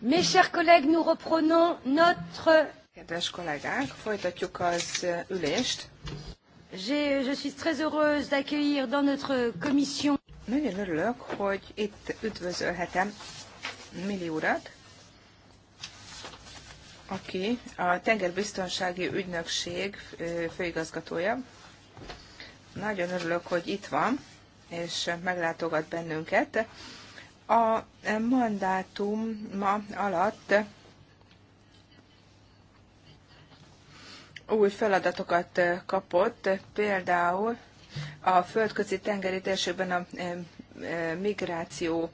Mes chers collègues, nous reprenons notre... Kedves kollégák, folytatjuk az ülést. Je suis très heureuse d'accueillir dans notre commission... Nagyon örülök, hogy itt üdvözölhetem Mili urat, aki a Tengerbiztonsági Ügynökség főigazgatója. Nagyon örülök, hogy itt van, és meglátogat bennünket. A mandátum ma alatt új feladatokat kapott, például a földközi tengeri térségben a eh, eh, migráció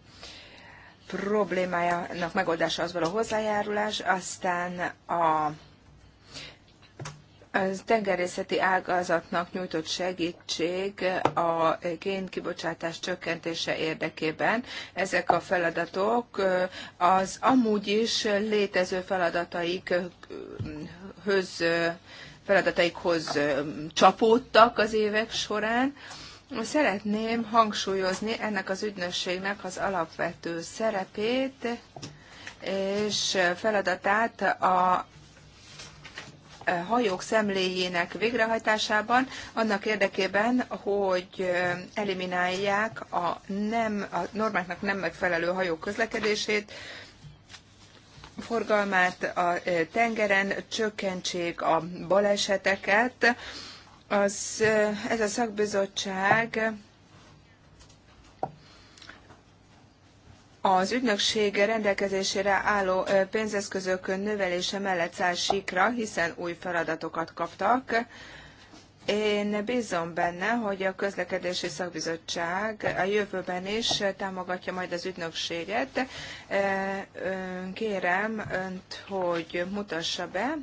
problémájának megoldása az való hozzájárulás, aztán a az tengerészeti ágazatnak nyújtott segítség a génkibocsátás csökkentése érdekében. Ezek a feladatok az amúgy is létező feladataikhoz, feladataikhoz csapódtak az évek során. Szeretném hangsúlyozni ennek az ügynösségnek az alapvető szerepét és feladatát a hajók szemléjének végrehajtásában, annak érdekében, hogy eliminálják a, nem, a normáknak nem megfelelő hajók közlekedését, forgalmát a tengeren, csökkentsék a baleseteket. Az, ez a szakbizottság az ügynökség rendelkezésére álló pénzeszközök növelése mellett száll síkra, hiszen új feladatokat kaptak. Én bízom benne, hogy a közlekedési szakbizottság a jövőben is támogatja majd az ügynökséget. Kérem önt, hogy mutassa be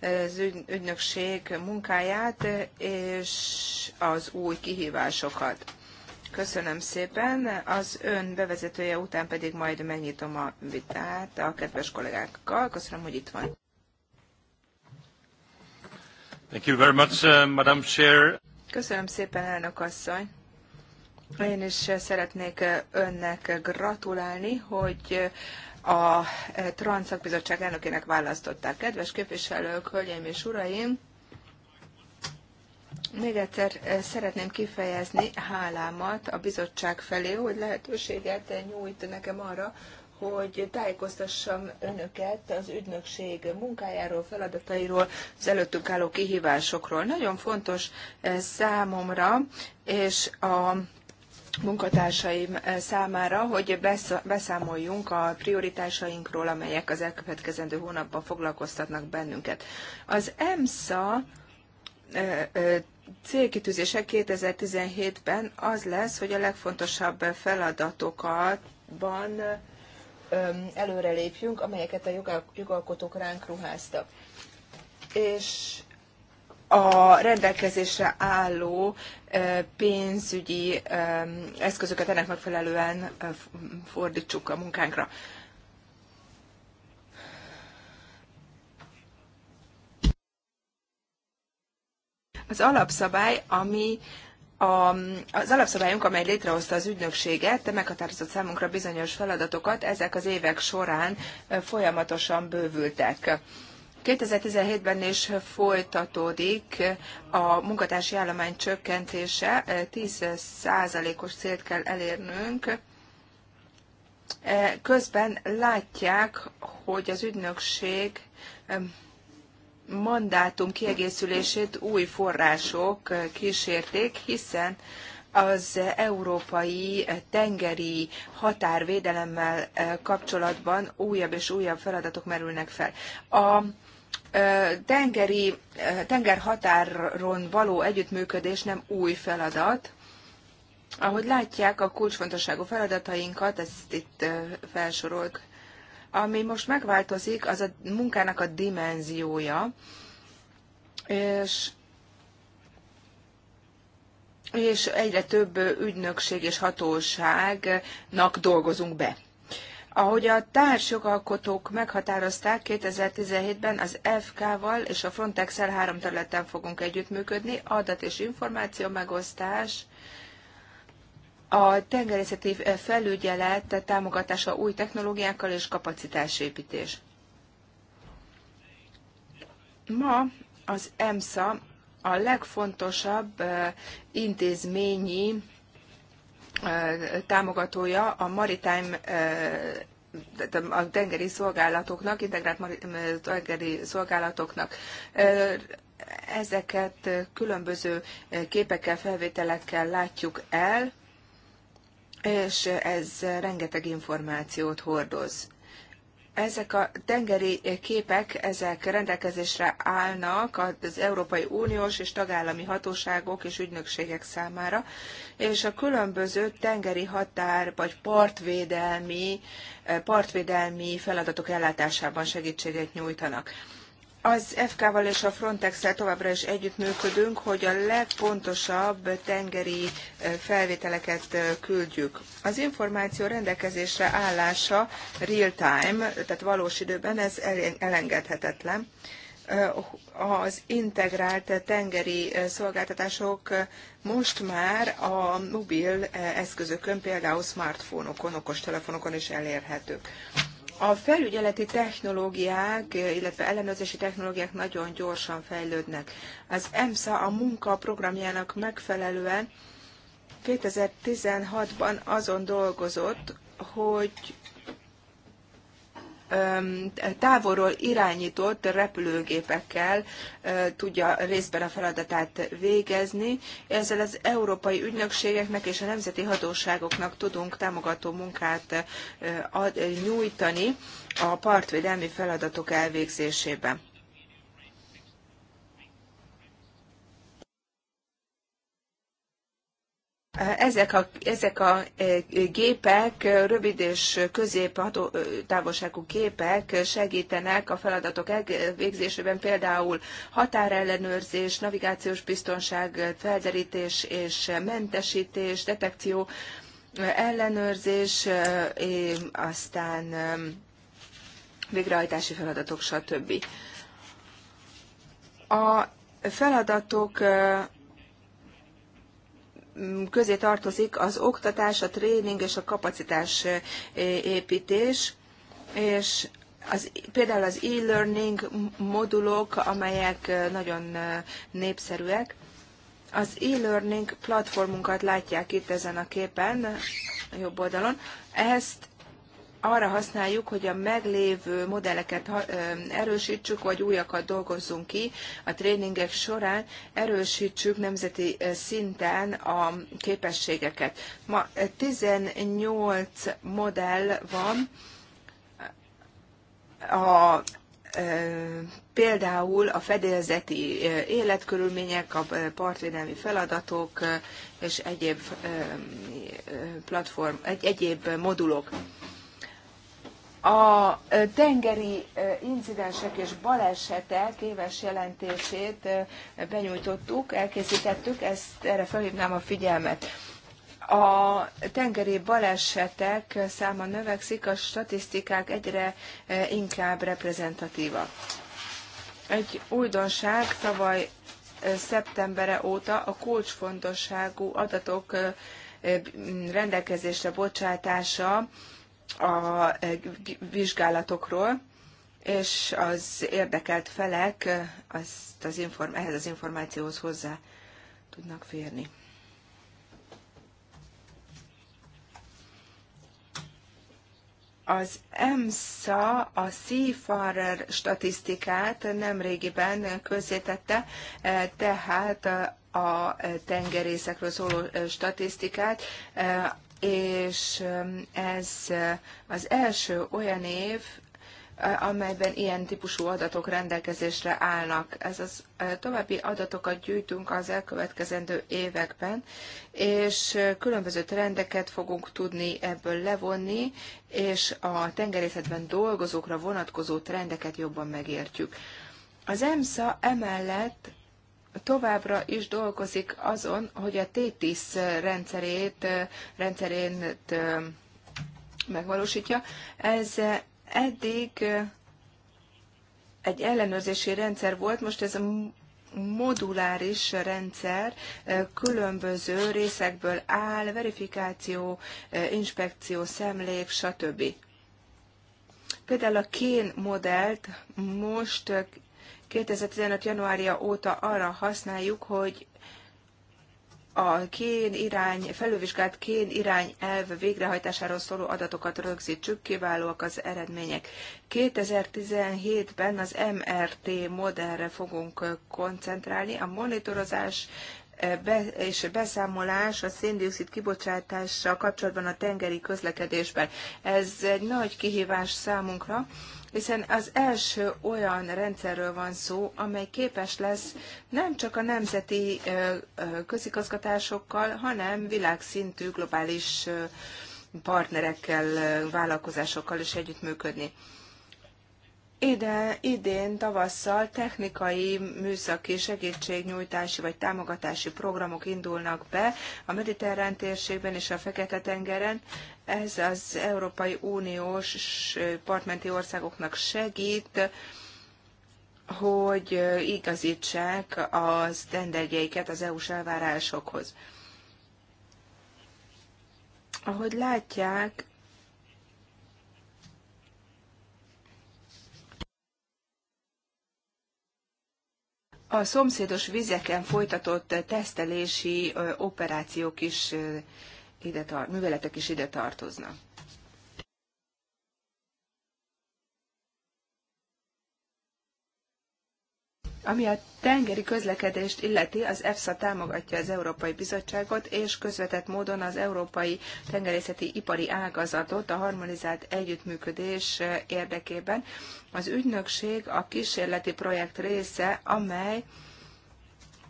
az ügynökség munkáját és az új kihívásokat. Köszönöm szépen. Az ön bevezetője után pedig majd megnyitom a vitát a kedves kollégákkal. Köszönöm, hogy itt van. Thank you very much, uh, Madam Chair. Köszönöm szépen, elnök asszony. Én is szeretnék önnek gratulálni, hogy a Transzakbizottság elnökének választották. Kedves képviselők, hölgyeim és uraim! Még egyszer eh, szeretném kifejezni hálámat a bizottság felé, hogy lehetőséget nyújt nekem arra, hogy tájékoztassam önöket az ügynökség munkájáról, feladatairól, az előttünk álló kihívásokról. Nagyon fontos eh, számomra, és a munkatársaim eh, számára, hogy beszámoljunk a prioritásainkról, amelyek az elkövetkezendő hónapban foglalkoztatnak bennünket. Az EMSA célkitűzése 2017-ben az lesz, hogy a legfontosabb feladatokban előrelépjünk, amelyeket a jogalkotók ránk ruháztak. És a rendelkezésre álló pénzügyi eszközöket ennek megfelelően fordítsuk a munkánkra. Az alapszabály, ami a, az alapszabályunk, amely létrehozta az ügynökséget, meghatározott számunkra bizonyos feladatokat, ezek az évek során folyamatosan bővültek. 2017-ben is folytatódik a munkatársi állomány csökkentése, 10%-os célt kell elérnünk. Közben látják, hogy az ügynökség mandátum kiegészülését új források kísérték, hiszen az európai tengeri határvédelemmel eh, kapcsolatban újabb és újabb feladatok merülnek fel. A eh, tengeri, eh, tengerhatáron való együttműködés nem új feladat. Ahogy látják, a kulcsfontosságú feladatainkat, ezt itt felsoroljuk, ami most megváltozik, az a munkának a dimenziója, és és egyre több ügynökség és hatóságnak dolgozunk be. Ahogy a társjogalkotók meghatározták, 2017-ben az FK-val és a Frontex-el három területen fogunk együttműködni, adat és információ megosztás, a tengerészeti eh, felügyelet támogatása új technológiákkal és kapacitásépítés. Ma az EMSA a legfontosabb eh, intézményi eh, támogatója a maritime a tengeri szolgálatoknak, integrált tengeri szolgálatoknak. Ezeket különböző képekkel, felvételekkel látjuk el és ez rengeteg információt hordoz. Ezek a tengeri képek, ezek rendelkezésre állnak az Európai Uniós és tagállami hatóságok és ügynökségek számára, és a különböző tengeri határ vagy partvédelmi, partvédelmi feladatok ellátásában segítséget nyújtanak. Az FK-val és a Frontex-el továbbra is együttműködünk, hogy a legpontosabb tengeri felvételeket küldjük. Az információ rendelkezésre állása real-time, tehát valós időben, ez elengedhetetlen. Az integrált tengeri szolgáltatások most már a mobil eszközökön, például smartphone-okon, okostelefonokon is elérhetők. A felügyeleti technológiák, illetve ellenőrzési technológiák nagyon gyorsan fejlődnek. Az EMSA a munka programjának megfelelően 2016-ban azon dolgozott, hogy távolról irányított repülőgépekkel tudja részben a feladatát végezni. Ezzel az európai ügynökségeknek és a nemzeti hatóságoknak tudunk támogató munkát nyújtani a partvédelmi feladatok elvégzésében. Ezek a, ezek a e, gépek, rövid és közép távolságú gépek segítenek a feladatok végzésében, például határellenőrzés, navigációs biztonság, felderítés és mentesítés, detekció, ellenőrzés, e, aztán e, végrehajtási feladatok, stb. A feladatok közé tartozik az oktatás, a tréning és a kapacitás építés, és az, például az e-learning modulok, amelyek nagyon népszerűek. Az e-learning platformunkat látják itt ezen a képen, a jobb oldalon. Ezt arra használjuk, hogy a meglévő modelleket erősítsük, vagy újakat dolgozzunk ki a tréningek során, erősítsük nemzeti szinten a képességeket. Ma 18 modell van, a például a fedélzeti életkörülmények, a partvédelmi feladatok és egyéb platform, egyéb modulok a tengeri incidensek és balesetek éves jelentését benyújtottuk, elkészítettük, ezt erre felhívnám a figyelmet. A tengeri balesetek száma növekszik, a statisztikák egyre inkább reprezentatívak. Egy újdonság tavaly szeptembere óta a kulcsfontosságú adatok rendelkezésre bocsátása a e, vizsgálatokról, és az érdekelt felek azt az inform- ehhez az információhoz hozzá tudnak férni. Az EMSA a Seafarer statisztikát nemrégiben közzétette, e, tehát a tengerészekről szóló e, statisztikát, és ez az első olyan év, amelyben ilyen típusú adatok rendelkezésre állnak. Ez az további adatokat gyűjtünk az elkövetkezendő években, és különböző trendeket fogunk tudni ebből levonni, és a tengerészetben dolgozókra vonatkozó trendeket jobban megértjük. Az EMSA emellett továbbra is dolgozik azon, hogy a TTIS rendszerét, rendszerén megvalósítja. Ez eddig egy ellenőrzési rendszer volt, most ez moduláris rendszer különböző részekből áll, verifikáció, inspekció, szemlék, stb. Például a kén modellt most 2015. januárja óta arra használjuk, hogy a kén irány, felülvizsgált kén irány elv végrehajtásáról szóló adatokat rögzítsük, kiválóak az eredmények. 2017-ben az MRT modellre fogunk koncentrálni, a monitorozás e, és beszámolás a széndiokszid kibocsátással kapcsolatban a tengeri közlekedésben. Ez egy nagy kihívás számunkra, hiszen az első olyan rendszerről van szó, amely képes lesz nem csak a nemzeti közigazgatásokkal, hanem világszintű globális partnerekkel, vállalkozásokkal is együttműködni. Ide, idén tavasszal technikai műszaki segítségnyújtási vagy támogatási programok indulnak be a mediterrán térségben és a Fekete-tengeren. Ez az Európai Uniós partmenti országoknak segít, hogy igazítsák az sztenderdjeiket az EU-s elvárásokhoz. Ahogy látják, a szomszédos vizeken folytatott tesztelési operációk is ide, műveletek is ide tartoznak. Ami a tengeri közlekedést illeti, az EFSA támogatja az Európai Bizottságot, és közvetett módon az Európai Tengerészeti Ipari Ágazatot a harmonizált együttműködés eh, érdekében. Az ügynökség a kísérleti projekt része, amely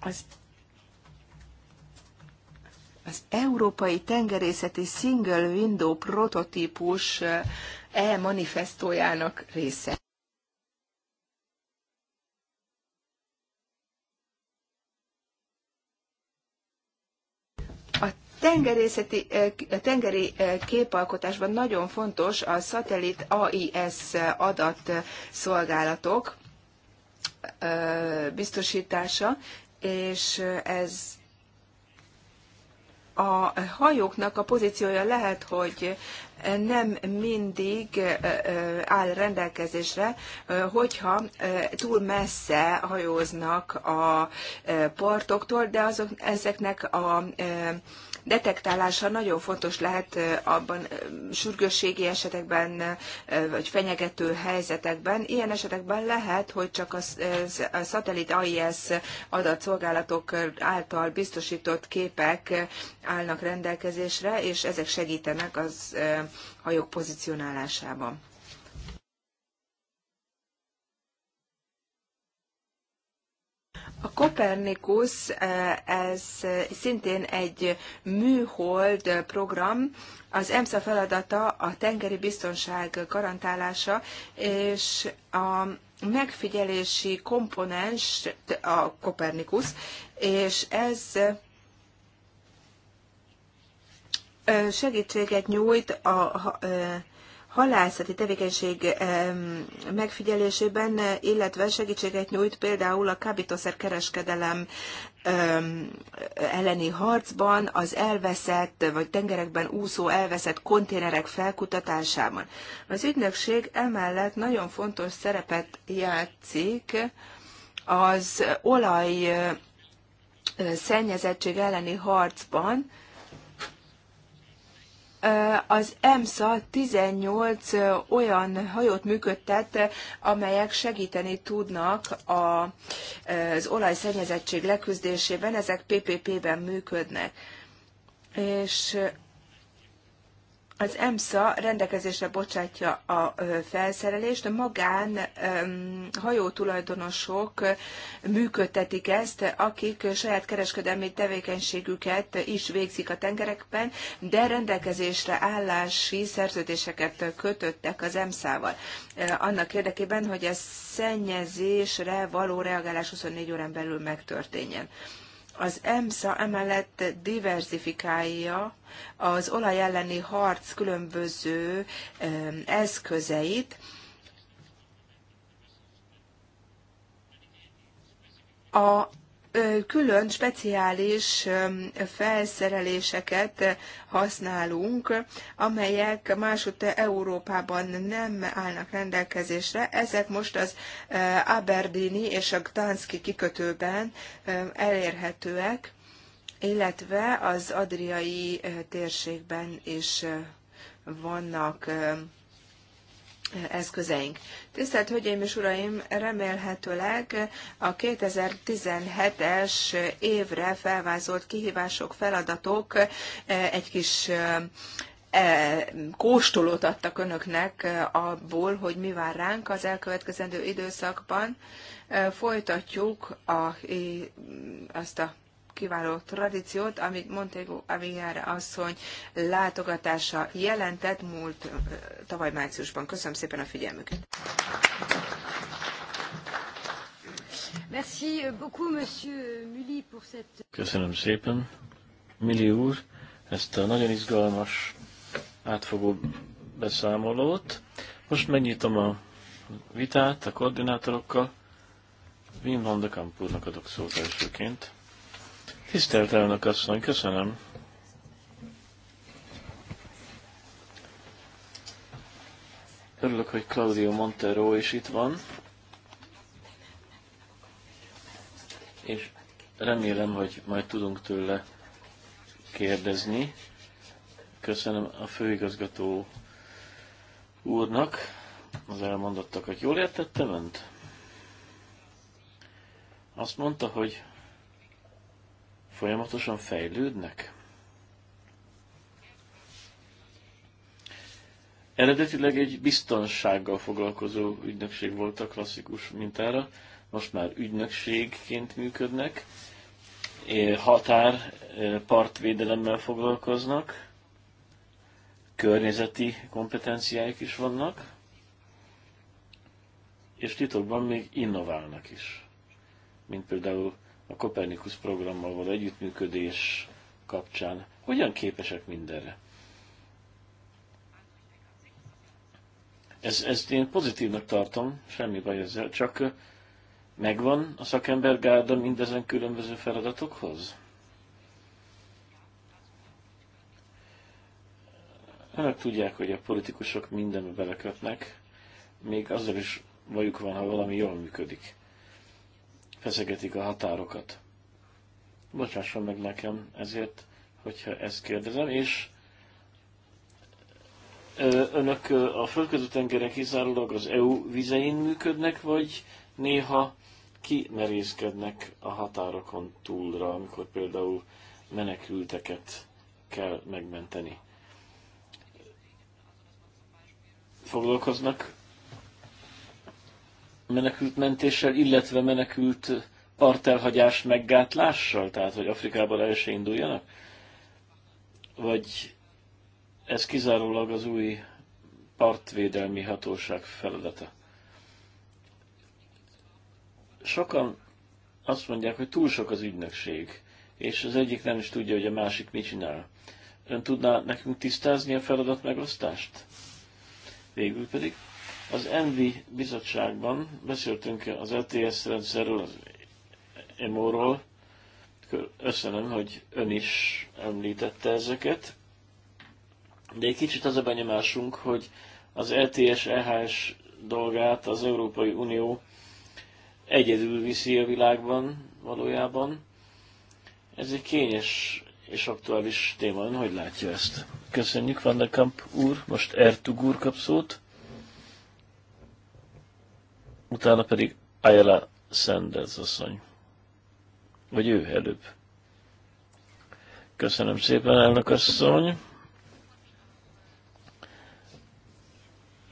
az az Európai Tengerészeti Single Window prototípus eh, e-manifestójának része. tengerészeti, tengeri képalkotásban nagyon fontos a szatellit AIS adatszolgálatok biztosítása, és ez a hajóknak a pozíciója lehet, hogy nem mindig áll rendelkezésre, hogyha túl messze hajóznak a partoktól, de azok, ezeknek a detektálása nagyon fontos lehet abban sürgősségi esetekben, vagy fenyegető helyzetekben. Ilyen esetekben lehet, hogy csak a szatellit AIS adatszolgálatok által biztosított képek állnak rendelkezésre, és ezek segítenek az hajók pozícionálásában. A Kopernikus eh, ez szintén egy műhold program, az EMSZA feladata a tengeri biztonság garantálása, és a megfigyelési komponens a Kopernikus, és ez eh, segítséget nyújt a eh, halászati tevékenység megfigyelésében, illetve segítséget nyújt például a kábítószer kereskedelem elleni harcban, az elveszett vagy tengerekben úszó elveszett konténerek felkutatásában. Az ügynökség emellett nagyon fontos szerepet játszik az olaj szennyezettség elleni harcban, az EMSA 18 olyan hajót működtet, amelyek segíteni tudnak a, az olajszennyezettség leküzdésében, ezek PPP-ben működnek. És az EMSA rendelkezésre bocsátja a felszerelést, a magán hajótulajdonosok működtetik ezt, akik saját kereskedelmi tevékenységüket is végzik a tengerekben, de rendelkezésre állási szerződéseket kötöttek az emsa val Annak érdekében, hogy ez szennyezésre való reagálás 24 órán belül megtörténjen. Az EMSA emellett diversifikálja az olaj elleni harc különböző eszközeit, a külön speciális felszereléseket használunk, amelyek másutt Európában nem állnak rendelkezésre. Ezek most az Aberdeeni és a Gdanszki kikötőben elérhetőek, illetve az Adriai térségben is vannak eszközeink. Tisztelt Hölgyeim és Uraim, remélhetőleg a 2017-es évre felvázolt kihívások, feladatok eh, egy kis eh, eh, kóstolót adtak önöknek abból, hogy mi vár ránk az elkövetkezendő időszakban. Folytatjuk a, azt a kiváló tradíciót, amit Montego Aviára asszony látogatása jelentett múlt tavaly márciusban. Köszönöm szépen a figyelmüket. Köszönöm szépen, Mili úr, ezt a nagyon izgalmas, átfogó beszámolót. Most megnyitom a vitát a koordinátorokkal. Wim van de úrnak adok szót elsőként. Tisztelt elnök asszony, köszönöm. Örülök, hogy Claudio Montero is itt van. És remélem, hogy majd tudunk tőle kérdezni. Köszönöm a főigazgató úrnak az elmondottakat. Jól értettem önt? Azt mondta, hogy folyamatosan fejlődnek? Eredetileg egy biztonsággal foglalkozó ügynökség volt a klasszikus mintára, most már ügynökségként működnek, e, határ, e, partvédelemmel foglalkoznak, környezeti kompetenciáik is vannak, és titokban még innoválnak is, mint például a Kopernikus programmal való együttműködés kapcsán hogyan képesek mindenre? Ez, ezt én pozitívnak tartom, semmi baj ezzel, csak megvan a szakembergárda mindezen különböző feladatokhoz? Önök tudják, hogy a politikusok mindenbe belekötnek, még azzal is bajuk van, ha valami jól működik feszegetik a határokat. Bocsásson meg nekem ezért, hogyha ezt kérdezem, és önök a földközi tengeren kizárólag az EU vizein működnek, vagy néha kimerészkednek a határokon túlra, amikor például menekülteket kell megmenteni. Foglalkoznak menekültmentéssel, illetve menekült partelhagyás meggátlással, tehát hogy Afrikában el se induljanak? Vagy ez kizárólag az új partvédelmi hatóság feladata? Sokan azt mondják, hogy túl sok az ügynökség, és az egyik nem is tudja, hogy a másik mit csinál. Ön tudná nekünk tisztázni a feladat megosztást? Végül pedig az ENVI bizottságban beszéltünk az LTS rendszerről, az EMO-ról. Köszönöm, hogy ön is említette ezeket. De egy kicsit az a benyomásunk, hogy az LTS, EHS dolgát az Európai Unió egyedül viszi a világban valójában. Ez egy kényes és aktuális téma. Ön hogy látja ezt? Köszönjük, Van de Kamp úr. Most Ertug úr kap szót utána pedig Ayala Sanders asszony. Vagy ő előbb. Köszönöm szépen, elnök asszony.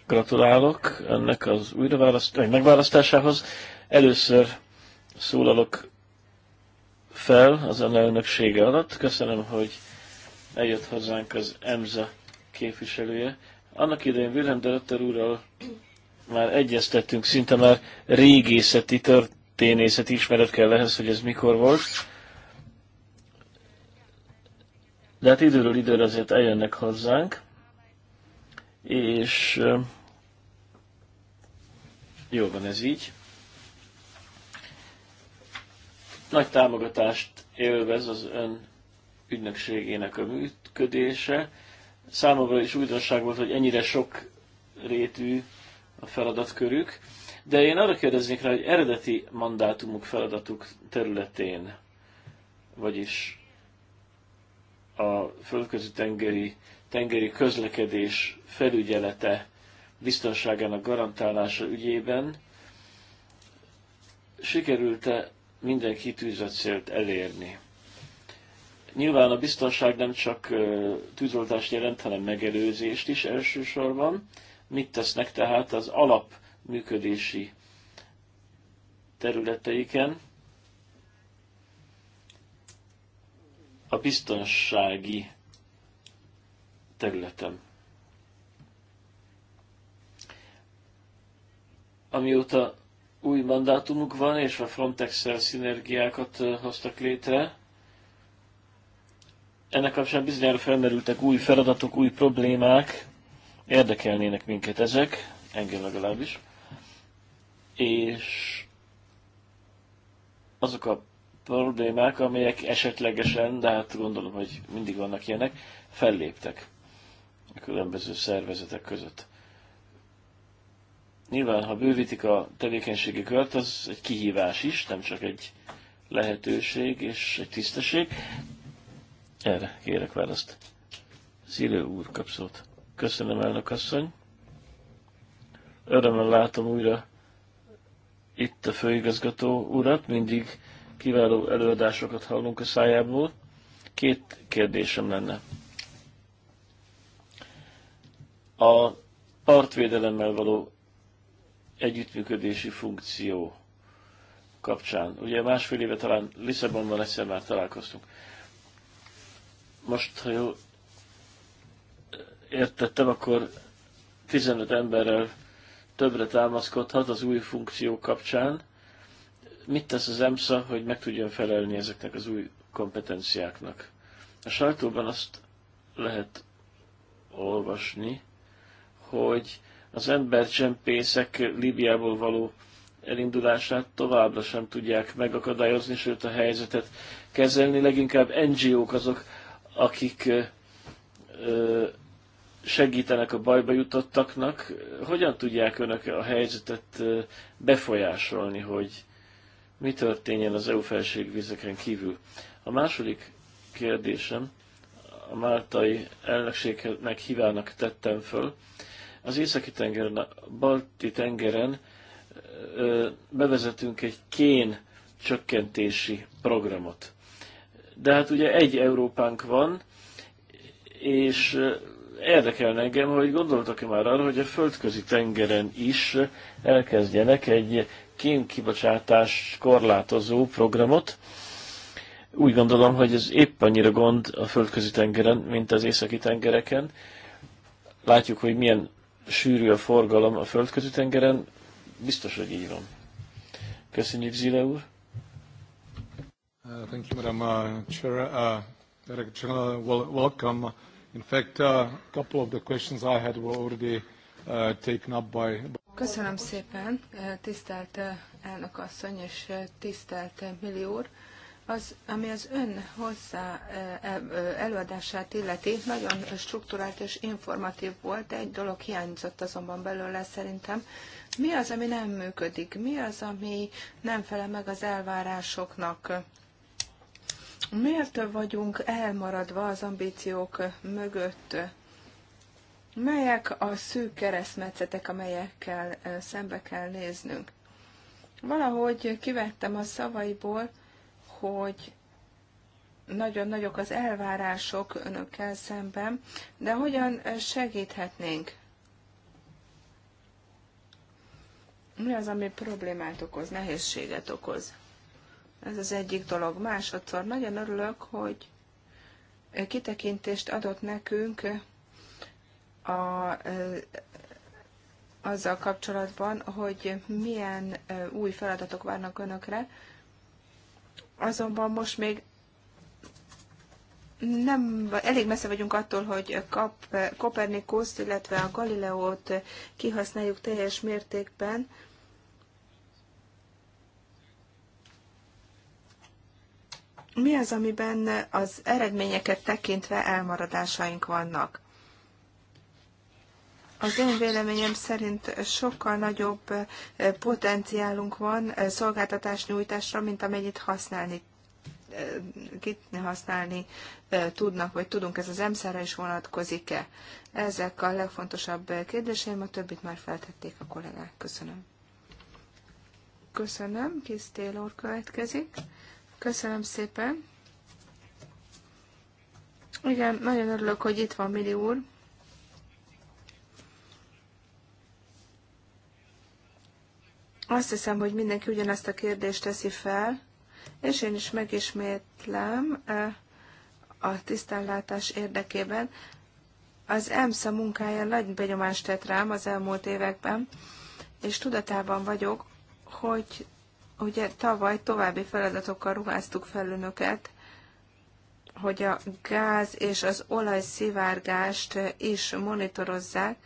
Gratulálok ennek az újraválasztás, megválasztásához. Először szólalok fel az elnöksége alatt. Köszönöm, hogy eljött hozzánk az EMSA képviselője. Annak idején Wilhelm Dörötter úrral már egyeztettünk, szinte már régészeti, történészeti ismeret kell lehez, hogy ez mikor volt. De hát időről időre azért eljönnek hozzánk, és jó van ez így. Nagy támogatást élvez az ön ügynökségének a működése. Számomra is újdonság volt, hogy ennyire sok rétű a feladatkörük, de én arra kérdeznék rá, hogy eredeti mandátumuk, feladatuk területén, vagyis a földközi tengeri, tengeri közlekedés felügyelete biztonságának garantálása ügyében sikerült-e minden kitűzött célt elérni? Nyilván a biztonság nem csak tűzoltást jelent, hanem megelőzést is elsősorban, mit tesznek tehát az alap működési területeiken. A biztonsági területen. Amióta új mandátumuk van, és a Frontex-szel szinergiákat hoztak létre, ennek kapcsán bizonyára felmerültek új feladatok, új problémák, Érdekelnének minket ezek, engem legalábbis, és azok a problémák, amelyek esetlegesen, de hát gondolom, hogy mindig vannak ilyenek, felléptek a különböző szervezetek között. Nyilván, ha bővítik a tevékenységi kört, az egy kihívás is, nem csak egy lehetőség és egy tisztesség. Erre kérek választ. Szilő úr kapszót. Köszönöm, elnök asszony. Örömmel látom újra itt a főigazgató urat, mindig kiváló előadásokat hallunk a szájából. Két kérdésem lenne. A partvédelemmel való együttműködési funkció kapcsán. Ugye másfél éve talán Lisszabonban egyszer már találkoztunk. Most, ha jól értettem, akkor 15 emberrel többre támaszkodhat az új funkció kapcsán. Mit tesz az EMSA, hogy meg tudjon felelni ezeknek az új kompetenciáknak? A sajtóban azt lehet olvasni, hogy az embercsempészek Líbiából való elindulását továbbra sem tudják megakadályozni, sőt a helyzetet kezelni. Leginkább NGO-k azok, akik ö, ö, segítenek a bajba jutottaknak, hogyan tudják önök a helyzetet befolyásolni, hogy mi történjen az EU felségvizeken kívül? A második kérdésem a máltai elnökségnek hívának tettem föl. Az északi tengeren, a balti tengeren bevezetünk egy kén csökkentési programot. De hát ugye egy Európánk van, és érdekelne engem, hogy gondoltak-e már arra, hogy a földközi tengeren is elkezdjenek egy kémkibocsátás korlátozó programot. Úgy gondolom, hogy ez épp annyira gond a földközi tengeren, mint az északi tengereken. Látjuk, hogy milyen sűrű a forgalom a földközi tengeren. Biztos, hogy így van. Köszönjük, Zile úr. Uh, thank you, Madam uh, Chair. Uh, Director General, welcome. In fact, uh, a couple of the questions I had were already uh, taken up by... Köszönöm szépen, eh, tisztelt eh, elnök asszony és eh, tisztelt Mili úr. Az, ami az ön hozzá előadását illeti, nagyon struktúrált és informatív volt, egy dolog hiányzott azonban belőle szerintem. Mi az, ami nem működik? Mi az, ami nem felel meg az elvárásoknak? Miért vagyunk elmaradva az ambíciók mögött? Melyek a szűk keresztmetszetek, amelyekkel szembe kell néznünk? Valahogy kivettem a szavaiból, hogy nagyon nagyok az elvárások önökkel szemben, de hogyan segíthetnénk? Mi az, ami problémát okoz, nehézséget okoz? Ez az egyik dolog. Másodszor nagyon örülök, hogy kitekintést adott nekünk a, eh, azzal kapcsolatban, hogy milyen eh, új feladatok várnak önökre. Azonban most még nem, elég messze vagyunk attól, hogy Kap, Kopernikuszt, illetve a Galileót kihasználjuk teljes mértékben, mi az, amiben az eredményeket tekintve elmaradásaink vannak? Az én véleményem szerint sokkal nagyobb eh, potenciálunk van eh, szolgáltatás nyújtásra, mint amennyit használni eh, használni tudnak, vagy tudunk, ez az emszára is vonatkozik-e? Ezek a legfontosabb kérdéseim, a többit már feltették a kollégák. Köszönöm. Köszönöm, kis Taylor következik. Köszönöm szépen. Igen, nagyon örülök, hogy itt van Mili úr. Azt hiszem, hogy mindenki ugyanezt a kérdést teszi fel, és én is megismétlem e, a tisztánlátás érdekében. Az EMSZA munkája nagy benyomást tett rám az elmúlt években, és tudatában vagyok, hogy Ugye tavaly további feladatokkal ruháztuk fel önöket, hogy a gáz és az olaj szivárgást is monitorozzák,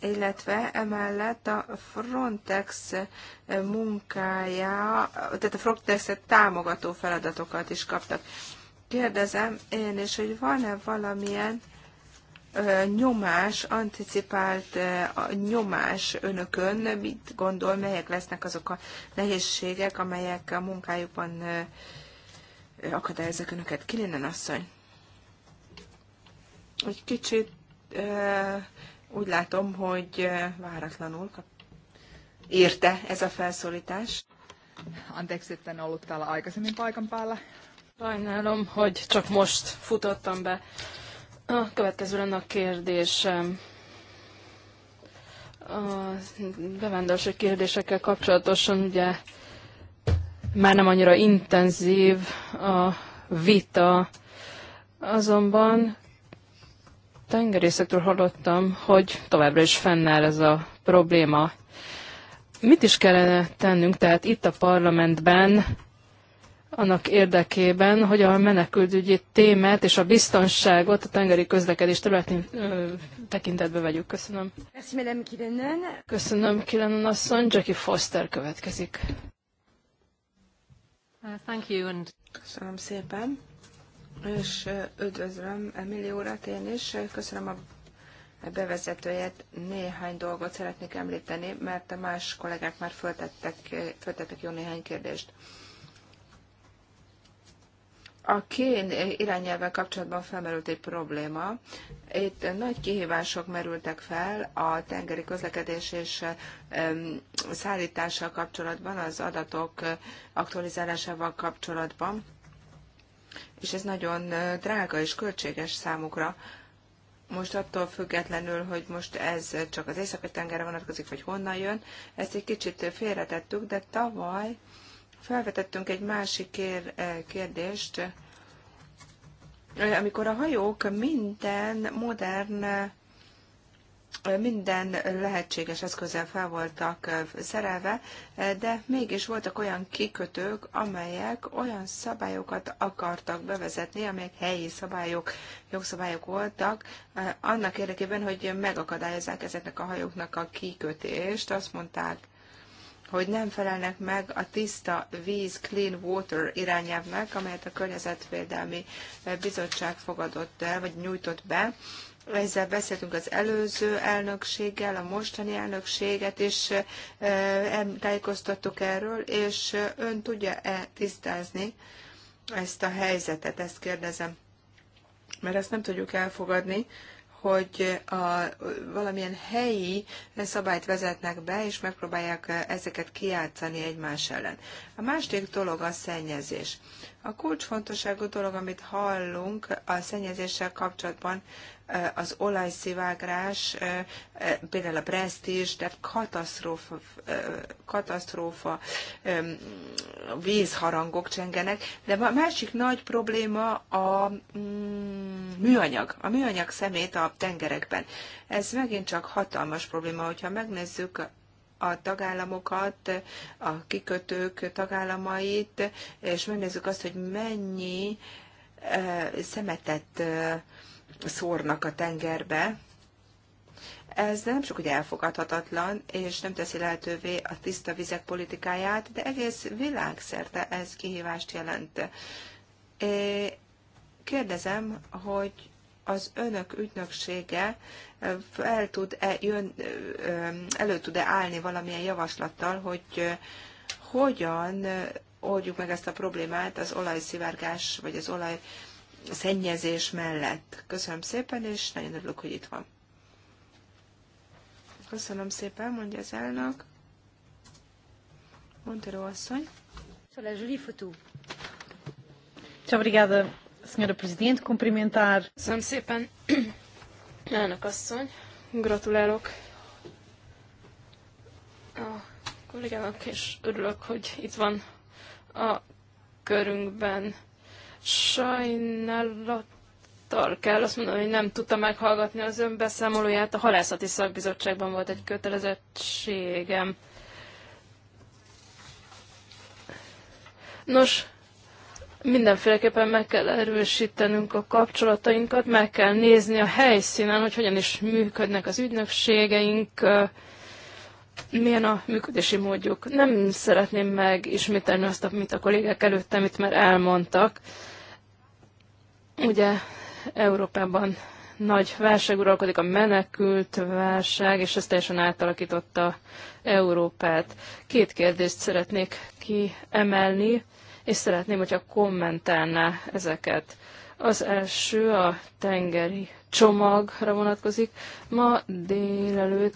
illetve emellett a Frontex munkája, tehát a Frontexet támogató feladatokat is kaptak. Kérdezem én is, hogy van-e valamilyen nyomás, anticipált nyomás önökön, mit gondol, melyek lesznek azok a nehézségek, amelyek a munkájukban akadályozzák önöket? Kilinen asszony? Egy kicsit úgy látom, hogy váratlanul érte ez a felszólítás. Anteeksi, että en ollut aikaisemmin paikan päällä. Sajnálom, hogy csak most futottam be a következő lenne a kérdésem. A bevándorlási kérdésekkel kapcsolatosan ugye már nem annyira intenzív a vita, azonban tengerészektől hallottam, hogy továbbra is fennáll ez a probléma. Mit is kellene tennünk, tehát itt a parlamentben annak érdekében, hogy a menekültügyi témát és a biztonságot a tengeri közlekedés területén tekintetbe vegyük. Köszönöm. Köszönöm, Kilenen asszony. Jackie Foster következik. Uh, thank you and... Köszönöm szépen, és üdvözlöm Emilio urat, én is. Köszönöm a bevezetőjét néhány dolgot szeretnék említeni, mert a más kollégák már föltettek, föltettek jó néhány kérdést. A kén irányelvvel kapcsolatban felmerült egy probléma. Itt nagy kihívások merültek fel a tengeri közlekedés és szállítással kapcsolatban, az adatok aktualizálásával kapcsolatban, és ez nagyon drága és költséges számukra. Most attól függetlenül, hogy most ez csak az északi tengerre vonatkozik, vagy honnan jön, ezt egy kicsit félretettük, de tavaly Felvetettünk egy másik kér, eh, kérdést, amikor a hajók minden modern, eh, minden lehetséges eszközzel fel voltak eh, szerelve, de mégis voltak olyan kikötők, amelyek olyan szabályokat akartak bevezetni, amelyek helyi szabályok, jogszabályok voltak, annak érdekében, hogy megakadályozzák ezeknek a hajóknak a kikötést. Azt mondták, hogy nem felelnek meg a tiszta víz, clean water irányelvnek, amelyet a Környezetvédelmi Bizottság fogadott el, vagy nyújtott be. Ezzel beszéltünk az előző elnökséggel, a mostani elnökséget is tájékoztattuk erről, és ön tudja-e tisztázni ezt a helyzetet, ezt kérdezem, mert ezt nem tudjuk elfogadni, hogy a, valamilyen helyi szabályt vezetnek be, és megpróbálják ezeket kiátszani egymás ellen. A másik dolog a szennyezés. A kulcsfontosságú dolog, amit hallunk a szennyezéssel kapcsolatban, az olajszivágrás, például a presztízs, tehát katasztrófa, katasztrófa vízharangok csengenek, de a másik nagy probléma a mm, műanyag, a műanyag szemét a tengerekben. Ez megint csak hatalmas probléma, hogyha megnézzük a tagállamokat, a kikötők tagállamait, és megnézzük azt, hogy mennyi szemetet szórnak a tengerbe. Ez nem csak hogy elfogadhatatlan, és nem teszi lehetővé a tiszta vizek politikáját, de egész világszerte ez kihívást jelent. Kérdezem, hogy az önök ügynöksége el tud-e jön, elő tud-e állni valamilyen javaslattal, hogy hogyan oldjuk meg ezt a problémát az olajszivárgás, vagy az olaj szennyezés mellett. Köszönöm szépen, és nagyon örülök, hogy itt van. Köszönöm szépen, mondja az elnök. Montero asszony. Muito obrigada, Sra. Presidente. Cumprimentar. Köszönöm szépen, elnök asszony. Gratulálok a kollégának, és örülök, hogy itt van a körünkben. Sajnálattal kell azt mondani, hogy nem tudta meghallgatni az ön beszámolóját. A halászati szakbizottságban volt egy kötelezettségem. Nos, mindenféleképpen meg kell erősítenünk a kapcsolatainkat, meg kell nézni a helyszínen, hogy hogyan is működnek az ügynökségeink, milyen a működési módjuk. Nem szeretném megismételni azt, amit a kollégák előttem itt már elmondtak. Ugye Európában nagy válság uralkodik, a menekült válság, és ez teljesen átalakította Európát. Két kérdést szeretnék kiemelni, és szeretném, hogyha kommentálná ezeket. Az első a tengeri csomagra vonatkozik. Ma délelőtt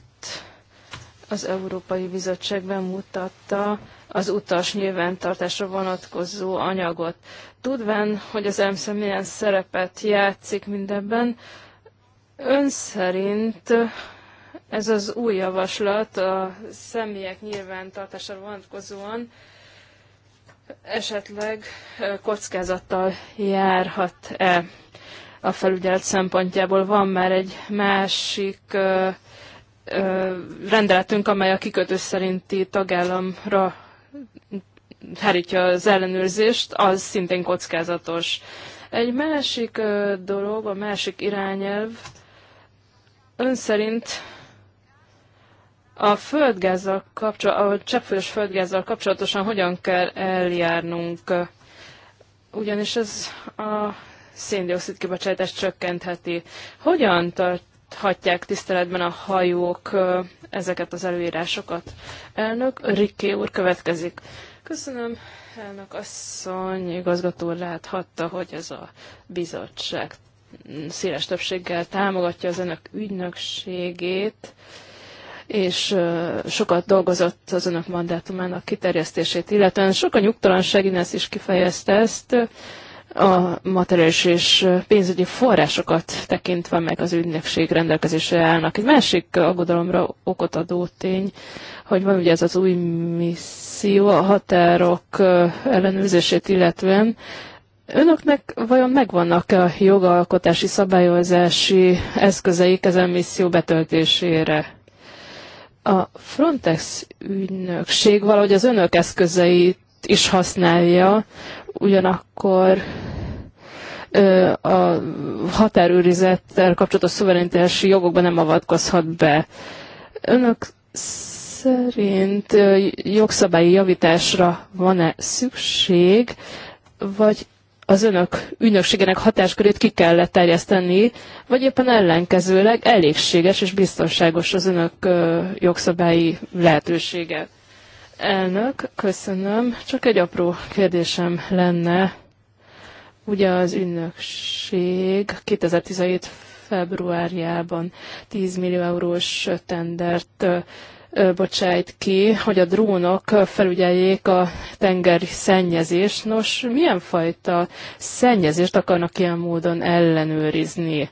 az Európai Bizottság bemutatta az utas nyilvántartásra vonatkozó anyagot. Tudván, hogy az EMSZ milyen szerepet játszik mindebben, ön szerint ez az új javaslat a személyek nyilvántartásra vonatkozóan esetleg kockázattal járhat-e a felügyelet szempontjából? Van már egy másik rendeletünk, amely a kikötő szerinti tagállamra hárítja az ellenőrzést, az szintén kockázatos. Egy másik dolog, a másik irányelv, ön szerint a földgázzal kapcsol, a cseppfős földgázzal kapcsolatosan hogyan kell eljárnunk? Ugyanis ez a széndiokszid kibocsátást csökkentheti. Hogyan tart tarthatják tiszteletben a hajók ezeket az előírásokat. Elnök Riké úr következik. Köszönöm, elnök asszony, igazgató láthatta, hogy ez a bizottság széles többséggel támogatja az önök ügynökségét, és sokat dolgozott az önök mandátumának kiterjesztését, illetve sok a nyugtalanság, Ines is kifejezte ezt a materiális és pénzügyi forrásokat tekintve, meg az ügynökség rendelkezésre állnak. Egy másik aggodalomra okot adó tény, hogy van ugye ez az új misszió a határok ellenőrzését illetően, Önöknek vajon megvannak a jogalkotási szabályozási eszközeik ezen misszió betöltésére? A Frontex ügynökség valahogy az önök eszközeit is használja, ugyanakkor a határőrizettel kapcsolatos szuverenitási jogokban nem avatkozhat be. Önök szerint jogszabályi javításra van-e szükség, vagy az önök ügynökségenek hatáskörét ki kell terjeszteni, vagy éppen ellenkezőleg elégséges és biztonságos az önök jogszabályi lehetősége? Elnök, köszönöm. Csak egy apró kérdésem lenne. Ugye az ünnökség 2017 februárjában 10 millió eurós tendert bocsájt ki, hogy a drónok felügyeljék a tengeri szennyezést. Nos, milyen fajta szennyezést akarnak ilyen módon ellenőrizni?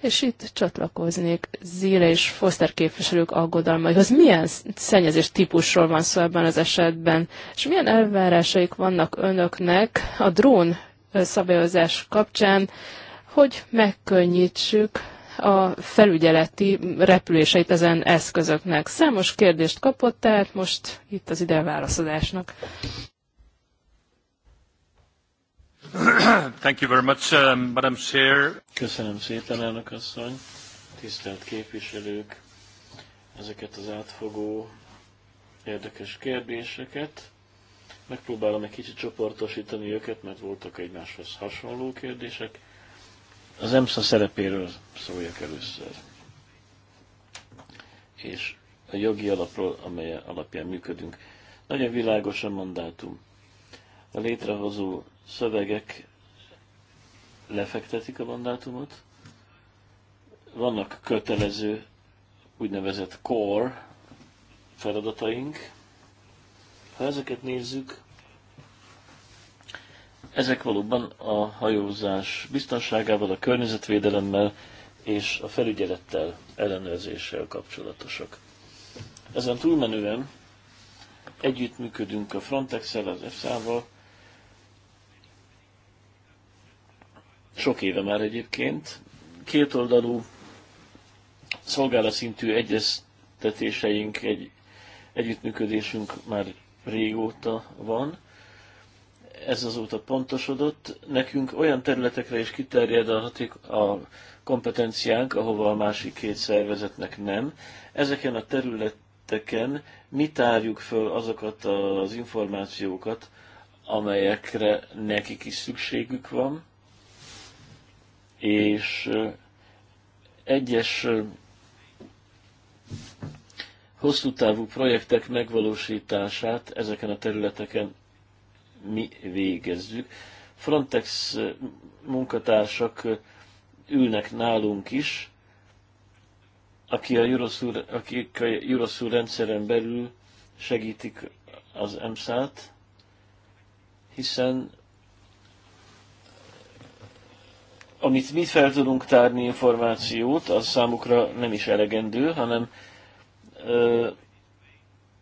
És itt csatlakoznék Zile és Foster képviselők aggodalmaihoz. Milyen szennyezés típusról van szó ebben az esetben, és milyen elvárásaik vannak önöknek a drón szabályozás kapcsán, hogy megkönnyítsük a felügyeleti repüléseit ezen eszközöknek. Számos kérdést kapott, tehát most itt az ide a válaszolásnak. Um, Köszönöm szépen, elnök asszony. Tisztelt képviselők, ezeket az átfogó érdekes kérdéseket. Megpróbálom egy kicsit csoportosítani őket, mert voltak egymáshoz hasonló kérdések. Az EMSZA szerepéről szóljak először. És a jogi alapról, amely alapján működünk. Nagyon világos a mandátum. A létrehozó szövegek lefektetik a mandátumot. Vannak kötelező úgynevezett core feladataink. Ha ezeket nézzük, ezek valóban a hajózás biztonságával, a környezetvédelemmel és a felügyelettel, ellenőrzéssel kapcsolatosak. Ezen túlmenően együttműködünk a Frontex-el, az EFSA-val, sok éve már egyébként. Kétoldalú szolgálatszintű egyeztetéseink, egy, együttműködésünk már régóta van. Ez azóta pontosodott. Nekünk olyan területekre is kiterjed a, haték, a kompetenciánk, ahova a másik két szervezetnek nem. Ezeken a területeken mi tárjuk föl azokat az információkat, amelyekre nekik is szükségük van, és egyes hosszú távú projektek megvalósítását ezeken a területeken mi végezzük. Frontex munkatársak ülnek nálunk is, aki a Euroszur, akik a Euroszur rendszeren belül segítik az EMSZ-t, hiszen amit mi fel tudunk tárni információt, az számukra nem is elegendő, hanem ö,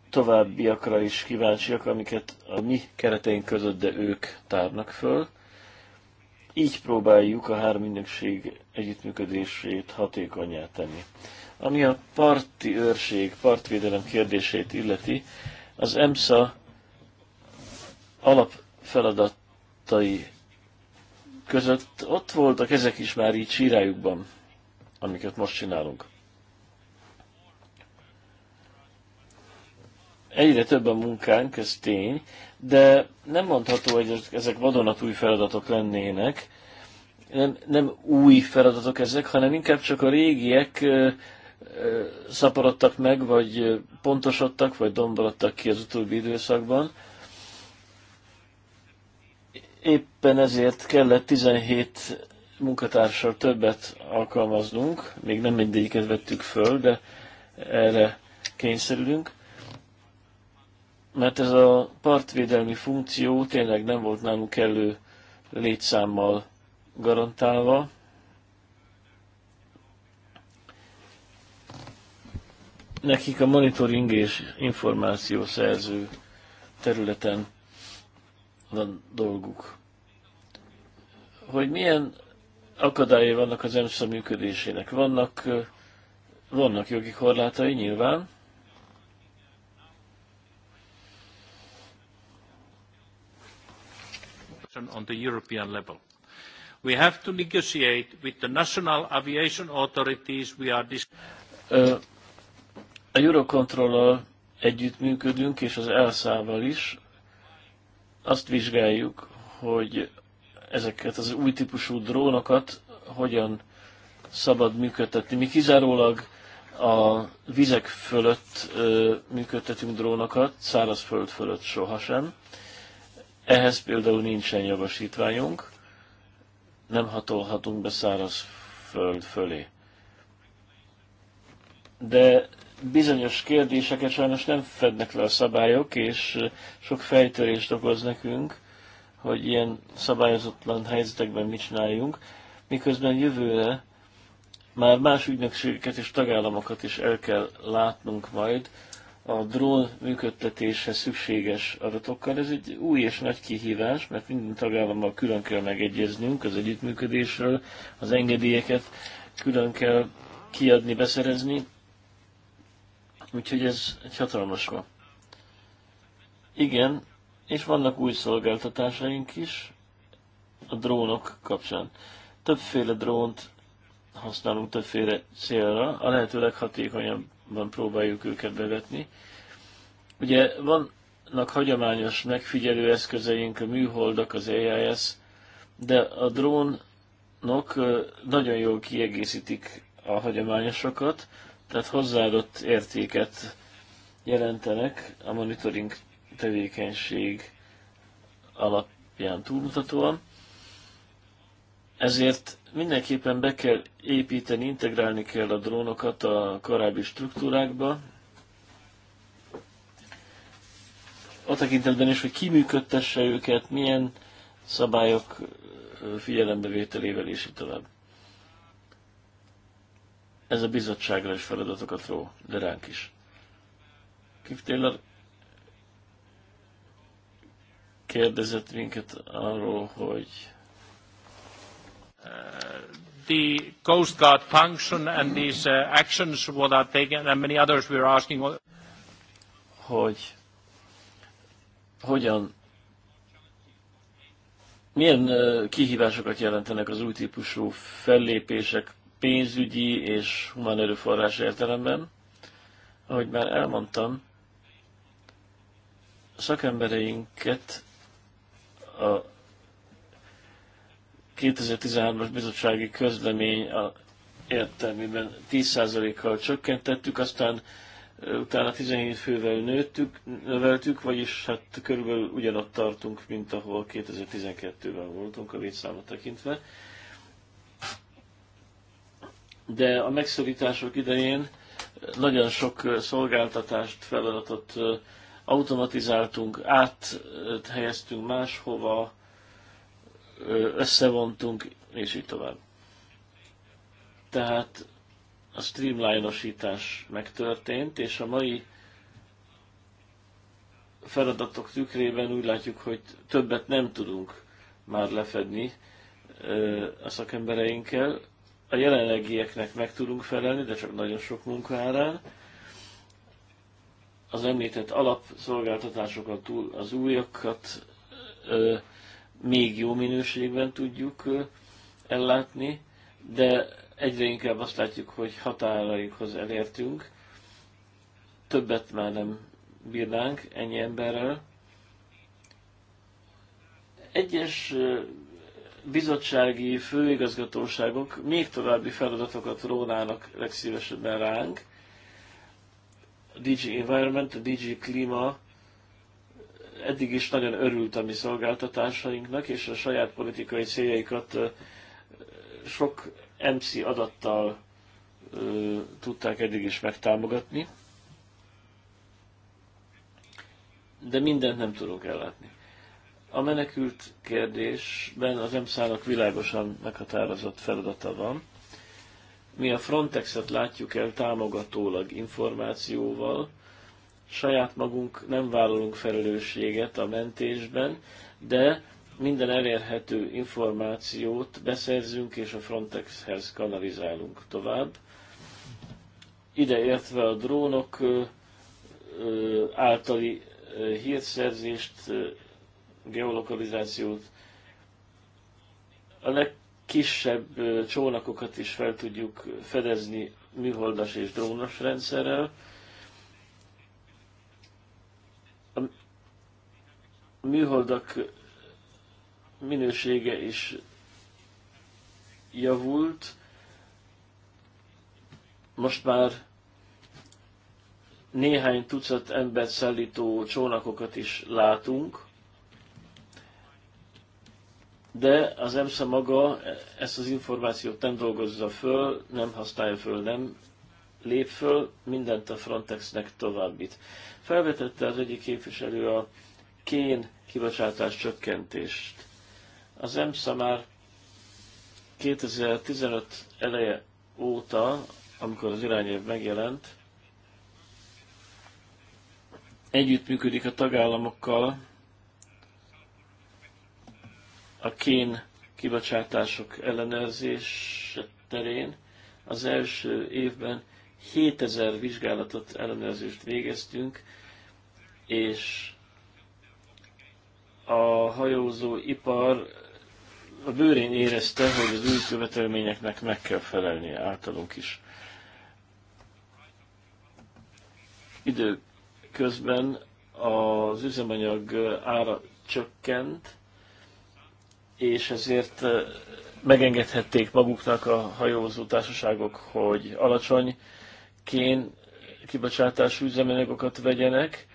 továbbiakra is kíváncsiak, amiket a mi kereteink között, de ők tárnak föl. Így próbáljuk a három ügynökség együttműködését hatékonyá tenni. Ami a parti őrség, partvédelem kérdését illeti, az EMSA alapfeladatai között ott voltak ezek is már így sírájukban, amiket most csinálunk. Egyre több a munkánk, ez tény, de nem mondható, hogy ezek vadonatúj feladatok lennének, nem, nem új feladatok ezek, hanem inkább csak a régiek ö, ö, szaporodtak meg, vagy pontosodtak, vagy domborodtak ki az utóbbi időszakban. Éppen ezért kellett 17 munkatársal többet alkalmaznunk, még nem mindegyiket vettük föl, de erre kényszerülünk, mert ez a partvédelmi funkció tényleg nem volt nálunk elő létszámmal garantálva. Nekik a monitoring és információszerző területen van dolguk hogy milyen akadályai vannak az EMSZA működésének. Vannak, vannak jogi korlátai nyilván, on the European level. We have to negotiate with the national aviation authorities we are Ö, a eurocontrol együttműködünk, és az elszával is. Azt vizsgáljuk, hogy ezeket az új típusú drónokat hogyan szabad működtetni. Mi kizárólag a vizek fölött ö, működtetünk drónokat, szárazföld fölött sohasem. Ehhez például nincsen javasítványunk, nem hatolhatunk be szárazföld fölé. De bizonyos kérdéseket sajnos nem fednek le a szabályok, és sok fejtörést okoz nekünk, hogy ilyen szabályozatlan helyzetekben mit csináljunk, miközben jövőre már más ügynökségeket és tagállamokat is el kell látnunk majd a drón működtetéshez szükséges adatokkal. Ez egy új és nagy kihívás, mert minden tagállammal külön kell megegyeznünk az együttműködésről, az engedélyeket külön kell kiadni, beszerezni, úgyhogy ez egy hatalmas van. Igen, és vannak új szolgáltatásaink is a drónok kapcsán. Többféle drónt használunk többféle célra, a lehető leghatékonyabban próbáljuk őket bevetni. Ugye vannak hagyományos megfigyelő eszközeink, a műholdak, az AIS, de a drónok nagyon jól kiegészítik a hagyományosokat, tehát hozzáadott értéket jelentenek a monitoring tevékenység alapján túlmutatóan. Ezért mindenképpen be kell építeni, integrálni kell a drónokat a korábbi struktúrákba. A tekintetben is, hogy ki működtesse őket, milyen szabályok figyelembevételével és így tovább. Ez a bizottságra is feladatokat ró, de ránk is. Kiftéller kérdezett minket arról, hogy uh, the Coast Guard function and these uh, actions what are taken and many others we are asking hogy hogyan milyen uh, kihívásokat jelentenek az új típusú fellépések pénzügyi és humán erőforrás értelemben. Ahogy már elmondtam, szakembereinket a 2013-as bizottsági közlemény a értelmében 10%-kal csökkentettük, aztán utána 17 fővel nőttük, növeltük, vagyis hát körülbelül ugyanott tartunk, mint ahol 2012-ben voltunk a létszámot tekintve. De a megszorítások idején nagyon sok szolgáltatást, feladatot automatizáltunk, áthelyeztünk máshova, összevontunk, és így tovább. Tehát a streamlinosítás megtörtént, és a mai feladatok tükrében úgy látjuk, hogy többet nem tudunk már lefedni a szakembereinkkel. A jelenlegieknek meg tudunk felelni, de csak nagyon sok munka árán az említett alapszolgáltatásokat túl az újakat ö, még jó minőségben tudjuk ö, ellátni, de egyre inkább azt látjuk, hogy határaikhoz elértünk. Többet már nem bírnánk ennyi emberrel. Egyes bizottsági főigazgatóságok még további feladatokat rónának legszívesebben ránk, DG Environment, a DG Klima eddig is nagyon örült a mi szolgáltatásainknak, és a saját politikai céljaikat sok MC adattal tudták eddig is megtámogatni. De mindent nem tudunk ellátni. A menekült kérdésben az EMSZ-nak világosan meghatározott feladata van mi a Frontexet látjuk el támogatólag információval, saját magunk nem vállalunk felelősséget a mentésben, de minden elérhető információt beszerzünk és a Frontexhez kanalizálunk tovább. Ide értve a drónok általi hírszerzést, geolokalizációt. A leg kisebb csónakokat is fel tudjuk fedezni műholdas és drónos rendszerrel. A műholdak minősége is javult. Most már néhány tucat embert szállító csónakokat is látunk, de az EMSZA maga ezt az információt nem dolgozza föl, nem használja föl, nem lép föl, mindent a Frontexnek továbbít. Felvetette az egyik képviselő a kén kibocsátás csökkentést. Az EMSZA már 2015 eleje óta, amikor az irányév megjelent, együttműködik a tagállamokkal a kén kibocsátások ellenőrzés terén az első évben 7000 vizsgálatot, ellenőrzést végeztünk, és a hajózó ipar a bőrén érezte, hogy az új követelményeknek meg kell felelni általunk is. Időközben az üzemanyag ára csökkent, és ezért megengedhették maguknak a hajózó társaságok, hogy alacsony kén kibocsátású üzemanyagokat vegyenek,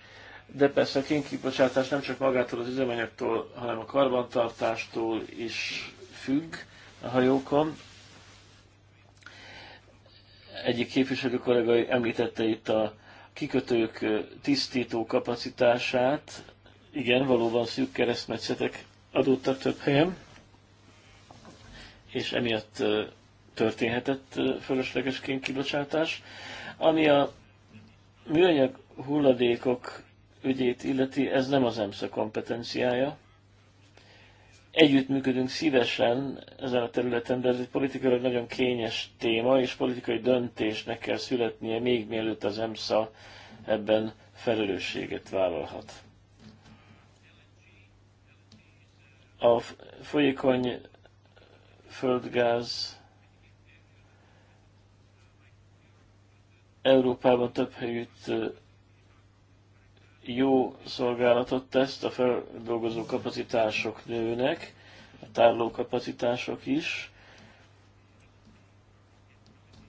de persze a kibocsátás nem csak magától az üzemanyagtól, hanem a karbantartástól is függ a hajókon. Egyik képviselő kollega említette itt a kikötők tisztító kapacitását. Igen, valóban szűk keresztmetszetek adódtak több helyen, és emiatt történhetett fölösleges kénkibocsátás. Ami a műanyag hulladékok ügyét illeti, ez nem az EMSZA kompetenciája. Együttműködünk szívesen ezen a területen, de ez egy politikailag nagyon kényes téma, és politikai döntésnek kell születnie, még mielőtt az EMSZA ebben felelősséget vállalhat. a folyékony földgáz Európában több helyütt jó szolgálatot tesz, a feldolgozó kapacitások nőnek, a tárló kapacitások is,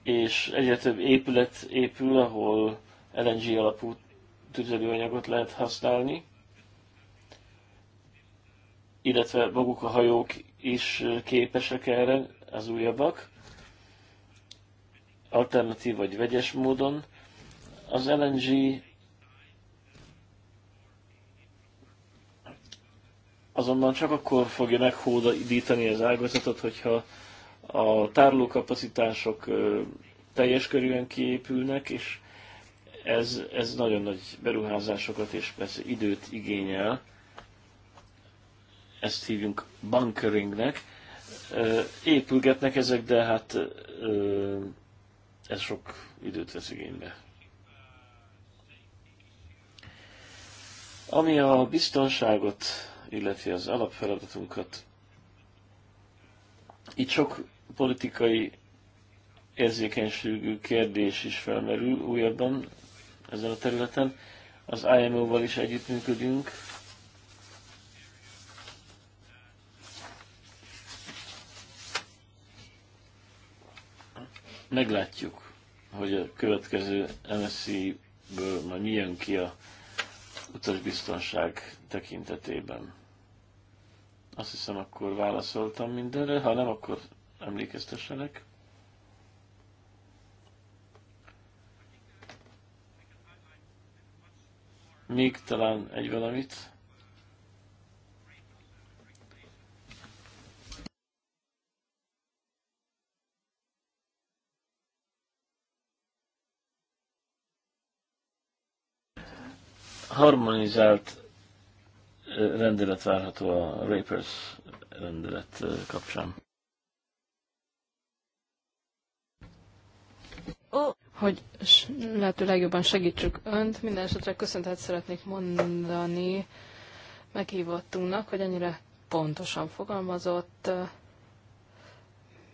és egyre több épület épül, ahol LNG alapú tüzelőanyagot lehet használni illetve maguk a hajók is képesek erre, az újabbak, alternatív vagy vegyes módon. Az LNG azonban csak akkor fogja meghódítani az ágazatot, hogyha a tárolókapacitások teljes körűen kiépülnek, és ez, ez nagyon nagy beruházásokat és persze időt igényel ezt hívjunk bunkeringnek, épülgetnek ezek, de hát ez sok időt vesz igénybe. Ami a biztonságot, illeti az alapfeladatunkat, itt sok politikai érzékenységű kérdés is felmerül újabban ezen a területen. Az IMO-val is együttműködünk, Meglátjuk, hogy a következő MSZ-ből majd mi jön ki a utasbiztonság tekintetében. Azt hiszem, akkor válaszoltam mindenre, ha nem, akkor emlékeztessenek. Még talán egy valamit. harmonizált rendelet várható a Rapers rendelet kapcsán. Hogy lehető legjobban segítsük Önt, minden esetre köszöntet szeretnék mondani meghívottunknak, hogy ennyire pontosan fogalmazott,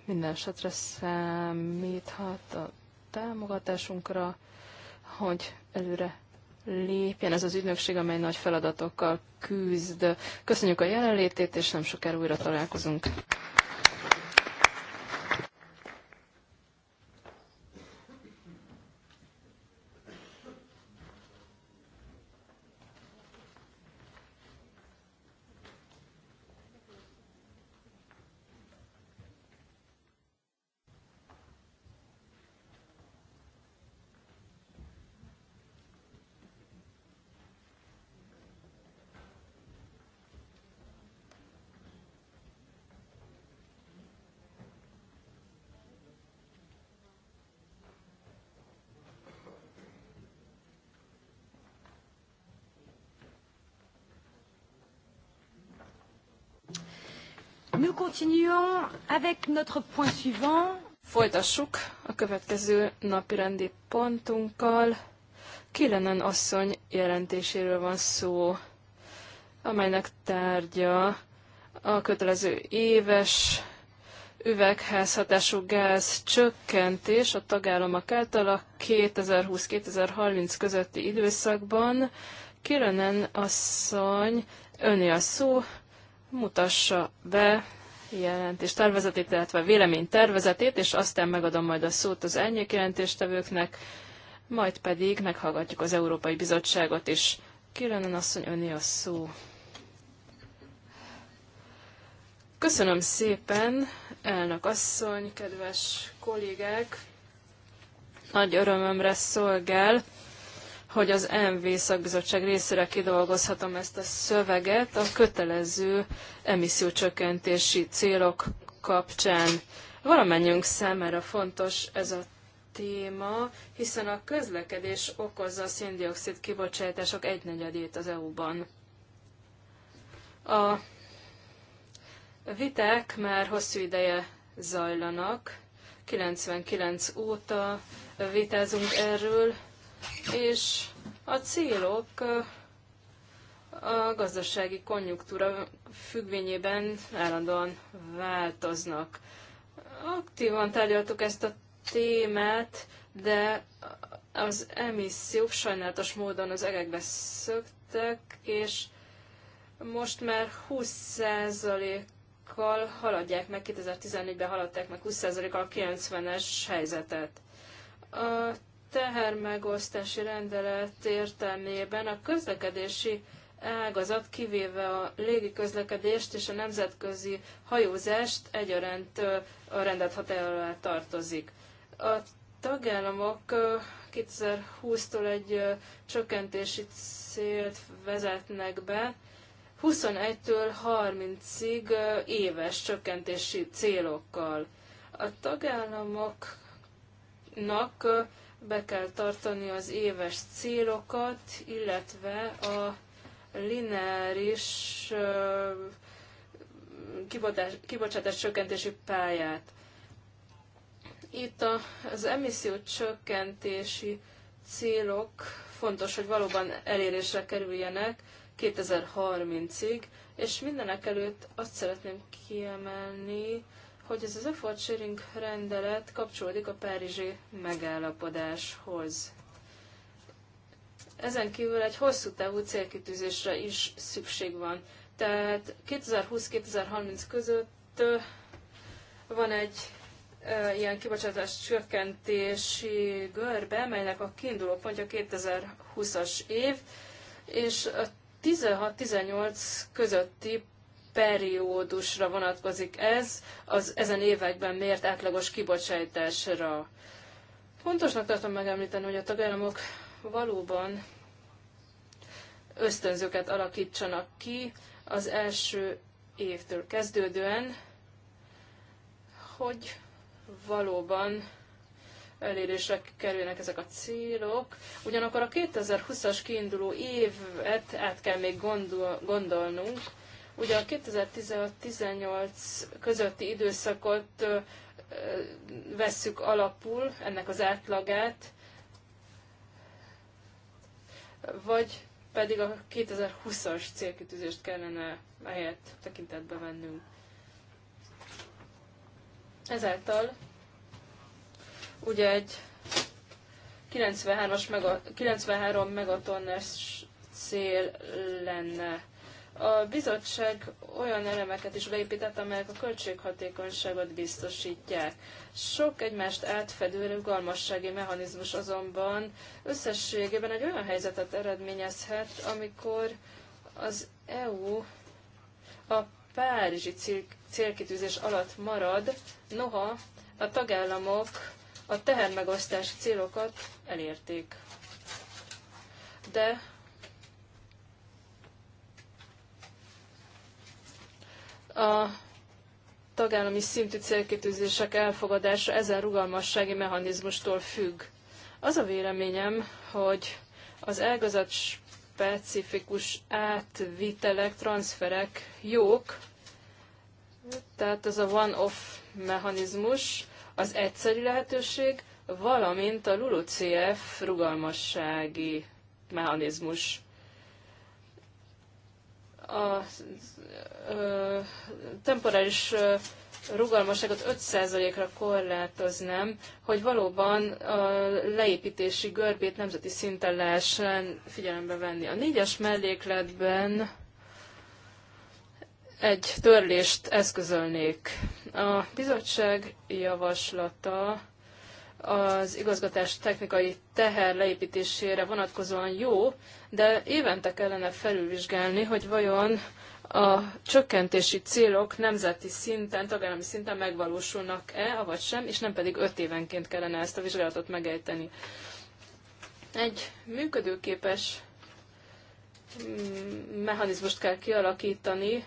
minden esetre számíthat a támogatásunkra, hogy előre lépjen ez az ügynökség, amely nagy feladatokkal küzd. Köszönjük a jelenlétét, és nem sokára újra találkozunk. continuons avec notre point suivant. Folytassuk a következő napi rendi pontunkkal. Kilenen asszony jelentéséről van szó, amelynek tárgya a kötelező éves üvegházhatású gáz csökkentés a tagállamok által a 2020-2030 közötti időszakban. Kilenen asszony, öné a szó, mutassa be jelentés tervezetét, illetve vélemény tervezetét, és aztán megadom majd a szót az elnyék jelentéstevőknek, majd pedig meghallgatjuk az Európai Bizottságot is. Kirenen asszony, öné a szó. Köszönöm szépen, elnök asszony, kedves kollégák! Nagy örömömre szolgál, hogy az MV szakbizottság részére kidolgozhatom ezt a szöveget a kötelező emissziócsökkentési célok kapcsán. Valamennyünk számára fontos ez a téma, hiszen a közlekedés okozza a széndiokszid kibocsátások egynegyedét az EU-ban. A viták már hosszú ideje zajlanak, 99 óta vitázunk erről, és a célok a gazdasági konjunktúra függvényében állandóan változnak. Aktívan tárgyaltuk ezt a témát, de az emissziók sajnálatos módon az egekbe szöktek, és most már 20%-kal haladják meg, 2014-ben haladták meg 20%-kal a 90-es helyzetet. A tehermegosztási rendelet értelmében a közlekedési ágazat, kivéve a légi közlekedést és a nemzetközi hajózást egyaránt a rendet hatájára tartozik. A tagállamok 2020-tól egy csökkentési célt vezetnek be, 21-től 30-ig éves csökkentési célokkal. A tagállamoknak be kell tartani az éves célokat, illetve a lineáris kibocsátás csökkentési pályát. Itt az emisszió csökkentési célok fontos, hogy valóban elérésre kerüljenek 2030-ig, és mindenek előtt azt szeretném kiemelni, hogy ez az effort sharing rendelet kapcsolódik a párizsi megállapodáshoz. Ezen kívül egy hosszú távú célkitűzésre is szükség van. Tehát 2020-2030 között van egy ilyen kibocsátás csökkentési görbe, melynek a kiinduló pontja 2020-as év, és a 16-18 közötti periódusra vonatkozik ez, az ezen években mért átlagos kibocsátásra. Fontosnak tartom megemlíteni, hogy a tagállamok valóban ösztönzőket alakítsanak ki az első évtől kezdődően, hogy valóban elérésre kerülnek ezek a célok. Ugyanakkor a 2020-as kiinduló évet át kell még gondol, gondolnunk, Ugye a 2015 18 közötti időszakot vesszük alapul, ennek az átlagát, vagy pedig a 2020-as célkitűzést kellene helyett tekintetbe vennünk. Ezáltal ugye egy 93 mega, 93 megatonnás cél lenne a bizottság olyan elemeket is beépített, amelyek a költséghatékonyságot biztosítják. Sok egymást átfedő rugalmassági mechanizmus azonban összességében egy olyan helyzetet eredményezhet, amikor az EU a párizsi cél, célkitűzés alatt marad, noha a tagállamok a tehermegosztási célokat elérték. De a tagállami szintű célkitűzések elfogadása ezen rugalmassági mechanizmustól függ. Az a véleményem, hogy az elgazat specifikus átvitelek, transferek jók, tehát ez a one-off mechanizmus, az egyszerű lehetőség, valamint a LULUCF rugalmassági mechanizmus a temporális ö, rugalmasságot 5%-ra korlátoznám, hogy valóban a leépítési görbét nemzeti szinten lehessen figyelembe venni. A négyes mellékletben egy törlést eszközölnék. A bizottság javaslata az igazgatás technikai teher leépítésére vonatkozóan jó, de évente kellene felülvizsgálni, hogy vajon a csökkentési célok nemzeti szinten, tagállami szinten megvalósulnak-e, avagy sem, és nem pedig öt évenként kellene ezt a vizsgálatot megejteni. Egy működőképes mm, mechanizmust kell kialakítani,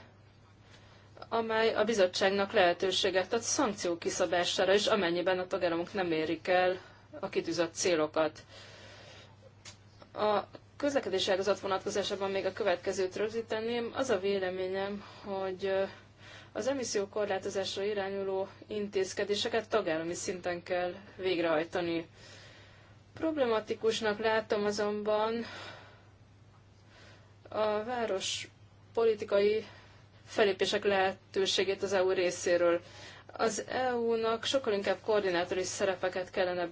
amely a bizottságnak lehetőséget ad szankciók kiszabására is, amennyiben a tagállamok nem érik el a kitűzött célokat. A közlekedési ágazat vonatkozásában még a következőt rögzíteném. Az a véleményem, hogy az emissziókorlátozásra irányuló intézkedéseket tagállami szinten kell végrehajtani. Problematikusnak látom azonban a város politikai fellépések lehetőségét az EU részéről. Az EU-nak sokkal inkább koordinátori szerepeket kellene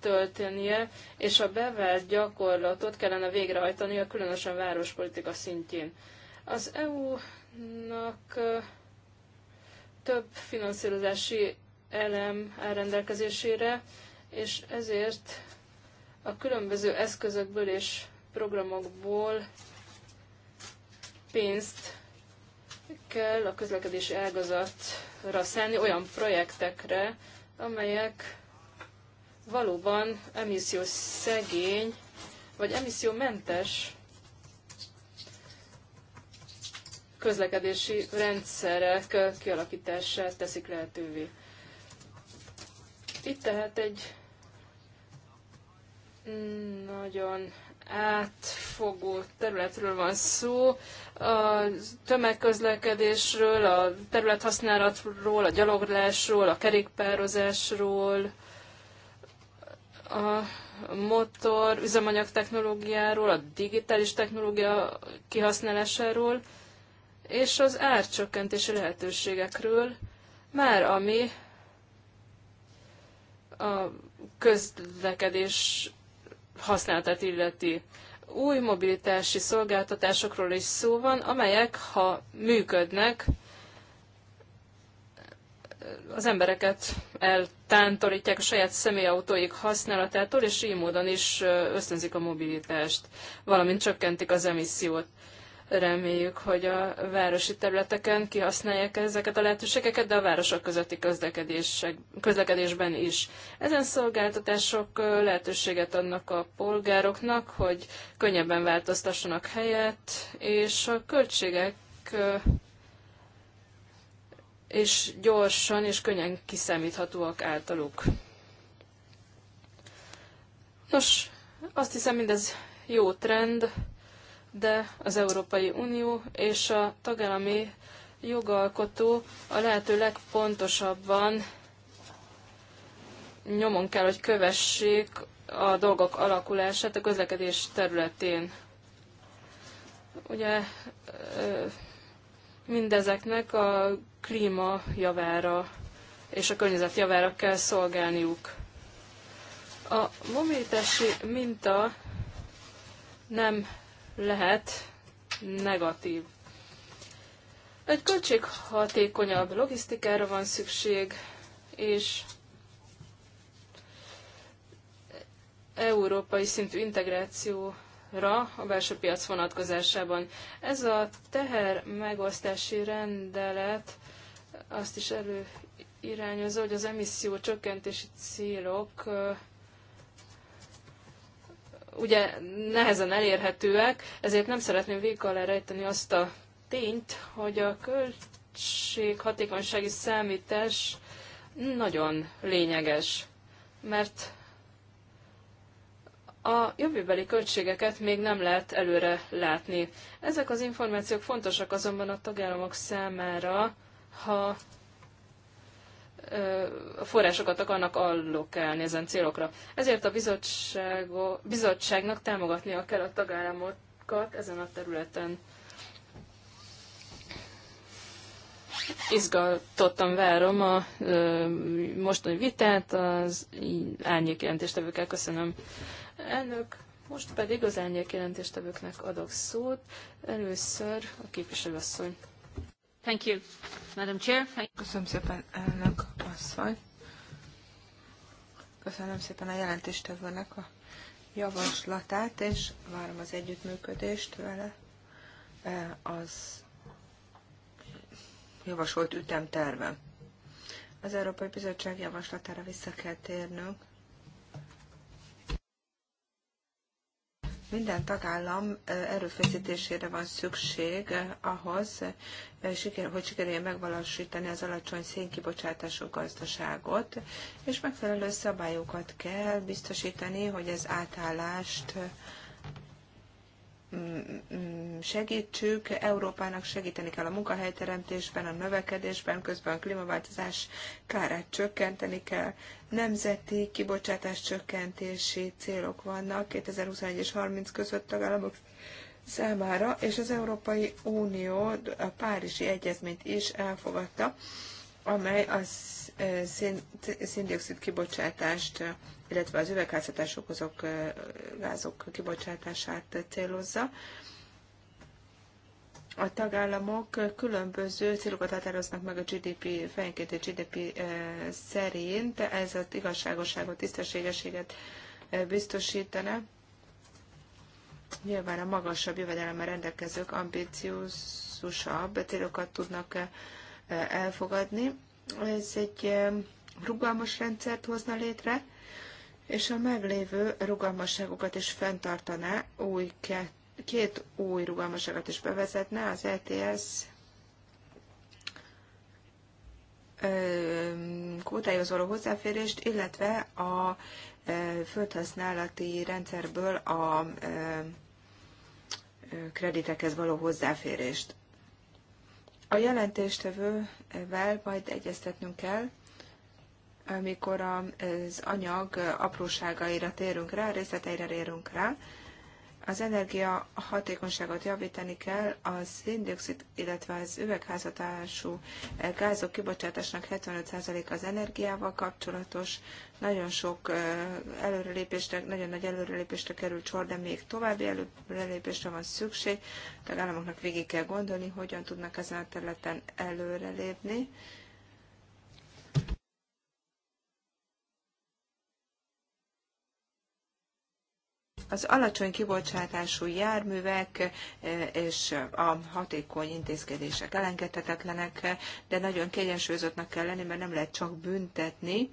betöltenie, és a bevált gyakorlatot kellene végrehajtani a különösen várospolitika szintjén. Az EU-nak több finanszírozási elem áll rendelkezésére, és ezért a különböző eszközökből és programokból pénzt kell a közlekedési ágazatra szállni olyan projektekre, amelyek valóban emissziós szegény, vagy emissziómentes közlekedési rendszerek kialakítását teszik lehetővé. Itt tehát egy nagyon átfogó területről van szó, a tömegközlekedésről, a területhasználatról, a gyaloglásról, a kerékpározásról, a motor üzemanyag technológiáról, a digitális technológia kihasználásáról, és az árcsökkentési lehetőségekről, már ami a közlekedés használatát illeti. Új mobilitási szolgáltatásokról is szó van, amelyek, ha működnek, az embereket eltántorítják a saját személyautóik használatától, és így módon is ösztönzik a mobilitást, valamint csökkentik az emissziót. Reméljük, hogy a városi területeken kihasználják ezeket a lehetőségeket, de a városok közötti közlekedésben is. Ezen szolgáltatások lehetőséget adnak a polgároknak, hogy könnyebben változtassanak helyet, és a költségek és gyorsan és könnyen kiszámíthatóak általuk. Nos, azt hiszem, mindez jó trend, de az Európai Unió és a tagállami jogalkotó a lehető legpontosabban nyomon kell, hogy kövessék a dolgok alakulását a közlekedés területén. Ugye mindezeknek a klíma javára és a környezet javára kell szolgálniuk. A mobilitási minta nem lehet negatív. Egy költséghatékonyabb logisztikára van szükség, és európai szintű integrációra a belső piac vonatkozásában. Ez a teher megosztási rendelet azt is előirányozza, hogy az emisszió csökkentési célok ugye nehezen elérhetőek, ezért nem szeretném végig alá rejteni azt a tényt, hogy a költség hatékonysági számítás nagyon lényeges, mert a jövőbeli költségeket még nem lehet előre látni. Ezek az információk fontosak azonban a tagállamok számára, ha a forrásokat akarnak allokálni ezen célokra. Ezért a bizottságnak támogatnia kell a tagállamokat ezen a területen. Izgatottan várom a ö, mostani vitát, az árnyék jelentéstevőkkel köszönöm. Elnök, most pedig az árnyék jelentéstevőknek adok szót. Először a képviselőasszony. Thank you, Madam Chair. Thank Köszönöm szépen, elnök asszony. Köszönöm szépen a jelentéstevőnek a javaslatát, és várom az együttműködést vele e, az javasolt ütemterve. Az Európai Bizottság javaslatára vissza kell térnünk, Minden tagállam erőfeszítésére van szükség ahhoz, hogy sikerüljön megvalósítani az alacsony szénkibocsátású gazdaságot, és megfelelő szabályokat kell biztosítani, hogy az átállást segítsük, Európának segíteni kell a munkahelyteremtésben, a növekedésben, közben a klímaváltozás kárát csökkenteni kell. Nemzeti kibocsátás csökkentési célok vannak 2021 és 30 között tagállamok számára, és az Európai Unió a Párizsi Egyezményt is elfogadta, amely a széndiokszid kibocsátást illetve az üvegházhatás okozók gázok kibocsátását célozza. A tagállamok különböző célokat határoznak meg a GDP, fejenkénti GDP szerint, ez az igazságosságot, tisztességességet biztosítana. Nyilván a magasabb jövedelemmel rendelkezők ambíciózusabb célokat tudnak elfogadni. Ez egy rugalmas rendszert hozna létre, és a meglévő rugalmasságokat is fenntartaná, új két új rugalmasságot is bevezetne, az ETS kvótához hozzáférést, illetve a földhasználati rendszerből a kreditekhez való hozzáférést. A jelentéstevővel majd egyeztetnünk kell, amikor az anyag apróságaira térünk rá, részleteire érünk rá. Az energia hatékonyságot javítani kell, a széndiokszid, illetve az üvegházatású gázok kibocsátásnak 75% az energiával kapcsolatos. Nagyon sok előrelépésre, nagyon nagy előrelépésre került sor, de még további előrelépésre van szükség. A tagállamoknak végig kell gondolni, hogyan tudnak ezen a területen előrelépni. az alacsony kibocsátású járművek e, és a hatékony intézkedések elengedhetetlenek, de nagyon kiegyensúlyozottnak kell lenni, mert nem lehet csak büntetni.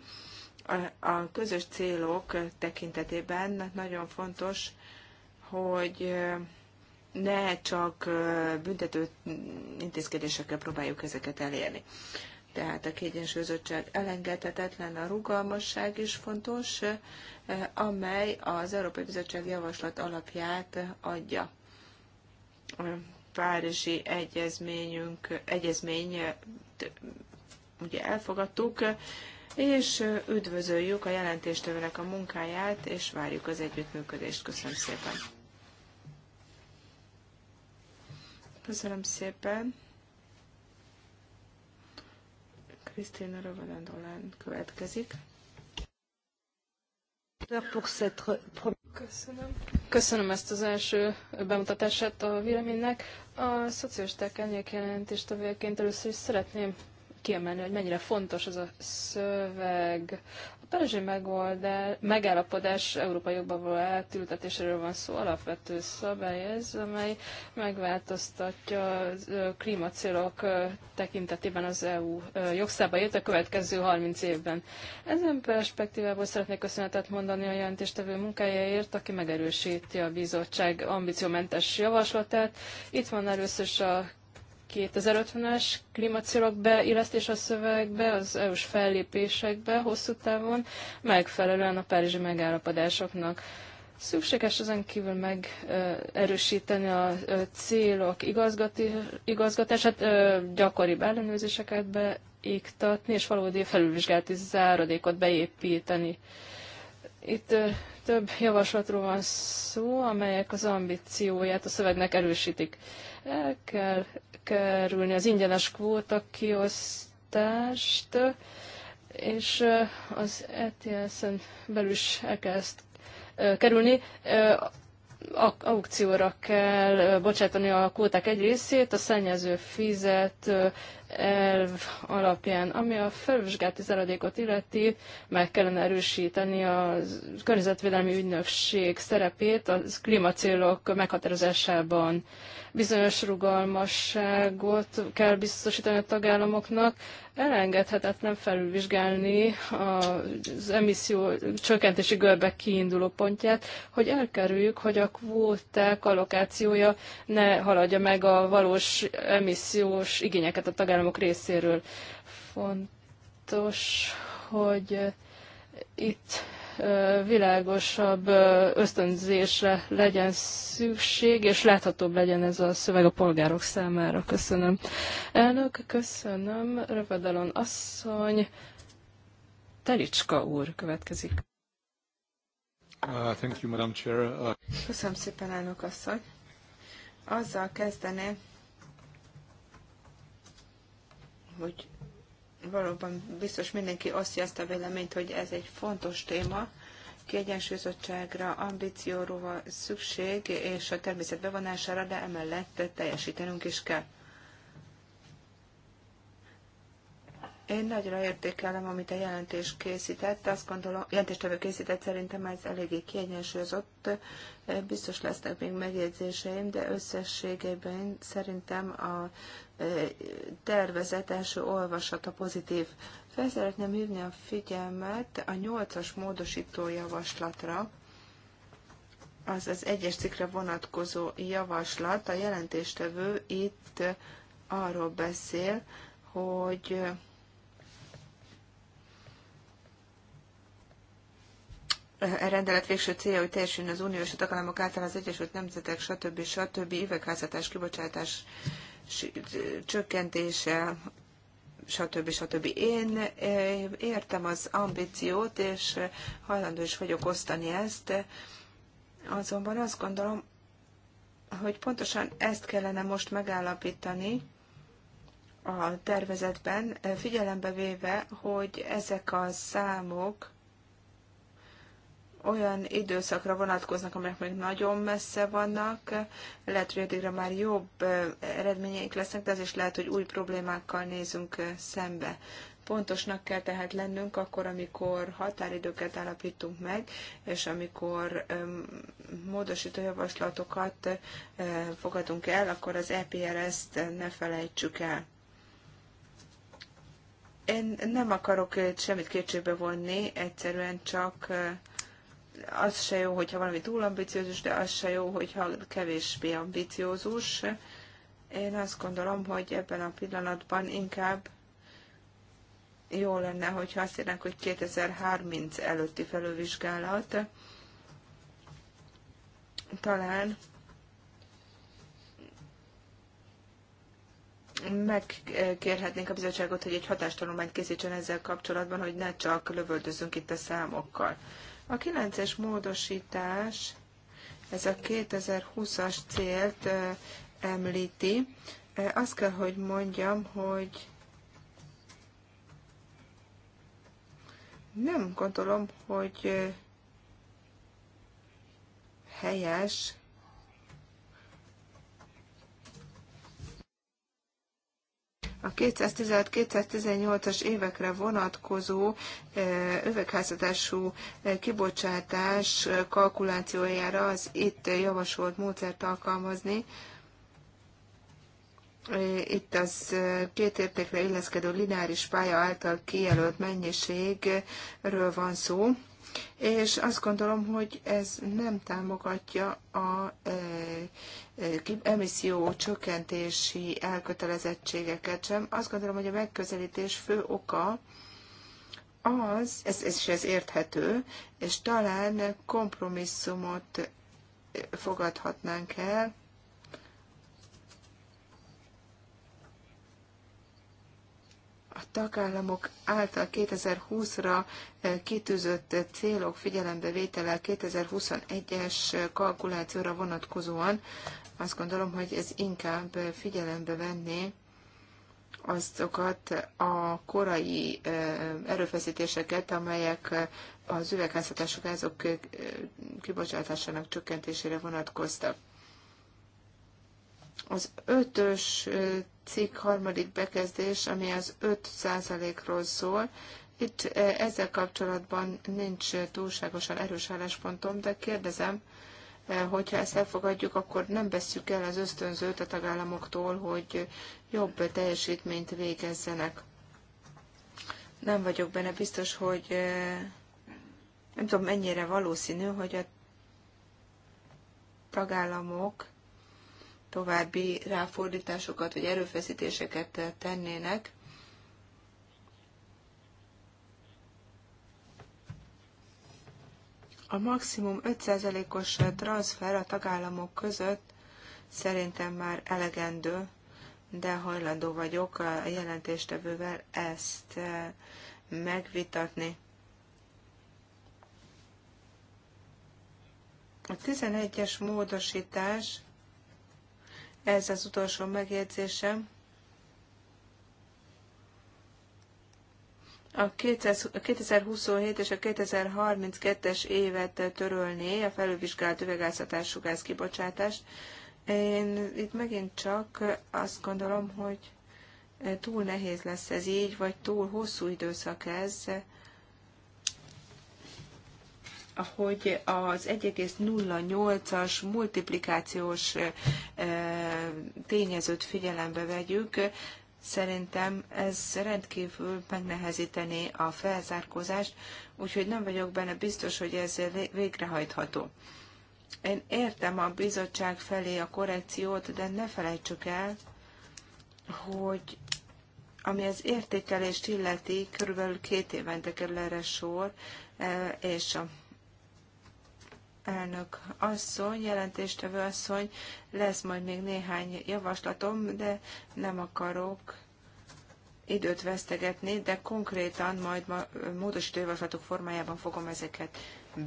A közös célok tekintetében nagyon fontos, hogy e, ne csak e, büntető intézkedésekkel próbáljuk ezeket elérni tehát a kiegyensúlyozottság elengedhetetlen, a rugalmasság is fontos, eh, amely az Európai Bizottság javaslat alapját adja. A Párizsi egyezményünk, egyezmény eh, ugye elfogadtuk, és eh, üdvözöljük a jelentéstevőnek a munkáját, és várjuk az együttműködést. Köszönöm szépen! Köszönöm szépen! Krisztina Ravadandolán következik. Köszönöm. Köszönöm ezt az első bemutatását a véleménynek. A szocialisták elnyék jelentéstevőjeként először is szeretném kiemelni, hogy mennyire fontos ez a szöveg. A perzsi megállapodás Európai jogban való eltültetéséről van szó, alapvető szabály ez, amely megváltoztatja a klímacélok tekintetében az EU jogszabályait a következő 30 évben. Ezen perspektívából szeretnék köszönetet mondani a jelentéstevő munkájáért, aki megerősíti a bizottság ambiciómentes javaslatát. Itt van először is a 2050-es klímacélok beillesztés a szövegbe, az EU-s fellépésekbe hosszú távon, megfelelően a párizsi megállapodásoknak. Szükséges ezen kívül megerősíteni a célok igazgatását, gyakoribb ellenőrzéseket beiktatni, és valódi felülvizsgálati záradékot beépíteni. Itt több javaslatról van szó, amelyek az ambícióját a szövegnek erősítik. El kell kerülni az ingyenes kvóta kiosztást, és az ETS-en belül is el kell ezt kerülni aukcióra kell bocsátani a kvóták egy részét, a szennyező fizet elv alapján. Ami a felvizsgálati záradékot illeti, meg kellene erősíteni a környezetvédelmi ügynökség szerepét a klímacélok meghatározásában bizonyos rugalmasságot kell biztosítani a tagállamoknak. Elengedhetetlen felülvizsgálni az emisszió csökkentési görbek kiinduló pontját, hogy elkerüljük, hogy a kvóták allokációja ne haladja meg a valós emissziós igényeket a tagállamok részéről. Fontos, hogy itt világosabb ösztönzésre legyen szükség, és láthatóbb legyen ez a szöveg a polgárok számára. Köszönöm. Elnök, köszönöm. Rövedelon asszony. Telicska úr következik. Uh, thank you, Madam Chair. Uh, köszönöm szépen, elnök asszony. Azzal kezdeném, hogy valóban biztos mindenki osztja azt a véleményt, hogy ez egy fontos téma, kiegyensúlyozottságra, ambícióra szükség, és a természet bevonására, de emellett teljesítenünk is kell. Én nagyra értékelem, amit a jelentés készített. Azt gondolom, jelentéstevő készített, szerintem ez eléggé kiegyensúlyozott. Biztos lesznek még megjegyzéseim, de összességében szerintem a tervezet első olvasata pozitív. Fel szeretném hívni a figyelmet a nyolcas módosító javaslatra, az az egyes cikkre vonatkozó javaslat. A jelentéstevő itt arról beszél, hogy A rendelet végső célja, hogy teljesüljön az uniós tagállamok által az Egyesült Nemzetek, stb. stb. üvegházatás kibocsátás csökkentése, stb. stb. Én eh, értem az ambíciót, és hajlandó is vagyok osztani ezt, azonban azt gondolom, hogy pontosan ezt kellene most megállapítani a tervezetben, eh, figyelembe véve, hogy ezek a számok olyan időszakra vonatkoznak, amelyek még nagyon messze vannak. Lehet, hogy addigra már jobb eredményeik lesznek, de az is lehet, hogy új problémákkal nézünk szembe. Pontosnak kell tehát lennünk akkor, amikor határidőket állapítunk meg, és amikor módosító javaslatokat fogadunk el, akkor az EPRS-t ne felejtsük el én nem akarok semmit kétségbe vonni, egyszerűen csak az se jó, hogyha valami túl ambiciózus, de az se jó, hogyha kevésbé ambiciózus. Én azt gondolom, hogy ebben a pillanatban inkább jó lenne, hogyha azt jelenti, hogy 2030 előtti felővizsgálat. Talán megkérhetnénk a bizottságot, hogy egy hatástanulmányt készítsen ezzel kapcsolatban, hogy ne csak lövöldözünk itt a számokkal. A 9-es módosítás, ez a 2020-as célt említi. Azt kell, hogy mondjam, hogy nem gondolom, hogy helyes a 216-218-as évekre vonatkozó eh, üvegházatású eh, kibocsátás eh, kalkulációjára az itt javasolt módszert alkalmazni. Itt az két értékre illeszkedő lineáris pálya által kijelölt mennyiségről van szó és azt gondolom, hogy ez nem támogatja a e, e, emisszió csökkentési elkötelezettségeket sem. Azt gondolom, hogy a megközelítés fő oka az, ez, ez is ez érthető, és talán kompromisszumot fogadhatnánk el, a tagállamok által 2020-ra eh, kitűzött célok figyelembevétele 2021-es kalkulációra vonatkozóan, azt gondolom, hogy ez inkább figyelembe venné azokat a korai eh, erőfeszítéseket, amelyek az üvegházhatások gázok eh, kibocsátásának csökkentésére vonatkoztak. Az ötös cikk harmadik bekezdés, ami az 5%-ról szól. Itt eh, ezzel kapcsolatban nincs túlságosan erős álláspontom, de kérdezem, eh, hogyha ezt elfogadjuk, akkor nem vesszük el az ösztönzőt a tagállamoktól, hogy jobb teljesítményt végezzenek. Nem vagyok benne biztos, hogy eh, nem tudom mennyire valószínű, hogy a tagállamok további ráfordításokat vagy erőfeszítéseket tennének, A maximum 5%-os transfer a tagállamok között szerintem már elegendő, de hajlandó vagyok a jelentéstevővel ezt eh, megvitatni. A 11-es módosítás ez az utolsó megjegyzésem. a 2027 és a 2032-es évet törölné a felülvizsgált üvegászatás sugász kibocsátást. Én itt megint csak azt gondolom, hogy túl nehéz lesz ez így, vagy túl hosszú időszak ez hogy az 1,08-as multiplikációs tényezőt figyelembe vegyük, Szerintem ez rendkívül megnehezítené a felzárkózást, úgyhogy nem vagyok benne biztos, hogy ez végrehajtható. Én értem a bizottság felé a korrekciót, de ne felejtsük el, hogy ami az értékelést illeti, körülbelül két évente kerül erre sor, és a elnök asszony, jelentéstevő asszony, lesz majd még néhány javaslatom, de nem akarok időt vesztegetni, de konkrétan majd ma, módosító javaslatok formájában fogom ezeket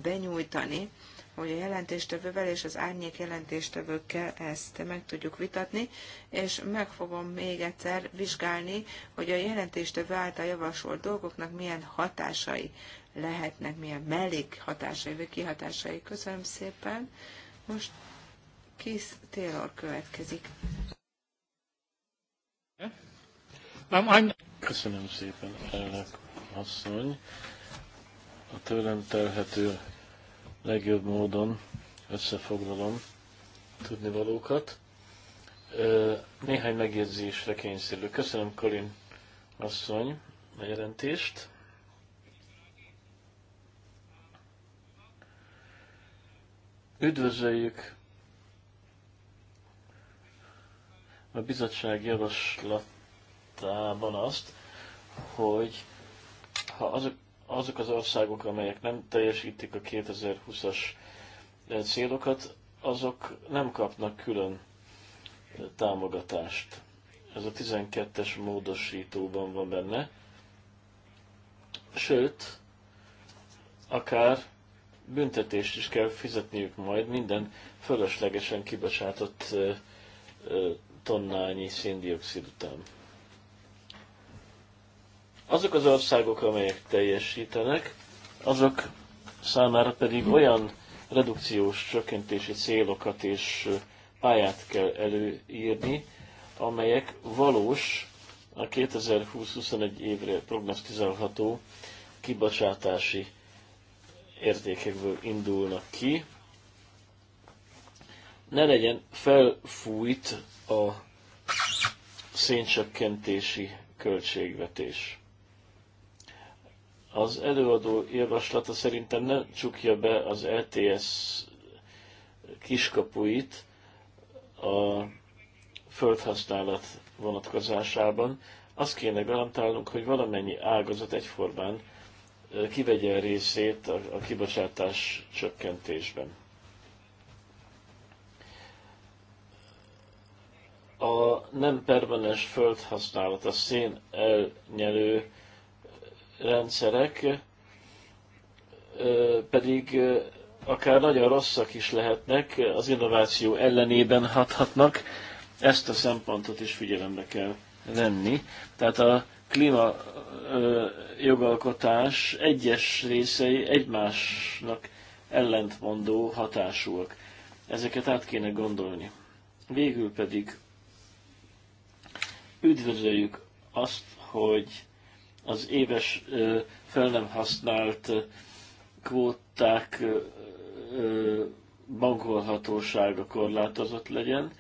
benyújtani, hogy a jelentéstevővel és az árnyék jelentéstevőkkel ezt meg tudjuk vitatni, és meg fogom még egyszer vizsgálni, hogy a jelentéstevő által javasolt dolgoknak milyen hatásai lehetnek, milyen mellékhatásai vagy kihatásai. Köszönöm szépen. Most kis Taylor következik. Köszönöm szépen, elnök asszony. A tőlem telhető legjobb módon összefoglalom tudnivalókat. Néhány megjegyzésre kényszerül. Köszönöm Colin asszony a jelentést. Üdvözöljük a bizottság javaslatában azt, hogy ha azok, azok az országok, amelyek nem teljesítik a 2020-as célokat, azok nem kapnak külön támogatást. Ez a 12-es módosítóban van benne. Sőt, akár büntetést is kell fizetniük majd minden fölöslegesen kibocsátott tonnányi széndiokszid után. Azok az országok, amelyek teljesítenek, azok számára pedig olyan redukciós csökkentési célokat és pályát kell előírni, amelyek valós a 2020-21 évre prognosztizálható kibocsátási értékekből indulnak ki. Ne legyen felfújt a széncsökkentési költségvetés. Az előadó javaslata szerintem nem csukja be az LTS e kiskapuit a földhasználat vonatkozásában. Azt kéne garantálnunk, hogy valamennyi ágazat egyformán kivegye részét a kibocsátás csökkentésben. A nem permanens földhasználat, a szén elnyelő rendszerek pedig akár nagyon rosszak is lehetnek, az innováció ellenében hathatnak, ezt a szempontot is figyelembe kell venni. Tehát a klíma jogalkotás egyes részei egymásnak ellentmondó hatásúak. Ezeket át kéne gondolni. Végül pedig üdvözöljük azt, hogy az éves fel nem használt kvóták bankolhatósága korlátozott legyen,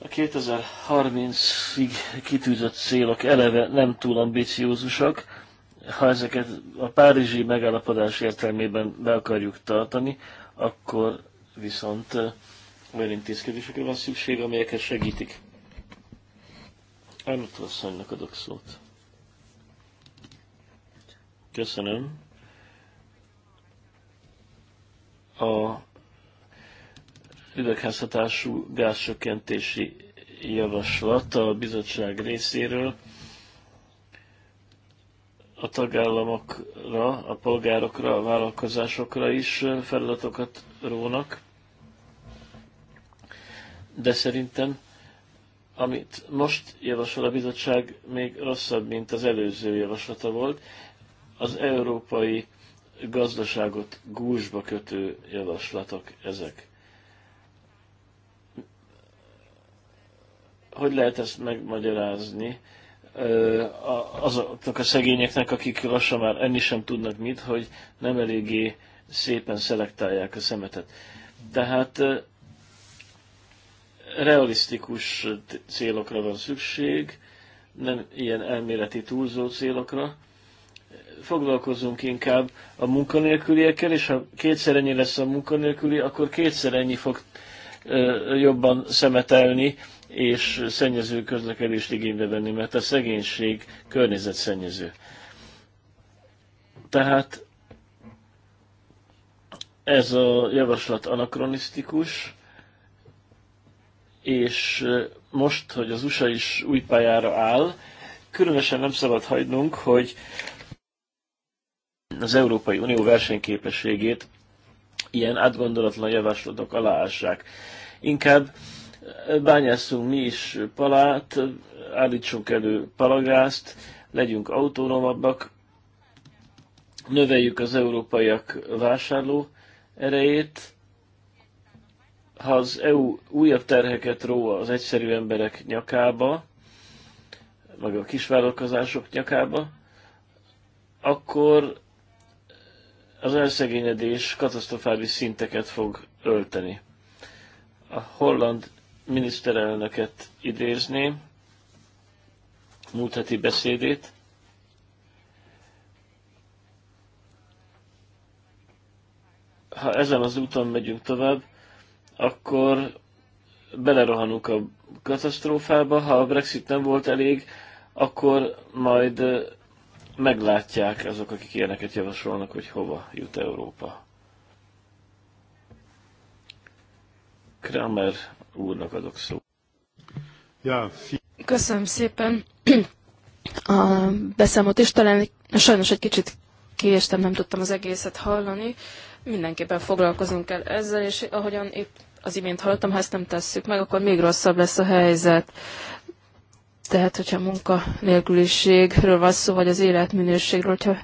a 2030-ig kitűzött célok eleve nem túl ambiciózusak, ha ezeket a párizsi megállapodás értelmében be akarjuk tartani, akkor viszont olyan intézkedésekre van szükség, amelyeket segítik. Elmúlt asszonynak adok szót. Köszönöm. A üvegházhatású gázsökkentési javaslat a bizottság részéről a tagállamokra, a polgárokra, a vállalkozásokra is feladatokat rónak, de szerintem amit most javasol a bizottság, még rosszabb, mint az előző javaslata volt. Az európai gazdaságot gúzsba kötő javaslatok ezek. hogy lehet ezt megmagyarázni azoknak a szegényeknek, akik lassan már enni sem tudnak mit, hogy nem eléggé szépen szelektálják a szemetet. Tehát realisztikus célokra van szükség, nem ilyen elméleti túlzó célokra. Foglalkozunk inkább a munkanélküliekkel, és ha kétszer ennyi lesz a munkanélküli, akkor kétszer ennyi fog jobban szemetelni, és szennyező közlekedést igénybe venni, mert a szegénység környezetszennyező. Tehát ez a javaslat anakronisztikus, és most, hogy az USA is új pályára áll, különösen nem szabad hagynunk, hogy az Európai Unió versenyképességét ilyen átgondolatlan javaslatok aláássák. Inkább bányászunk mi is palát, állítsunk elő palagázt, legyünk autonómabbak, növeljük az európaiak vásárló erejét, ha az EU újabb terheket ró az egyszerű emberek nyakába, meg a kisvállalkozások nyakába, akkor az elszegényedés katasztrofális szinteket fog ölteni. A holland miniszterelnöket idézném, múlt heti beszédét. Ha ezen az úton megyünk tovább, akkor belerohanunk a katasztrófába, ha a Brexit nem volt elég, akkor majd meglátják azok, akik ilyeneket javasolnak, hogy hova jut Európa. Kramer úrnak adok szó. Ja, Köszönöm szépen a beszámot is. Talán sajnos egy kicsit kiestem, nem tudtam az egészet hallani. Mindenképpen foglalkozunk el ezzel, és ahogyan épp az imént hallottam, ha ezt nem tesszük meg, akkor még rosszabb lesz a helyzet. Tehát, hogyha munkanélküliségről van szó, vagy az életminőségről, hogyha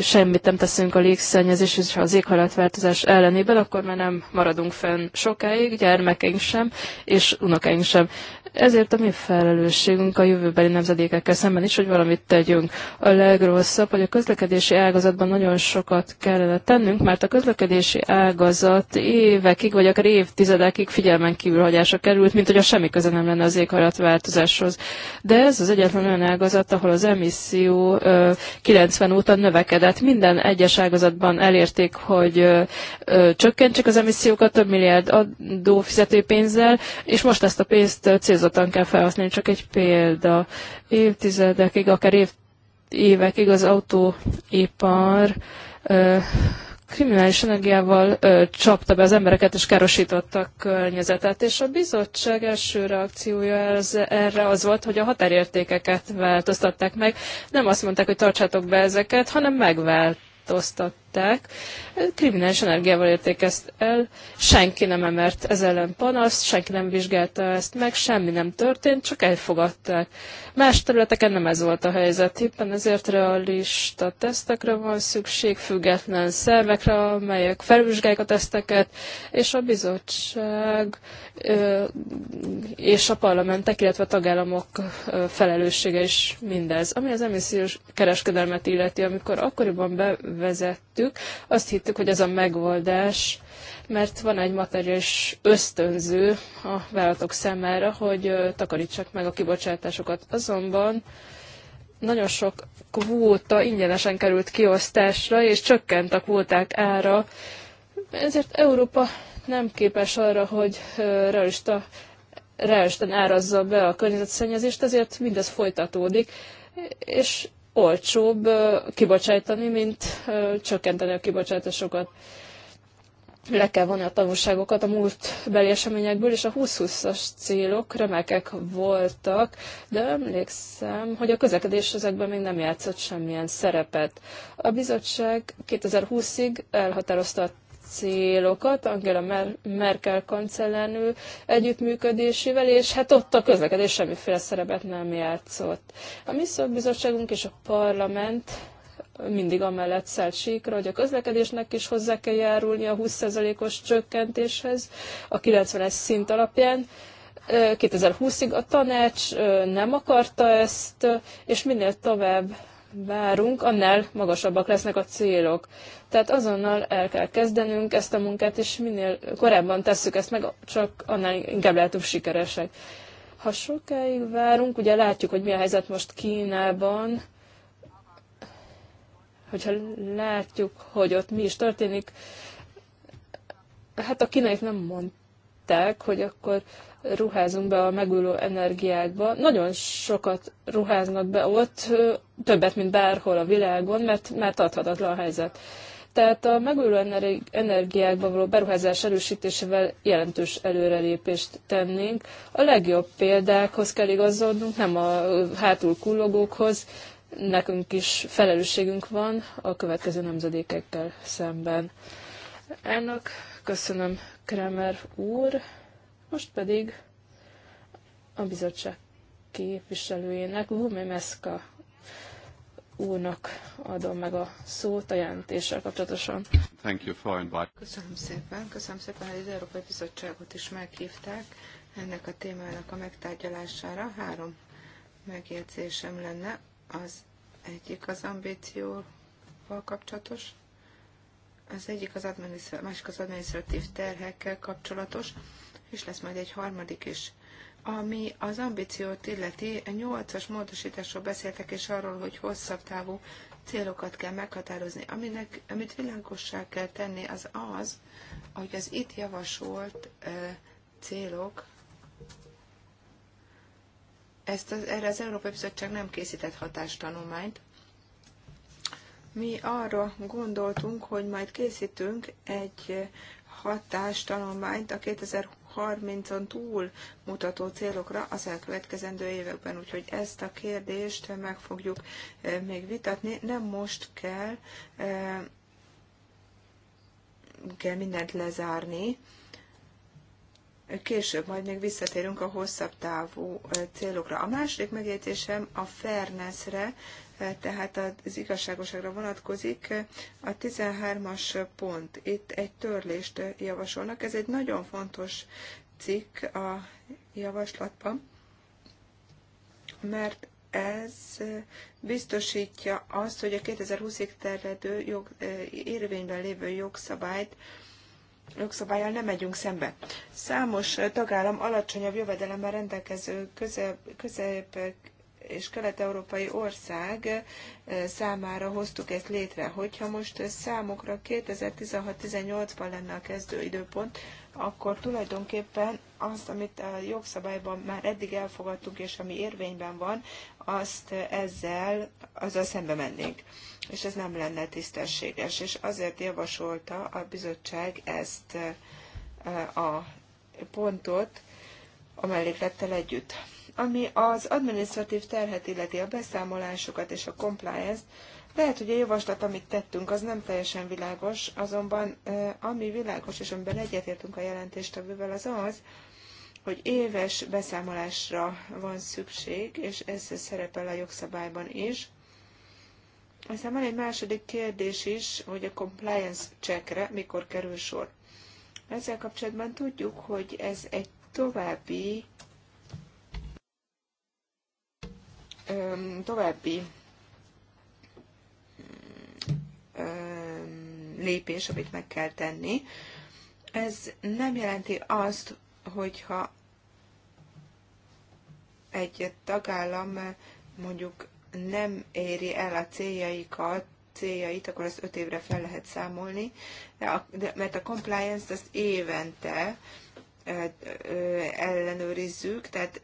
semmit nem teszünk a légszennyezés és az éghajlatváltozás ellenében, akkor már nem maradunk fenn sokáig, gyermekeink sem, és unokáink sem. Ezért a mi felelősségünk a jövőbeli nemzedékekkel szemben is, hogy valamit tegyünk. A legrosszabb, hogy a közlekedési ágazatban nagyon sokat kellene tennünk, mert a közlekedési ágazat évekig, vagy akár évtizedekig figyelmen kívül hagyása került, mint hogy a semmi köze nem lenne az éghajlatváltozáshoz. De ez az egyetlen olyan ágazat, ahol az emisszió 90 óta növekedett. Minden egyes ágazatban elérték, hogy ö, ö, csökkentsék az emissziókat több milliárd adófizető pénzzel, és most ezt a pénzt célzottan kell felhasználni. Csak egy példa. Évtizedekig, akár év, évekig az autóipar ö, kriminális energiával ö, csapta be az embereket és károsította a környezetet, és a bizottság első reakciója ez, erre az volt, hogy a határértékeket változtatták meg. Nem azt mondták, hogy tartsátok be ezeket, hanem megváltoztatták megkapták, kriminális energiával érték ezt el, senki nem emert ez ellen panaszt, senki nem vizsgálta ezt meg, semmi nem történt, csak elfogadták. Más területeken nem ez volt a helyzet, éppen ezért realista tesztekre van szükség, független szervekre, amelyek felvizsgálják a teszteket, és a bizottság és a parlamentek, illetve a tagállamok felelőssége is mindez. Ami az emissziós kereskedelmet illeti, amikor akkoriban bevezettük, megtettük, azt hittük, hogy ez a megoldás, mert van egy materiális ösztönző a vállalatok számára, hogy takarítsák meg a kibocsátásokat. Azonban nagyon sok kvóta ingyenesen került kiosztásra, és csökkent a kvóták ára, ezért Európa nem képes arra, hogy realista, realisten árazza be a környezetszennyezést, ezért mindez folytatódik, és olcsóbb kibocsátani, mint csökkenteni a kibocsátásokat. Le kell vonni a tanulságokat a beli eseményekből, és a 2020-as célok remekek voltak, de emlékszem, hogy a közlekedés ezekben még nem játszott semmilyen szerepet. A bizottság 2020-ig elhatározta a célokat Angela Merkel kancellárnő együttműködésével, és hát ott a közlekedés semmiféle szerepet nem játszott. A mi szakbizottságunk és a parlament mindig amellett szállt síkra, hogy a közlekedésnek is hozzá kell járulni a 20%-os csökkentéshez a 90-es szint alapján. 2020-ig a tanács nem akarta ezt, és minél tovább várunk, annál magasabbak lesznek a célok. Tehát azonnal el kell kezdenünk ezt a munkát, és minél korábban tesszük ezt meg, csak annál inkább lehetünk sikeresek. Ha sokáig várunk, ugye látjuk, hogy mi a helyzet most Kínában, hogyha látjuk, hogy ott mi is történik, hát a kínaiak nem mondták, hogy akkor ruházunk be a megújuló energiákba. Nagyon sokat ruháznak be ott, többet, mint bárhol a világon, mert már tarthatatlan a helyzet. Tehát a megújuló energiákba való beruházás erősítésével jelentős előrelépést tennénk. A legjobb példákhoz kell igazodnunk, nem a hátul kullogókhoz. Nekünk is felelősségünk van a következő nemzedékekkel szemben. Ennek köszönöm Kremer úr. Most pedig a bizottság képviselőjének, Vumemeszka úrnak adom meg a szót a jelentéssel kapcsolatosan. Thank you for Köszönöm szépen, köszönöm szépen, hogy az Európai Bizottságot is meghívták ennek a témának a megtárgyalására. Három megjegyzésem lenne. Az egyik az ambícióval kapcsolatos, az egyik az másik az adminisztratív terhekkel kapcsolatos, és lesz majd egy harmadik is. Ami az ambíciót illeti, a nyolcas módosításról beszéltek, és arról, hogy hosszabb távú célokat kell meghatározni. Aminek, amit világossá kell tenni, az az, hogy az itt javasolt e, célok, ezt az, erre az Európai Bizottság nem készített hatástanulmányt. Mi arra gondoltunk, hogy majd készítünk egy hatástanulmányt a 2020 30 on túl mutató célokra az elkövetkezendő években. Úgyhogy ezt a kérdést meg fogjuk eh, még vitatni. Nem most kell, eh, kell mindent lezárni, Később majd még visszatérünk a hosszabb távú eh, célokra. A második megjegyzésem a fairnessre tehát az igazságoságra vonatkozik. A 13-as pont, itt egy törlést javasolnak. Ez egy nagyon fontos cikk a javaslatban, mert ez biztosítja azt, hogy a 2020-ig terjedő jog, érvényben lévő jogszabályt jogszabályal nem megyünk szembe. Számos tagállam alacsonyabb jövedelemmel rendelkező közep, közep és kelet-európai ország számára hoztuk ezt létre. Hogyha most számukra 2016-18-ban lenne a kezdő időpont, akkor tulajdonképpen azt, amit a jogszabályban már eddig elfogadtunk, és ami érvényben van, azt ezzel, azzal szembe mennénk. És ez nem lenne tisztességes. És azért javasolta a bizottság ezt a pontot a melléklettel együtt. Ami az administratív terhet illeti a beszámolásokat és a compliance-t, lehet, hogy a javaslat, amit tettünk, az nem teljesen világos, azonban ami világos, és amiben egyetértünk a jelentéstevővel, az az, hogy éves beszámolásra van szükség, és ez szerepel a jogszabályban is. Aztán van egy második kérdés is, hogy a compliance checkre mikor kerül sor. Ezzel kapcsolatban tudjuk, hogy ez egy további további lépés, amit meg kell tenni. Ez nem jelenti azt, hogyha egy tagállam mondjuk nem éri el a céljaikat, céljait, akkor ezt öt évre fel lehet számolni, de a, de, mert a compliance-t az évente ellenőrizzük, tehát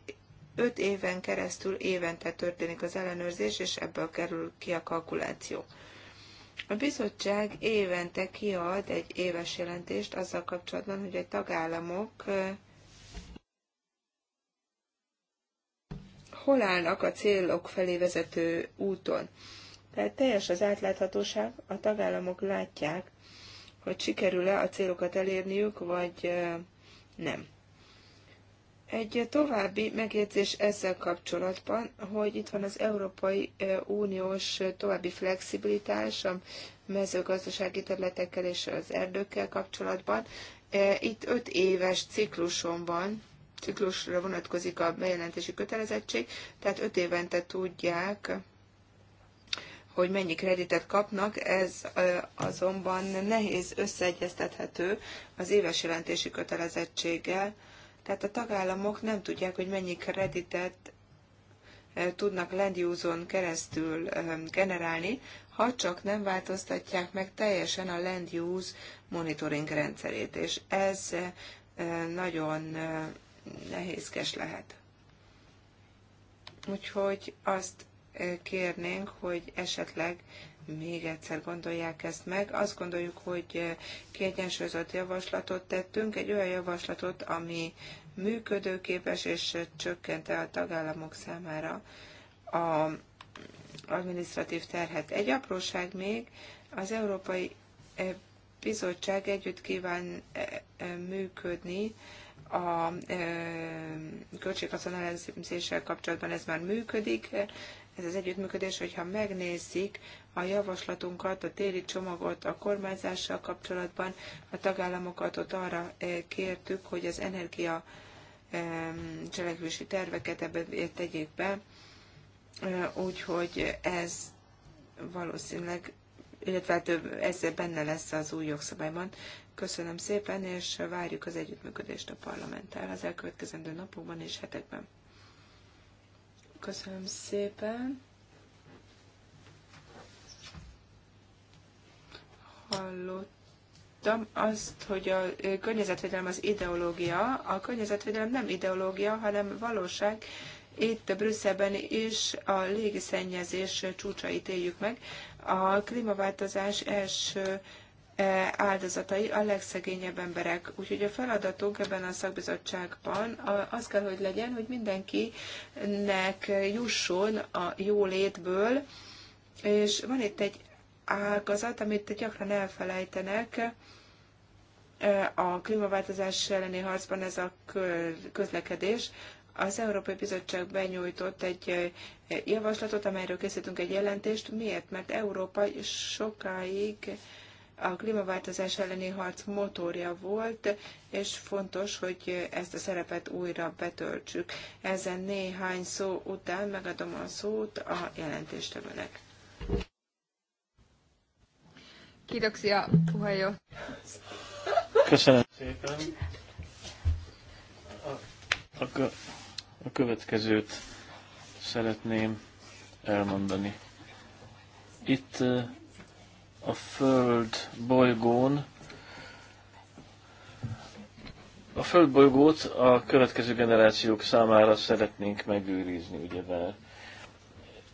Öt éven keresztül évente történik az ellenőrzés, és ebből kerül ki a kalkuláció. A bizottság évente kiad egy éves jelentést azzal kapcsolatban, hogy a tagállamok hol állnak a célok felé vezető úton. Tehát teljes az átláthatóság, a tagállamok látják, hogy sikerül-e a célokat elérniük, vagy nem. Egy további megjegyzés ezzel kapcsolatban, hogy itt van az Európai Uniós további flexibilitás a mezőgazdasági területekkel és az erdőkkel kapcsolatban. Itt öt éves cikluson van, ciklusra vonatkozik a bejelentési kötelezettség, tehát öt évente tudják, hogy mennyi kreditet kapnak, ez azonban nehéz összeegyeztethető az éves jelentési kötelezettséggel, tehát a tagállamok nem tudják, hogy mennyi kreditet tudnak land keresztül generálni, ha csak nem változtatják meg teljesen a land use monitoring rendszerét, és ez nagyon nehézkes lehet. Úgyhogy azt kérnénk, hogy esetleg még egyszer gondolják ezt meg. Azt gondoljuk, hogy kiegyensúlyozott javaslatot tettünk, egy olyan javaslatot, ami működőképes és csökkente a tagállamok számára a administratív terhet. Egy apróság még, az Európai eh, Bizottság együtt kíván eh, eh, működni a költséghaszon kapcsolatban ez már működik, ez az együttműködés, hogyha megnézzük a javaslatunkat, a téli csomagot a kormányzással kapcsolatban. A tagállamokat ott arra eh, kértük, hogy az energia cselekvési terveket ebbe tegyék be, eh, úgyhogy ez valószínűleg, illetve több hát, ez benne lesz az új jogszabályban. Köszönöm szépen, és várjuk az együttműködést a parlamenttel az elkövetkezendő napokban és hetekben. Köszönöm szépen. hallottam azt, hogy a környezetvédelem az ideológia. A környezetvédelem nem ideológia, hanem valóság. Itt Brüsszelben is a légiszennyezés csúcsait éljük meg. A klímaváltozás első áldozatai a legszegényebb emberek. Úgyhogy a feladatunk ebben a szakbizottságban az kell, hogy legyen, hogy mindenkinek jusson a jólétből, és van itt egy ágazat, amit gyakran elfelejtenek a klímaváltozás elleni harcban, ez a közlekedés. Az Európai Bizottság benyújtott egy javaslatot, amelyről készítünk egy jelentést. Miért? Mert Európa sokáig a klímaváltozás elleni harc motorja volt, és fontos, hogy ezt a szerepet újra betöltsük. Ezen néhány szó után megadom a szót a jelentéstevőnek. Kiitoksia, puheenjohtaja. Köszönöm szépen. A, a, a következőt szeretném elmondani. Itt a Föld bolygón a földbolygót a következő generációk számára szeretnénk megőrizni, ugyebár.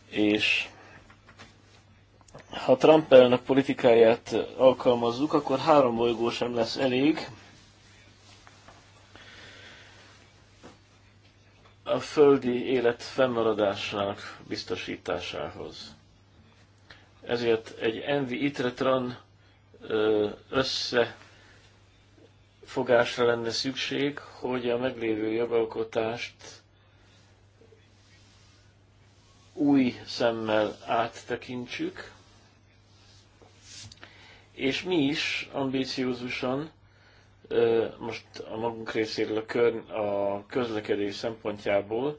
És ha Trump elnök politikáját alkalmazzuk, akkor három bolygó sem lesz elég. A földi élet fennmaradásának biztosításához. Ezért egy Envi Itretran összefogásra lenne szükség, hogy a meglévő jogalkotást új szemmel áttekintsük, és mi is ambíciózusan, most a magunk részéről a, kör, a közlekedés szempontjából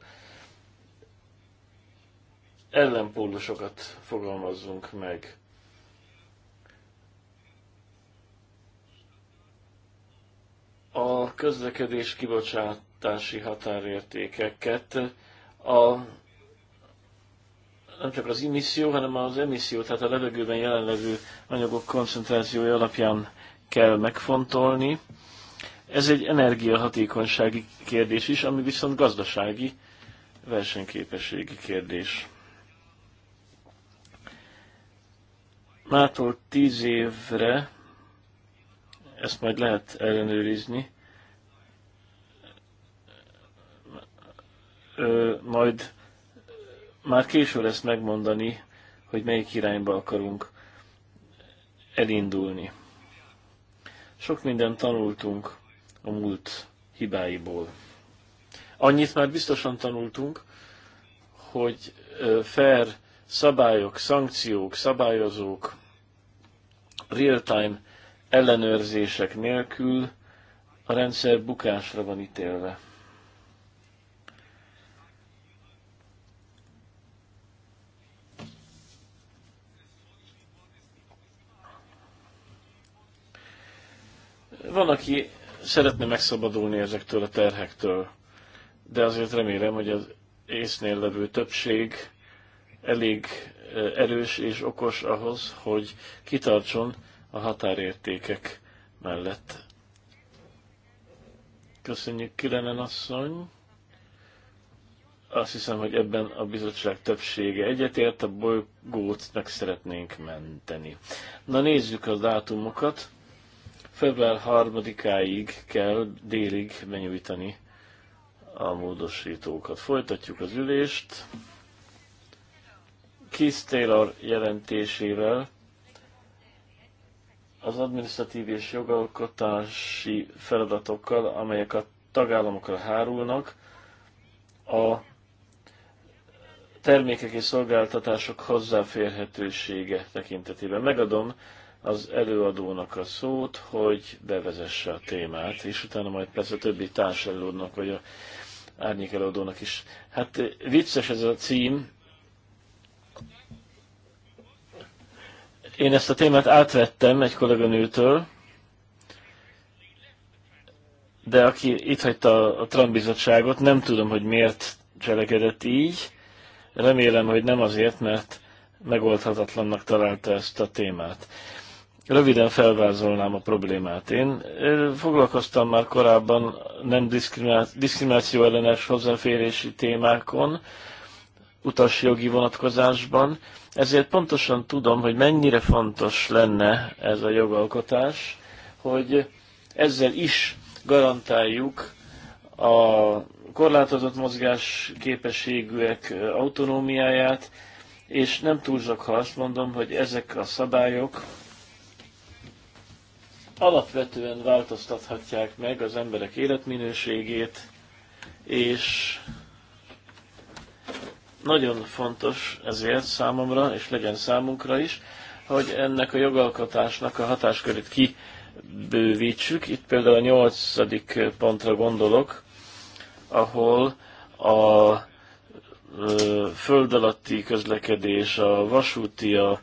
ellenpólusokat fogalmazzunk meg. A közlekedés kibocsátási határértékeket a nem csak az emisszió, hanem az emisszió, tehát a levegőben jelenlevő anyagok koncentrációja alapján kell megfontolni. Ez egy energiahatékonysági kérdés is, ami viszont gazdasági versenyképességi kérdés. Mától tíz évre, ezt majd lehet ellenőrizni, ö, majd már késő lesz megmondani, hogy melyik irányba akarunk elindulni. Sok mindent tanultunk a múlt hibáiból. Annyit már biztosan tanultunk, hogy fair szabályok, szankciók, szabályozók, real-time ellenőrzések nélkül a rendszer bukásra van ítélve. Van, aki szeretne megszabadulni ezektől a terhektől, de azért remélem, hogy az észnél levő többség elég erős és okos ahhoz, hogy kitartson a határértékek mellett. Köszönjük, Kirenen asszony! Azt hiszem, hogy ebben a bizottság többsége egyetért, a bolygót meg szeretnénk menteni. Na nézzük a dátumokat február 3-áig kell délig benyújtani a módosítókat. Folytatjuk az ülést. Keith Taylor jelentésével az adminisztratív és jogalkotási feladatokkal, amelyek a tagállamokra hárulnak, a termékek és szolgáltatások hozzáférhetősége tekintetében. Megadom az előadónak a szót, hogy bevezesse a témát, és utána majd persze a többi társelőadónak, vagy a árnyék előadónak is. Hát vicces ez a cím. Én ezt a témát átvettem egy kolléganőtől, de aki itt hagyta a Trump bizottságot, nem tudom, hogy miért cselekedett így. Remélem, hogy nem azért, mert megoldhatatlannak találta ezt a témát. Röviden felvázolnám a problémát. Én eh, foglalkoztam már korábban nem diszkrimináció ellenes hozzáférési témákon, utasjogi vonatkozásban, ezért pontosan tudom, hogy mennyire fontos lenne ez a jogalkotás, hogy ezzel is garantáljuk a korlátozott mozgás képességűek eh, autonómiáját, és nem túlzok, ha azt mondom, hogy ezek a szabályok alapvetően változtathatják meg az emberek életminőségét, és nagyon fontos ezért számomra, és legyen számunkra is, hogy ennek a jogalkotásnak a hatáskörét kibővítsük. Itt például a nyolcadik pontra gondolok, ahol a föld alatti közlekedés, a vasúti, a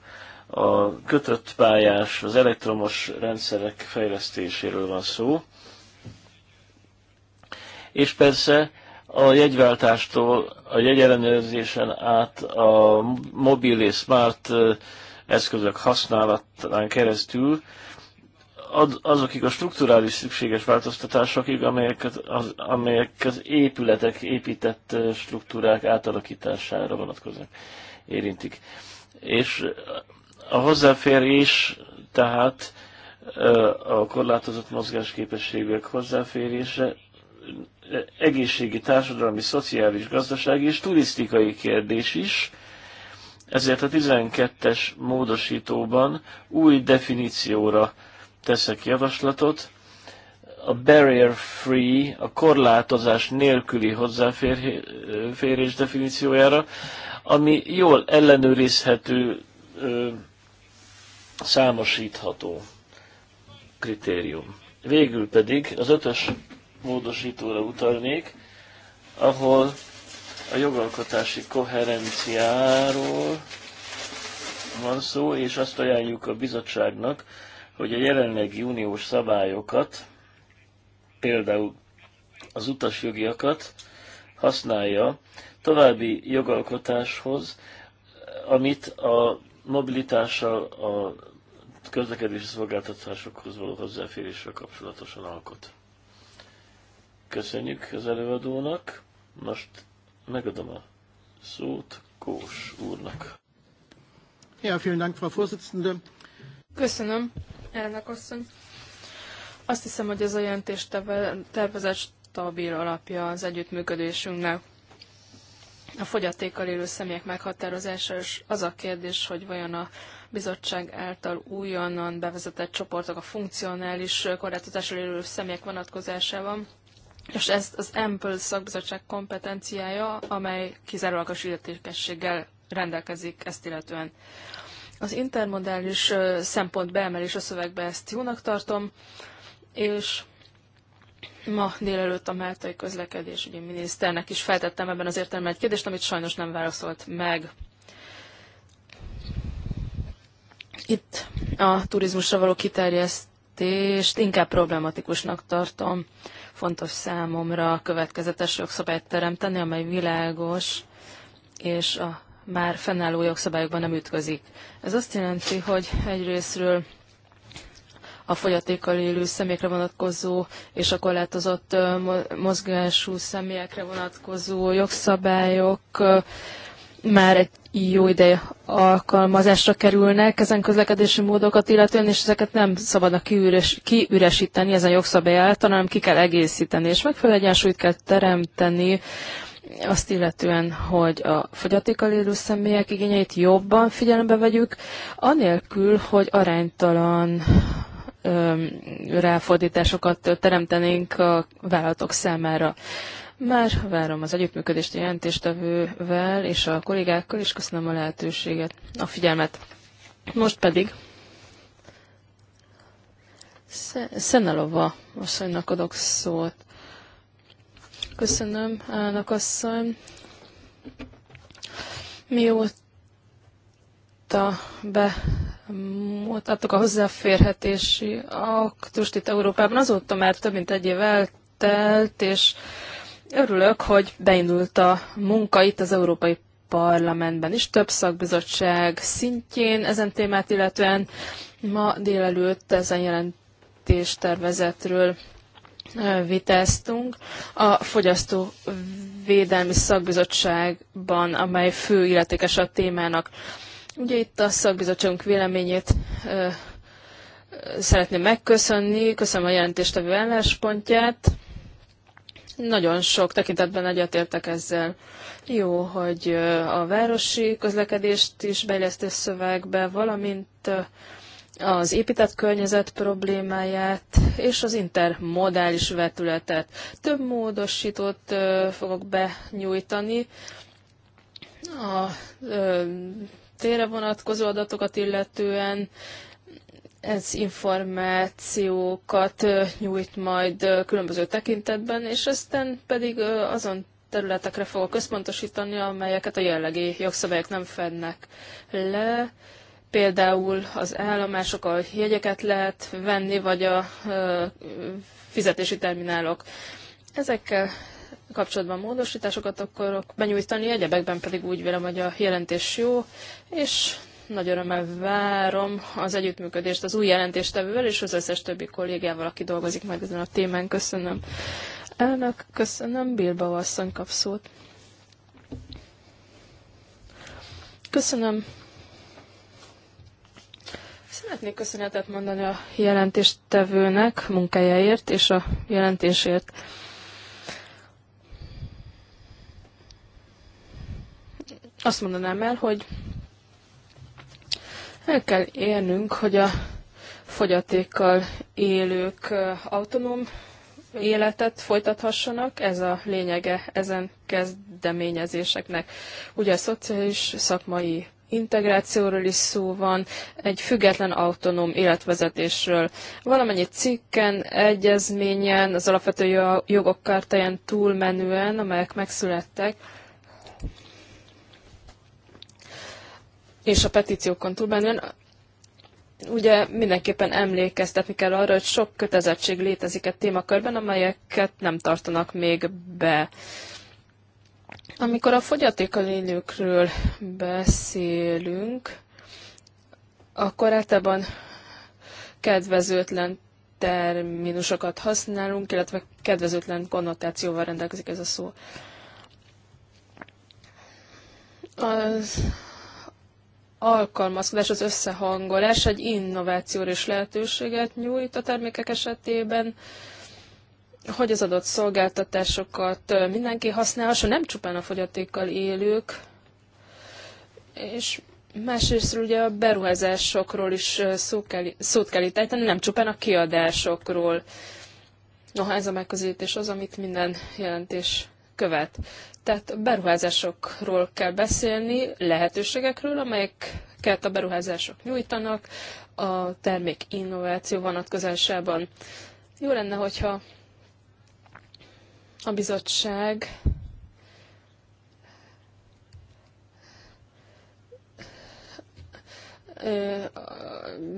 a kötött pályás, az elektromos rendszerek fejlesztéséről van szó. És persze a jegyváltástól a jegyellenőrzésen át a mobil és smart eszközök használatán keresztül azokig a strukturális szükséges változtatásokig, amelyek az, amelyek az épületek, épített struktúrák átalakítására vonatkoznak, érintik. És a hozzáférés tehát a korlátozott mozgásképességűek hozzáférése egészségi, társadalmi, szociális, gazdasági és turisztikai kérdés is, ezért a 12-es módosítóban új definícióra teszek javaslatot, a barrier free, a korlátozás nélküli hozzáférés definíciójára, ami jól ellenőrizhető számosítható kritérium. Végül pedig az ötös módosítóra utalnék, ahol a jogalkotási koherenciáról van szó, és azt ajánljuk a bizottságnak, hogy a jelenlegi uniós szabályokat, például az utasjogiakat használja további jogalkotáshoz, amit a mobilitással, a közlekedési szolgáltatásokhoz való hozzáférésre kapcsolatosan alkot. Köszönjük az előadónak, most megadom a szót Kós úrnak. Ja, vielen Dank, Frau Vorsitzende. Köszönöm, elnök asszony. Azt hiszem, hogy ez a jelentés tervezett stabil alapja az együttműködésünknek a fogyatékkal élő személyek meghatározása, és az a kérdés, hogy vajon a bizottság által újonnan bevezetett csoportok a funkcionális korlátozással élő személyek vonatkozásában, és ezt az MPL szakbizottság kompetenciája, amely kizárólagos illetékességgel rendelkezik ezt illetően. Az intermodális szempont beemelés a szövegbe ezt jónak tartom, és Ma délelőtt a Máltai közlekedés ugye, miniszternek is feltettem ebben az értelemben egy kérdést, amit sajnos nem válaszolt meg. Itt a turizmusra való kiterjesztést inkább problematikusnak tartom. Fontos számomra a következetes jogszabályt teremteni, amely világos, és a már fennálló jogszabályokban nem ütközik. Ez azt jelenti, hogy egyrésztről a fogyatékkal élő személyekre vonatkozó és a korlátozott mozgású személyekre vonatkozó jogszabályok már egy jó ideje alkalmazásra kerülnek ezen közlekedési módokat illetően, és ezeket nem szabadna kiüres, kiüresíteni ezen jogszabály által, hanem ki kell egészíteni, és megfelelő egyensúlyt kell teremteni azt illetően, hogy a fogyatékkal élő személyek igényeit jobban figyelembe vegyük, anélkül, hogy aránytalan ráfordításokat teremtenénk a vállalatok számára. Már várom az együttműködést a jelentéstevővel és a kollégákkal, és köszönöm a lehetőséget, a figyelmet. Most pedig Szenelova asszonynak adok szót. Köszönöm, Állnak asszony. Mióta be mutattuk a hozzáférhetési aktust itt Európában. Azóta már több mint egy év eltelt, és örülök, hogy beindult a munka itt az Európai Parlamentben is, több szakbizottság szintjén ezen témát, illetően ma délelőtt ezen jelentés tervezetről vitáztunk. A fogyasztó védelmi szakbizottságban, amely fő illetékes a témának. Ugye itt a szakbizottságunk véleményét ö, ö, szeretném megköszönni, köszönöm a jelentéstevő álláspontját. Nagyon sok tekintetben egyetértek ezzel. Jó, hogy a városi közlekedést is beillesztő szövegbe, valamint az épített környezet problémáját és az intermodális vetületet. Több módosítót fogok benyújtani. A térre vonatkozó adatokat illetően ez információkat nyújt majd különböző tekintetben, és aztán pedig azon területekre fog központosítani, amelyeket a jellegi jogszabályok nem fednek le, például az állomások, a jegyeket lehet venni, vagy a fizetési terminálok. Ezekkel kapcsolatban módosításokat akarok benyújtani, egyebekben pedig úgy vélem, hogy a jelentés jó, és nagy örömmel várom az együttműködést az új jelentéstevővel és az összes többi kollégával, aki dolgozik majd ezen a témán. Köszönöm. Elnök, köszönöm. Bilba asszony kap szót. Köszönöm. Szeretnék köszönetet mondani a jelentéstevőnek munkájáért és a jelentésért. azt mondanám el, hogy el kell élnünk, hogy a fogyatékkal élők autonóm életet folytathassanak, ez a lényege ezen kezdeményezéseknek. Ugye a szociális szakmai integrációról is szó van, egy független autonóm életvezetésről. Valamennyi cikken, egyezményen, az alapvető jogok kártáján túlmenően, amelyek megszülettek, és a petíciókon túlmenően, ugye mindenképpen emlékeztetni kell arra, hogy sok kötelezettség létezik egy témakörben, amelyeket nem tartanak még be. Amikor a fogyatékkal élőkről beszélünk, akkor általában kedvezőtlen terminusokat használunk, illetve kedvezőtlen konnotációval rendelkezik ez a szó. Az alkalmazkodás, az összehangolás egy innovációra lehetőséget nyújt a termékek esetében, hogy az adott szolgáltatásokat mindenki használhasson, nem csupán a fogyatékkal élők, és másrészt ugye a beruházásokról is szó kell, szót kell itt ejteni, nem csupán a kiadásokról. Noha ez a megközelítés az, amit minden jelentés követ. Tehát beruházásokról kell beszélni, lehetőségekről, amelyeket a beruházások nyújtanak a termék innováció vonatkozásában. Jó lenne, hogyha a bizottság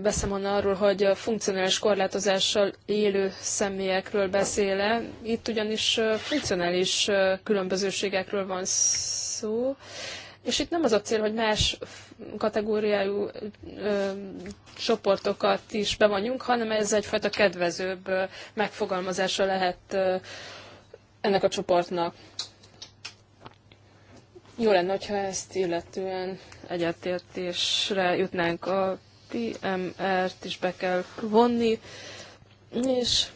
beszámolna arról, hogy a funkcionális korlátozással élő személyekről beszéle. Itt ugyanis funkcionális különbözőségekről van szó, és itt nem az a cél, hogy más kategóriájú ö, csoportokat is bevonjunk, hanem ez egyfajta kedvezőbb ö, megfogalmazása lehet ö, ennek a csoportnak. Jó lenne, hogyha ezt illetően egyetértésre jutnánk a PMR-t is be kell vonni, és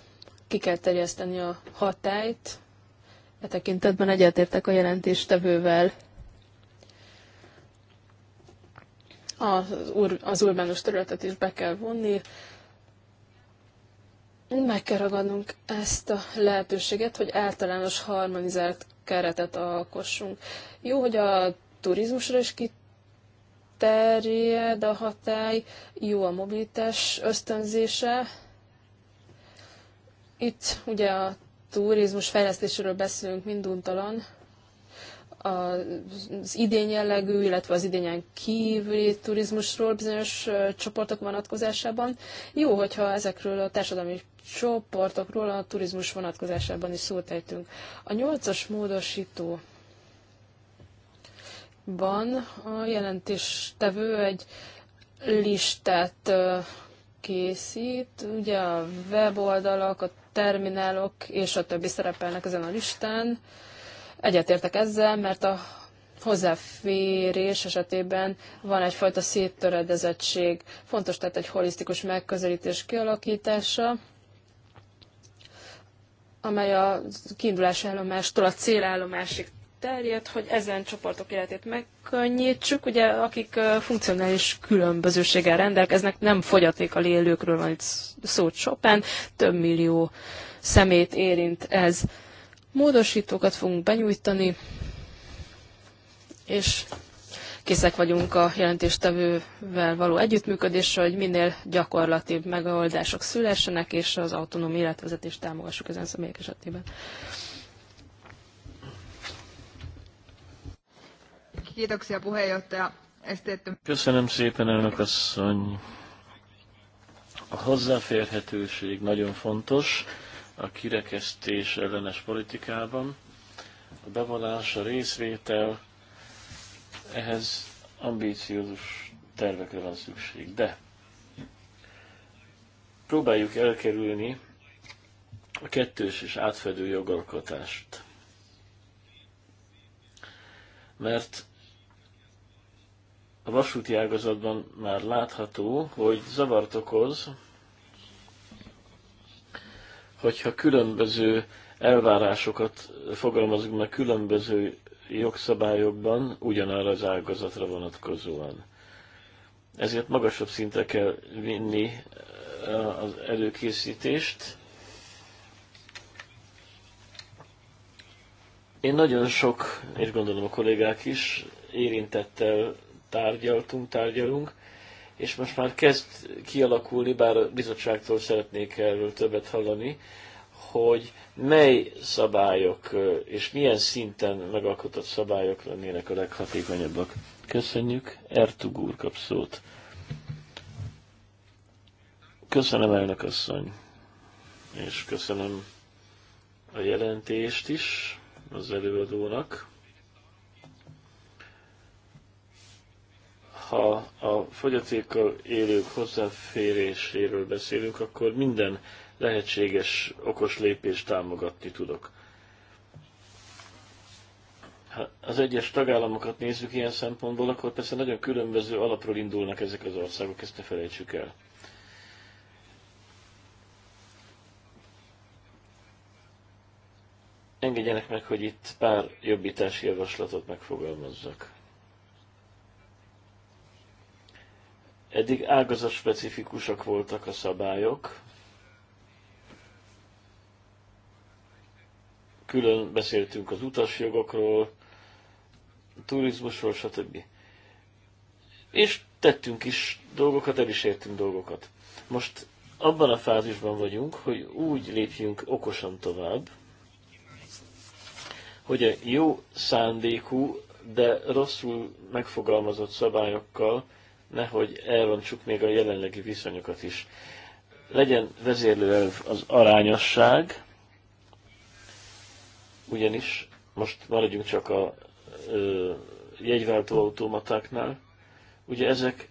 ki kell terjeszteni a hatályt. E tekintetben egyetértek a jelentéstevővel. Az, ur- az urbánus területet is be kell vonni. Meg kell ragadnunk ezt a lehetőséget, hogy általános harmonizált keretet alkossunk. Jó, hogy a turizmusra is kit terjed a hatály, jó a mobilitás ösztönzése. Itt ugye a turizmus fejlesztéséről beszélünk minduntalan, az idén jellegű, illetve az idényen kívüli turizmusról bizonyos csoportok vonatkozásában. Jó, hogyha ezekről a társadalmi csoportokról a turizmus vonatkozásában is szót ejtünk. A nyolcas módosító van a jelentéstevő egy listát készít, ugye a weboldalak, a terminálok és a többi szerepelnek ezen a listán. Egyetértek ezzel, mert a hozzáférés esetében van egyfajta széttöredezettség. Fontos tehát egy holisztikus megközelítés kialakítása, amely a kiindulási állomástól a célállomásig terjed, hogy ezen csoportok életét megkönnyítsük, ugye akik funkcionális különbözőséggel rendelkeznek, nem a lélőkről van itt szó Chopin, több millió szemét érint ez. Módosítókat fogunk benyújtani, és készek vagyunk a jelentéstevővel való együttműködésre, hogy minél gyakorlatibb megoldások szülessenek, és az autonóm életvezetést támogassuk ezen személyek esetében. Kiitoksia puheenjohtaja. Köszönöm szépen, elnök asszony. A hozzáférhetőség nagyon fontos a kirekesztés ellenes politikában. A bevonás, a részvétel, ehhez ambíciózus tervekre van szükség. De próbáljuk elkerülni a kettős és átfedő jogalkotást. Mert a vasúti ágazatban már látható, hogy zavart okoz, hogyha különböző elvárásokat fogalmazunk meg különböző jogszabályokban ugyanarra az ágazatra vonatkozóan. Ezért magasabb szintre kell vinni eh, az előkészítést. Én nagyon sok, és gondolom a kollégák is, érintettel tárgyaltunk, tárgyalunk, és most már kezd kialakulni, bár a bizottságtól szeretnék erről többet hallani, hogy mely szabályok és milyen szinten megalkotott szabályok lennének a leghatékonyabbak. Köszönjük, Ertug úr kap szót. Köszönöm, elnök asszony, és köszönöm a jelentést is az előadónak. ha a fogyatékkal élők hozzáféréséről beszélünk, akkor minden lehetséges okos lépést támogatni tudok. Ha az egyes tagállamokat nézzük ilyen szempontból, akkor persze nagyon különböző alapról indulnak ezek az országok, ezt ne felejtsük el. Engedjenek meg, hogy itt pár jobbítási javaslatot megfogalmazzak. Eddig ágazat specifikusak voltak a szabályok, külön beszéltünk az utasjogokról, turizmusról, stb. És tettünk is dolgokat, el is értünk dolgokat. Most abban a fázisban vagyunk, hogy úgy lépjünk okosan tovább, hogy a jó szándékú, de rosszul megfogalmazott szabályokkal nehogy elrontsuk még a jelenlegi viszonyokat is. Legyen elv az arányosság, ugyanis most maradjunk csak a ö, jegyváltó automatáknál, ugye ezek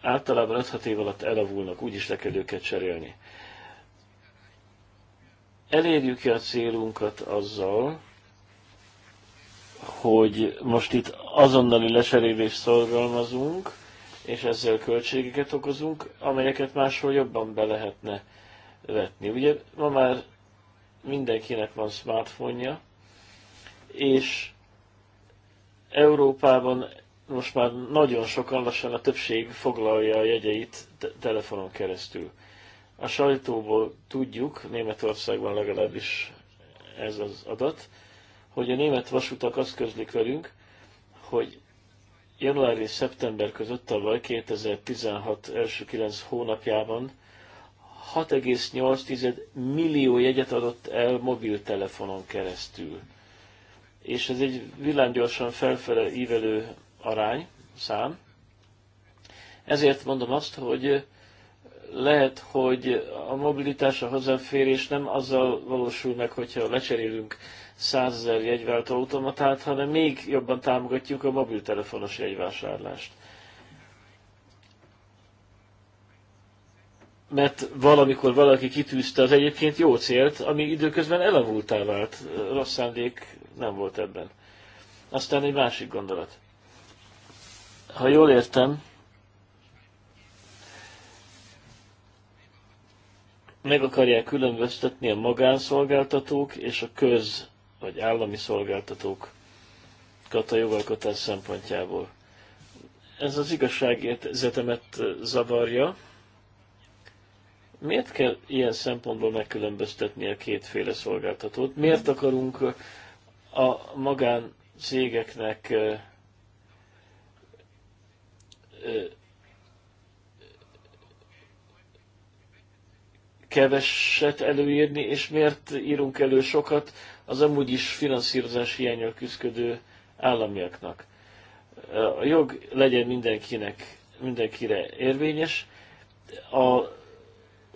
általában 5-6 év alatt elavulnak, úgyis le kell őket cserélni. Elérjük-e a célunkat azzal, hogy most itt azonnali leserélést szorgalmazunk, és ezzel költségeket okozunk, amelyeket máshol jobban be lehetne vetni. Ugye ma már mindenkinek van smartphone és Európában most már nagyon sokan lassan a többség foglalja a jegyeit telefonon keresztül. A sajtóból tudjuk, Németországban legalábbis ez az adat, hogy a német vasutak azt közlik velünk, hogy január és szeptember között tavaly 2016 első 9 hónapjában 6,8 millió jegyet adott el mobiltelefonon keresztül. És ez egy villámgyorsan felfele ívelő arány, szám. Ezért mondom azt, hogy lehet, hogy a mobilitás, a hozzáférés nem azzal valósul meg, hogyha lecserélünk százezer jegyvált automatát, hanem még jobban támogatjuk a mobiltelefonos jegyvásárlást. Mert valamikor valaki kitűzte az egyébként jó célt, ami időközben elavultá vált. Rossz szándék nem volt ebben. Aztán egy másik gondolat. Ha jól értem, meg akarják különböztetni a magánszolgáltatók és a köz vagy állami szolgáltatók katajogalkotás jogalkotás szempontjából. Ez az igazságérzetemet zavarja. Miért kell ilyen szempontból megkülönböztetni a kétféle szolgáltatót? Miért akarunk a magán cégeknek keveset előírni, és miért írunk elő sokat az amúgy is finanszírozás hiányol küzdő államiaknak. A jog legyen mindenkinek, mindenkire érvényes. A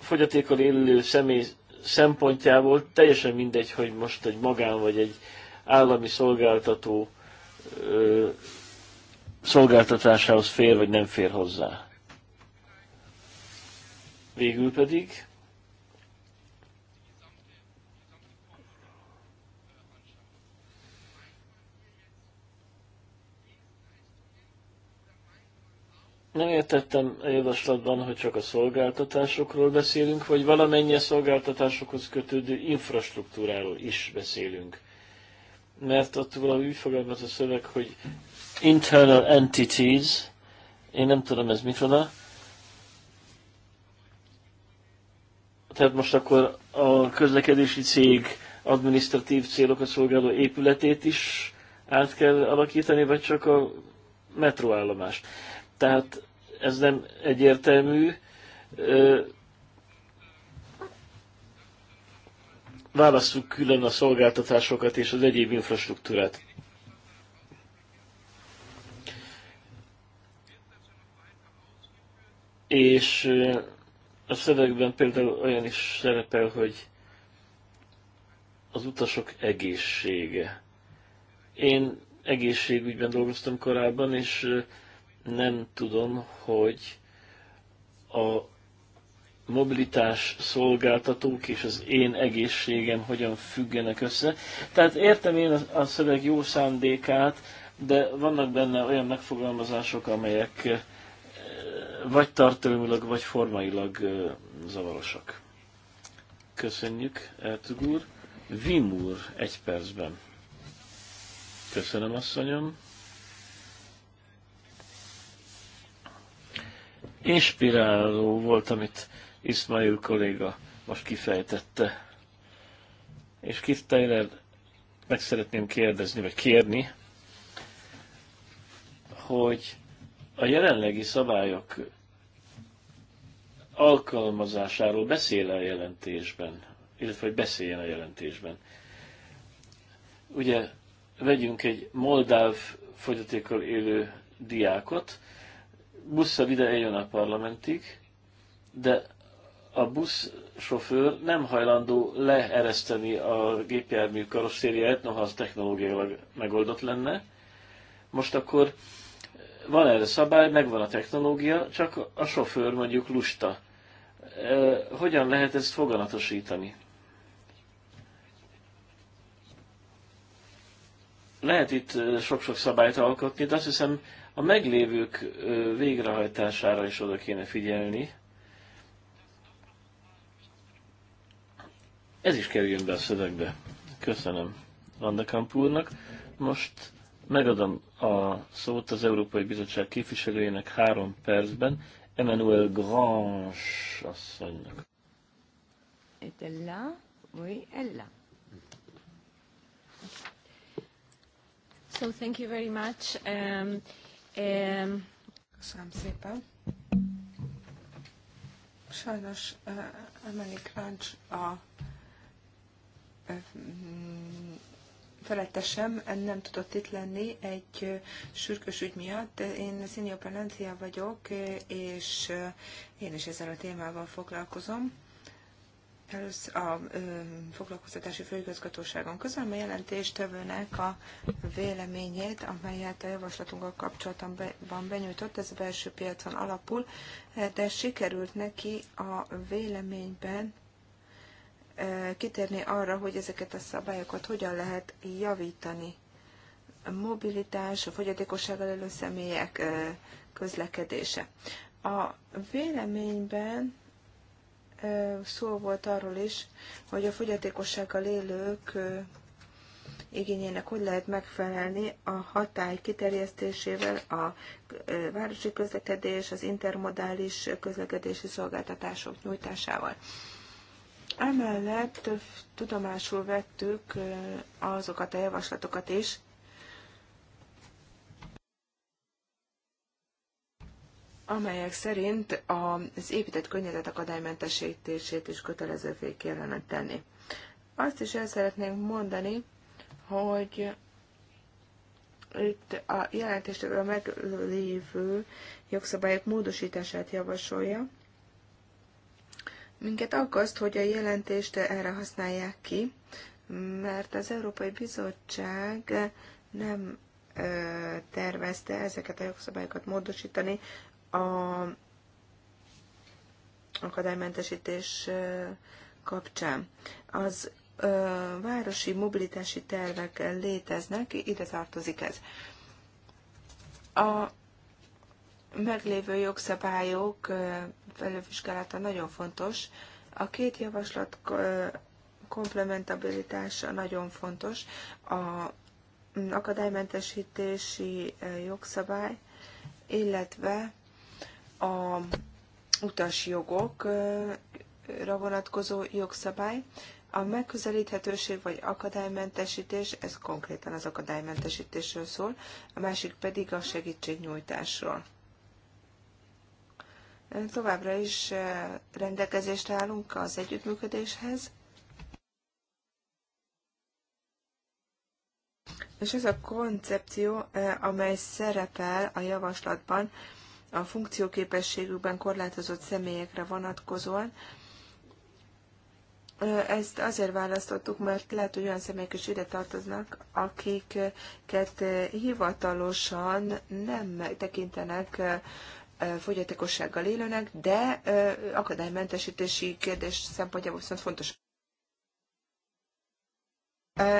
fogyatékkal élő személy szempontjából teljesen mindegy, hogy most egy magán vagy egy állami szolgáltató ö, szolgáltatásához fér vagy nem fér hozzá. Végül pedig nem értettem a javaslatban, hogy csak a szolgáltatásokról beszélünk, vagy valamennyi a szolgáltatásokhoz kötődő infrastruktúráról is beszélünk. Mert ott valami úgy fogalmaz a szöveg, hogy internal entities, én nem tudom ez micsoda. Tehát most akkor a közlekedési cég administratív célokat szolgáló épületét is át kell alakítani, vagy csak a metroállomást. Tehát ez nem egyértelmű. Válasszuk külön a szolgáltatásokat és az egyéb infrastruktúrát. És a szövegben például olyan is szerepel, hogy az utasok egészsége. Én egészségügyben dolgoztam korábban, és nem tudom, hogy a mobilitás szolgáltatók és az én egészségem hogyan függenek össze. Tehát értem én a szöveg jó szándékát, de vannak benne olyan megfogalmazások, amelyek eh, vagy tartalmilag, vagy formailag eh, zavarosak. Köszönjük, Ertug úr. egy percben. Köszönöm, asszonyom. inspiráló volt, amit Ismail kolléga most kifejtette. És Keith Taylor meg szeretném kérdezni, vagy kérni, hogy a jelenlegi szabályok alkalmazásáról beszél a jelentésben, illetve hogy beszéljen a jelentésben. Ugye vegyünk egy moldáv fogyatékkal élő diákot, busszal ide eljön a parlamentig, de a buszsofőr nem hajlandó leereszteni a gépjármű karosszériáját, noha az technológiailag megoldott lenne. Most akkor van erre szabály, megvan a technológia, csak a sofőr mondjuk lusta. Hogyan lehet ezt foganatosítani? Lehet itt sok-sok szabályt alkotni, de azt hiszem a meglévők végrehajtására is oda kéne figyelni. Ez is kerüljön be a szövegbe. Köszönöm Landekamp úrnak. Most megadom a szót az Európai Bizottság képviselőjének három percben, Emmanuel Grange asszonynak. Oui, elle So thank you very much. Um, Köszönöm szépen. Sajnos uh, Emily Crunch a felettesem nem tudott itt lenni egy sürgős ügy miatt. Én Szinio Palencia vagyok, és én is ezzel a témával foglalkozom. Először a ö, foglalkoztatási főigazgatóságon közölme jelentéstevőnek a véleményét, amelyet a javaslatunkkal kapcsolatban benyújtott, ez a belső piacon alapul, e, de sikerült neki a véleményben ö, e, kitérni arra, hogy ezeket a szabályokat hogyan lehet javítani. A mobilitás, a fogyatékossággal élő személyek ö, e, közlekedése. A véleményben szó volt arról is, hogy a fogyatékossággal élők igényének hogy lehet megfelelni a hatály kiterjesztésével a városi közlekedés, az intermodális közlekedési szolgáltatások nyújtásával. Emellett tudomásul vettük azokat a javaslatokat is, amelyek szerint az épített környezet akadálymentesítését is kötelezővé kellene tenni. Azt is el szeretnénk mondani, hogy itt a jelentéstől a meglévő jogszabályok módosítását javasolja. Minket aggaszt, hogy a jelentést erre használják ki, mert az Európai Bizottság nem tervezte ezeket a jogszabályokat módosítani a akadálymentesítés kapcsán. Az városi mobilitási tervek léteznek, ide tartozik ez. A meglévő jogszabályok felülvizsgálata nagyon fontos. A két javaslat komplementabilitása nagyon fontos. A akadálymentesítési jogszabály, illetve a utasjogokra vonatkozó jogszabály, a megközelíthetőség vagy akadálymentesítés, ez konkrétan az akadálymentesítésről szól, a másik pedig a segítségnyújtásról. Továbbra is eh, rendelkezést állunk az együttműködéshez. És ez a koncepció, eh, amely szerepel a javaslatban, a funkcióképességükben korlátozott személyekre vonatkozóan. Ezt azért választottuk, mert lehet, hogy olyan személyek is ide tartoznak, akiket hivatalosan nem tekintenek fogyatékossággal élőnek, de akadálymentesítési kérdés szempontjából viszont fontos.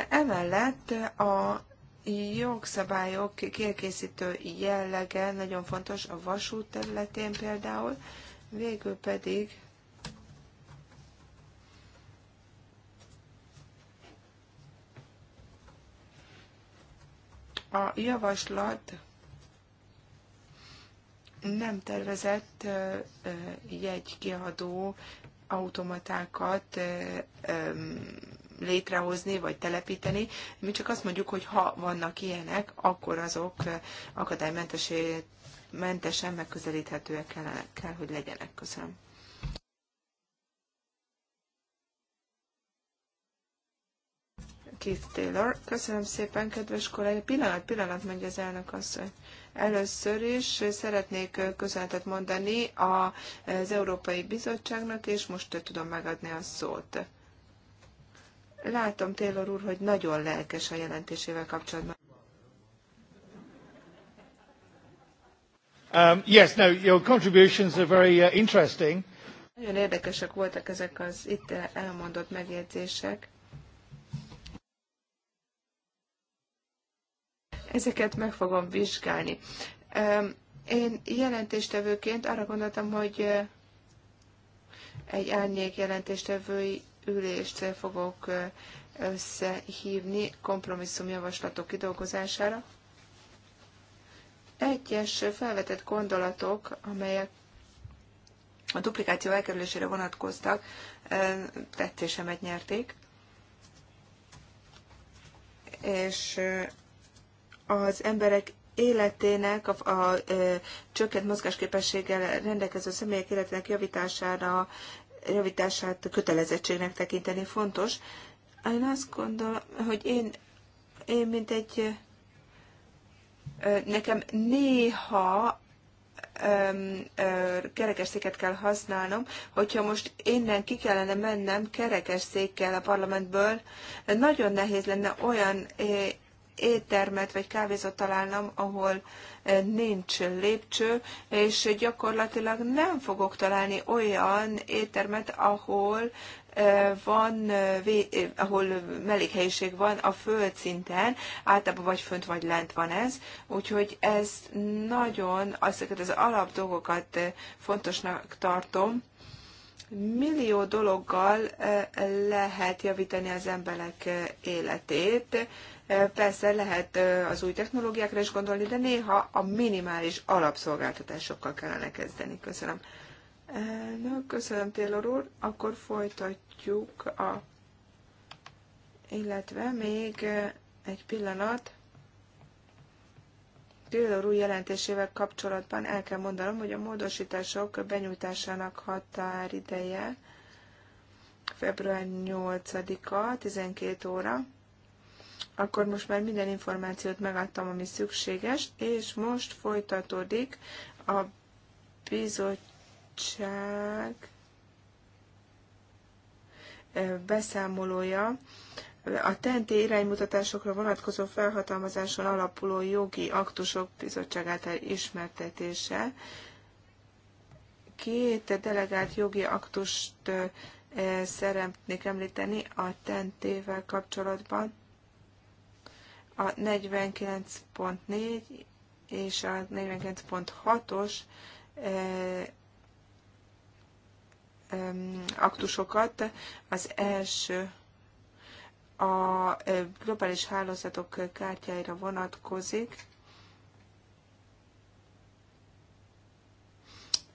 Emellett a jogszabályok kiegészítő jellege nagyon fontos a vasút területén például, végül pedig a javaslat nem tervezett jegykiadó automatákat létrehozni vagy telepíteni. Mi csak azt mondjuk, hogy ha vannak ilyenek, akkor azok eh, akadálymentesé megközelíthetőek kell, kell, hogy legyenek. Köszönöm. Keith Taylor. Köszönöm szépen, kedves kolléga. Pillanat, pillanat, mondja az elnök asszony. Először is szeretnék eh, köszönetet mondani eh, az Európai Bizottságnak, és most tudom megadni a szót. Látom, Taylor úr, hogy nagyon lelkes a jelentésével kapcsolatban. Um, yes, no, your contributions are very uh, interesting. Nagyon érdekesek voltak ezek az itt elmondott megjegyzések. Ezeket meg fogom vizsgálni. Um, én jelentéstevőként arra gondoltam, hogy uh, egy árnyék jelentéstevői ülést fogok összehívni kompromisszumjavaslatok kidolgozására. Egyes felvetett gondolatok, amelyek a duplikáció elkerülésére vonatkoztak, tetszésemet nyerték, és az emberek életének, a, a, a csökkent mozgásképességgel rendelkező személyek életének javítására javítását kötelezettségnek tekinteni fontos. Én azt gondolom, hogy én, én mint egy, nekem néha kerekesszéket kell használnom, hogyha most innen ki kellene mennem kerekesszékkel a parlamentből, nagyon nehéz lenne olyan éttermet vagy kávézót találnom, ahol eh, nincs lépcső, és gyakorlatilag nem fogok találni olyan éttermet, ahol eh, van, eh, ahol mellékhelyiség van a földszinten, általában vagy fönt, vagy lent van ez, úgyhogy ez nagyon, ezeket az alap dolgokat fontosnak tartom, millió dologgal lehet javítani az emberek életét, Persze lehet az új technológiákra is gondolni, de néha a minimális alapszolgáltatásokkal kellene kezdeni. Köszönöm. Na, köszönöm, Taylor úr. Akkor folytatjuk a... Illetve még egy pillanat. Taylor úr jelentésével kapcsolatban el kell mondanom, hogy a módosítások benyújtásának határideje február 8-a, 12 óra akkor most már minden információt megadtam, ami szükséges, és most folytatódik a bizottság beszámolója a TNT iránymutatásokra vonatkozó felhatalmazáson alapuló jogi aktusok bizottság által ismertetése. Két delegált jogi aktust szeretnék említeni a TNT-vel kapcsolatban a 49.4 és a 49.6-os eh, aktusokat. Az első a eh, globális hálózatok kártyáira vonatkozik.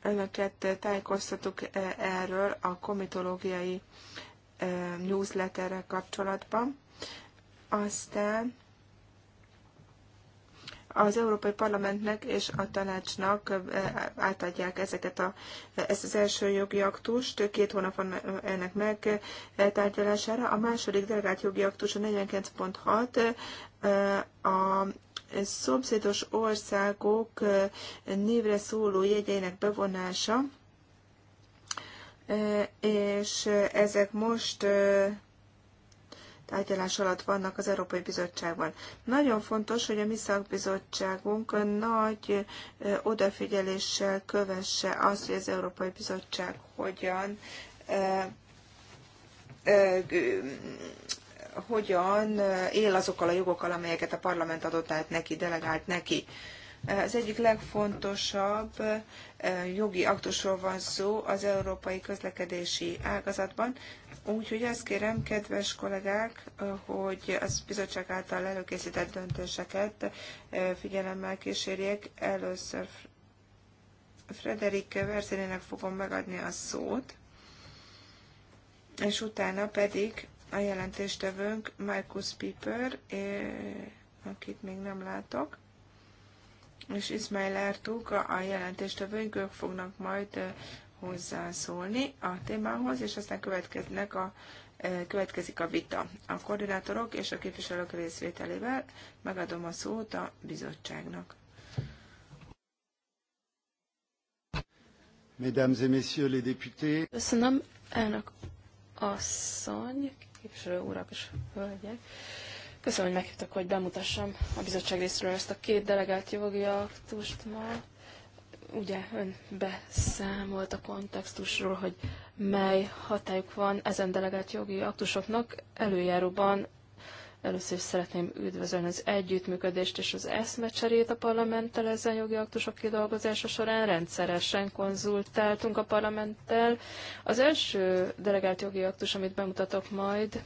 Önöket tájékoztatok eh, erről a komitológiai newsletterrel kapcsolatban. Aztán az Európai Parlamentnek és a tanácsnak átadják ezeket a, ezt az első jogi aktust, két hónap van ennek megtárgyalására. A második delegált jogi aktus a 49.6 a szomszédos országok névre szóló jegyeinek bevonása, és ezek most tárgyalás alatt vannak az Európai Bizottságban. Nagyon fontos, hogy a mi szakbizottságunk nagy odafigyeléssel kövesse azt, hogy az Európai Bizottság hogyan hogyan él azokkal a jogokkal, amelyeket a parlament adott át neki, delegált neki. Az egyik legfontosabb jogi aktusról van szó az európai közlekedési ágazatban, Úgyhogy azt kérem, kedves kollégák, hogy az bizottság által előkészített döntéseket figyelemmel kísérjék. Először Frederik Verszélének fogom megadni a szót, és utána pedig a jelentéstevőnk Markus Piper, akit még nem látok, és Ismail Ertuk, a jelentéstevőnk, ők fognak majd hozzászólni a témához, és aztán következnek a, e, következik a vita. A koordinátorok és a képviselők részvételével megadom a szót a bizottságnak. Mesdames et messieurs les députés. Köszönöm, elnök asszony, képviselő urak és hölgyek. Köszönöm, hogy meghívtak, hogy bemutassam a bizottság részéről ezt a két delegált jogi aktust ma ugye ön beszámolt a kontextusról, hogy mely hatályuk van ezen delegált jogi aktusoknak. Előjáróban először is szeretném üdvözölni az együttműködést és az eszmecserét a parlamenttel ezen jogi aktusok kidolgozása során. Rendszeresen konzultáltunk a parlamenttel. Az első delegált jogi aktus, amit bemutatok majd,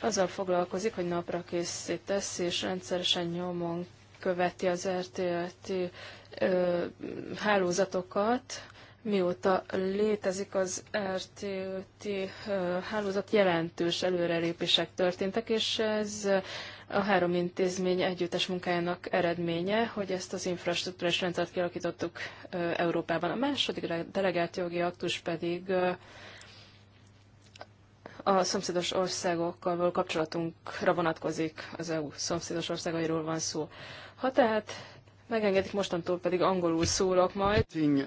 azzal foglalkozik, hogy napra készítesz és rendszeresen nyomon követi az RTLT hálózatokat, mióta létezik az RTLT hálózat, jelentős előrelépések történtek, és ez a három intézmény együttes munkájának eredménye, hogy ezt az infrastruktúrás rendszert kialakítottuk Európában. A második delegált jogi aktus pedig a szomszédos országokkal való kapcsolatunkra vonatkozik, az EU szomszédos országairól van szó. Ha tehát megengedik, mostantól pedig angolul szólok majd. Uh,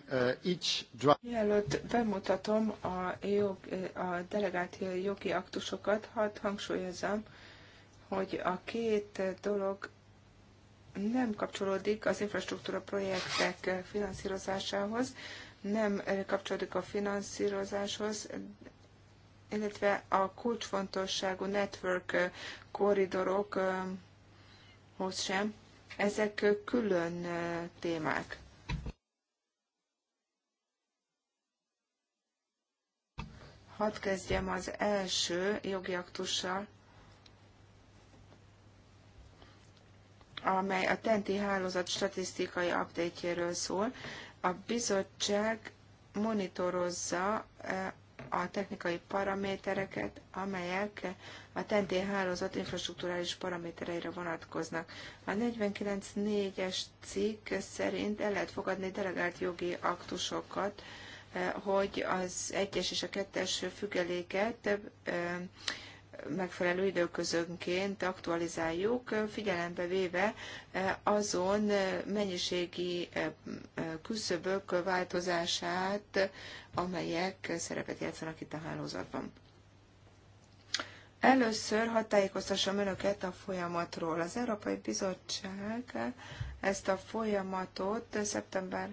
Mielőtt bemutatom a, jog, a delegált jogi aktusokat, hadd hangsúlyozom, hogy a két dolog nem kapcsolódik az infrastruktúra projektek finanszírozásához, nem kapcsolódik a finanszírozáshoz, illetve a kulcsfontosságú network korridorokhoz sem. Ezek külön témák. Hadd kezdjem az első jogi aktussal, amely a tenti hálózat statisztikai update szól. A bizottság monitorozza a technikai paramétereket, amelyek a TNT hálózat infrastruktúrális paramétereire vonatkoznak. A 49.4-es cikk szerint el lehet fogadni delegált jogi aktusokat, eh, hogy az egyes és a kettes függeléket eh, megfelelő időközönként aktualizáljuk, figyelembe véve eh, azon eh, mennyiségi eh, küszöbök változását, amelyek szerepet játszanak itt a hálózatban. Először hadd tájékoztassam Önöket a folyamatról. Az Európai Bizottság ezt a folyamatot szeptember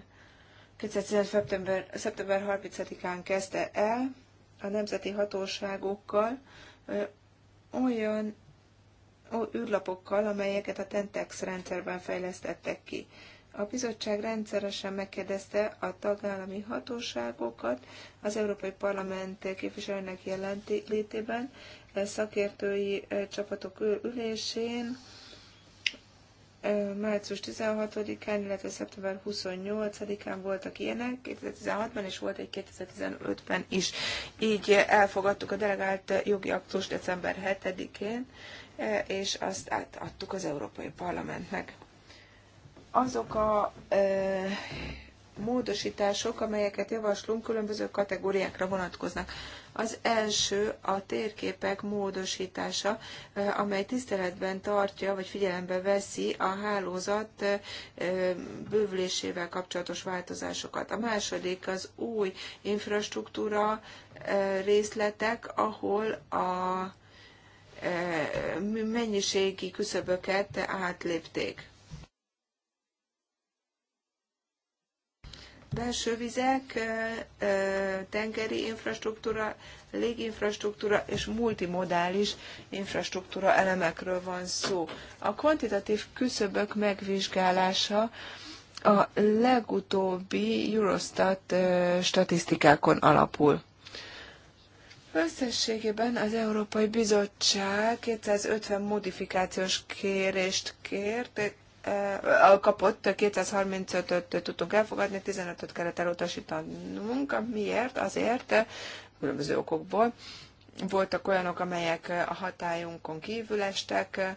2019. Szeptember, szeptember 30-án kezdte el a nemzeti hatóságokkal, olyan űrlapokkal, amelyeket a Tentex rendszerben fejlesztettek ki. A bizottság rendszeresen megkérdezte a tagállami hatóságokat az Európai Parlament képviselőnek jelenlétében, szakértői csapatok ülésén, március 16-án, illetve szeptember 28-án voltak ilyenek, 2016-ban, és volt egy 2015-ben is. Így elfogadtuk a delegált jogi aktus december 7-én, és azt átadtuk az Európai Parlamentnek. Azok a módosítások, amelyeket javaslunk, különböző kategóriákra vonatkoznak. Az első a térképek módosítása, amely tiszteletben tartja vagy figyelembe veszi a hálózat bővülésével kapcsolatos változásokat. A második az új infrastruktúra részletek, ahol a mennyiségi küszöböket átlépték. belső vizek, tengeri infrastruktúra, léginfrastruktúra és multimodális infrastruktúra elemekről van szó. A kvantitatív küszöbök megvizsgálása a legutóbbi Eurostat statisztikákon alapul. Összességében az Európai Bizottság 250 modifikációs kérést kért kapott, 235-öt tudtunk elfogadni, 15-öt kellett elutasítanunk. Miért? Azért, különböző okokból. Voltak olyanok, amelyek a hatályunkon kívül estek,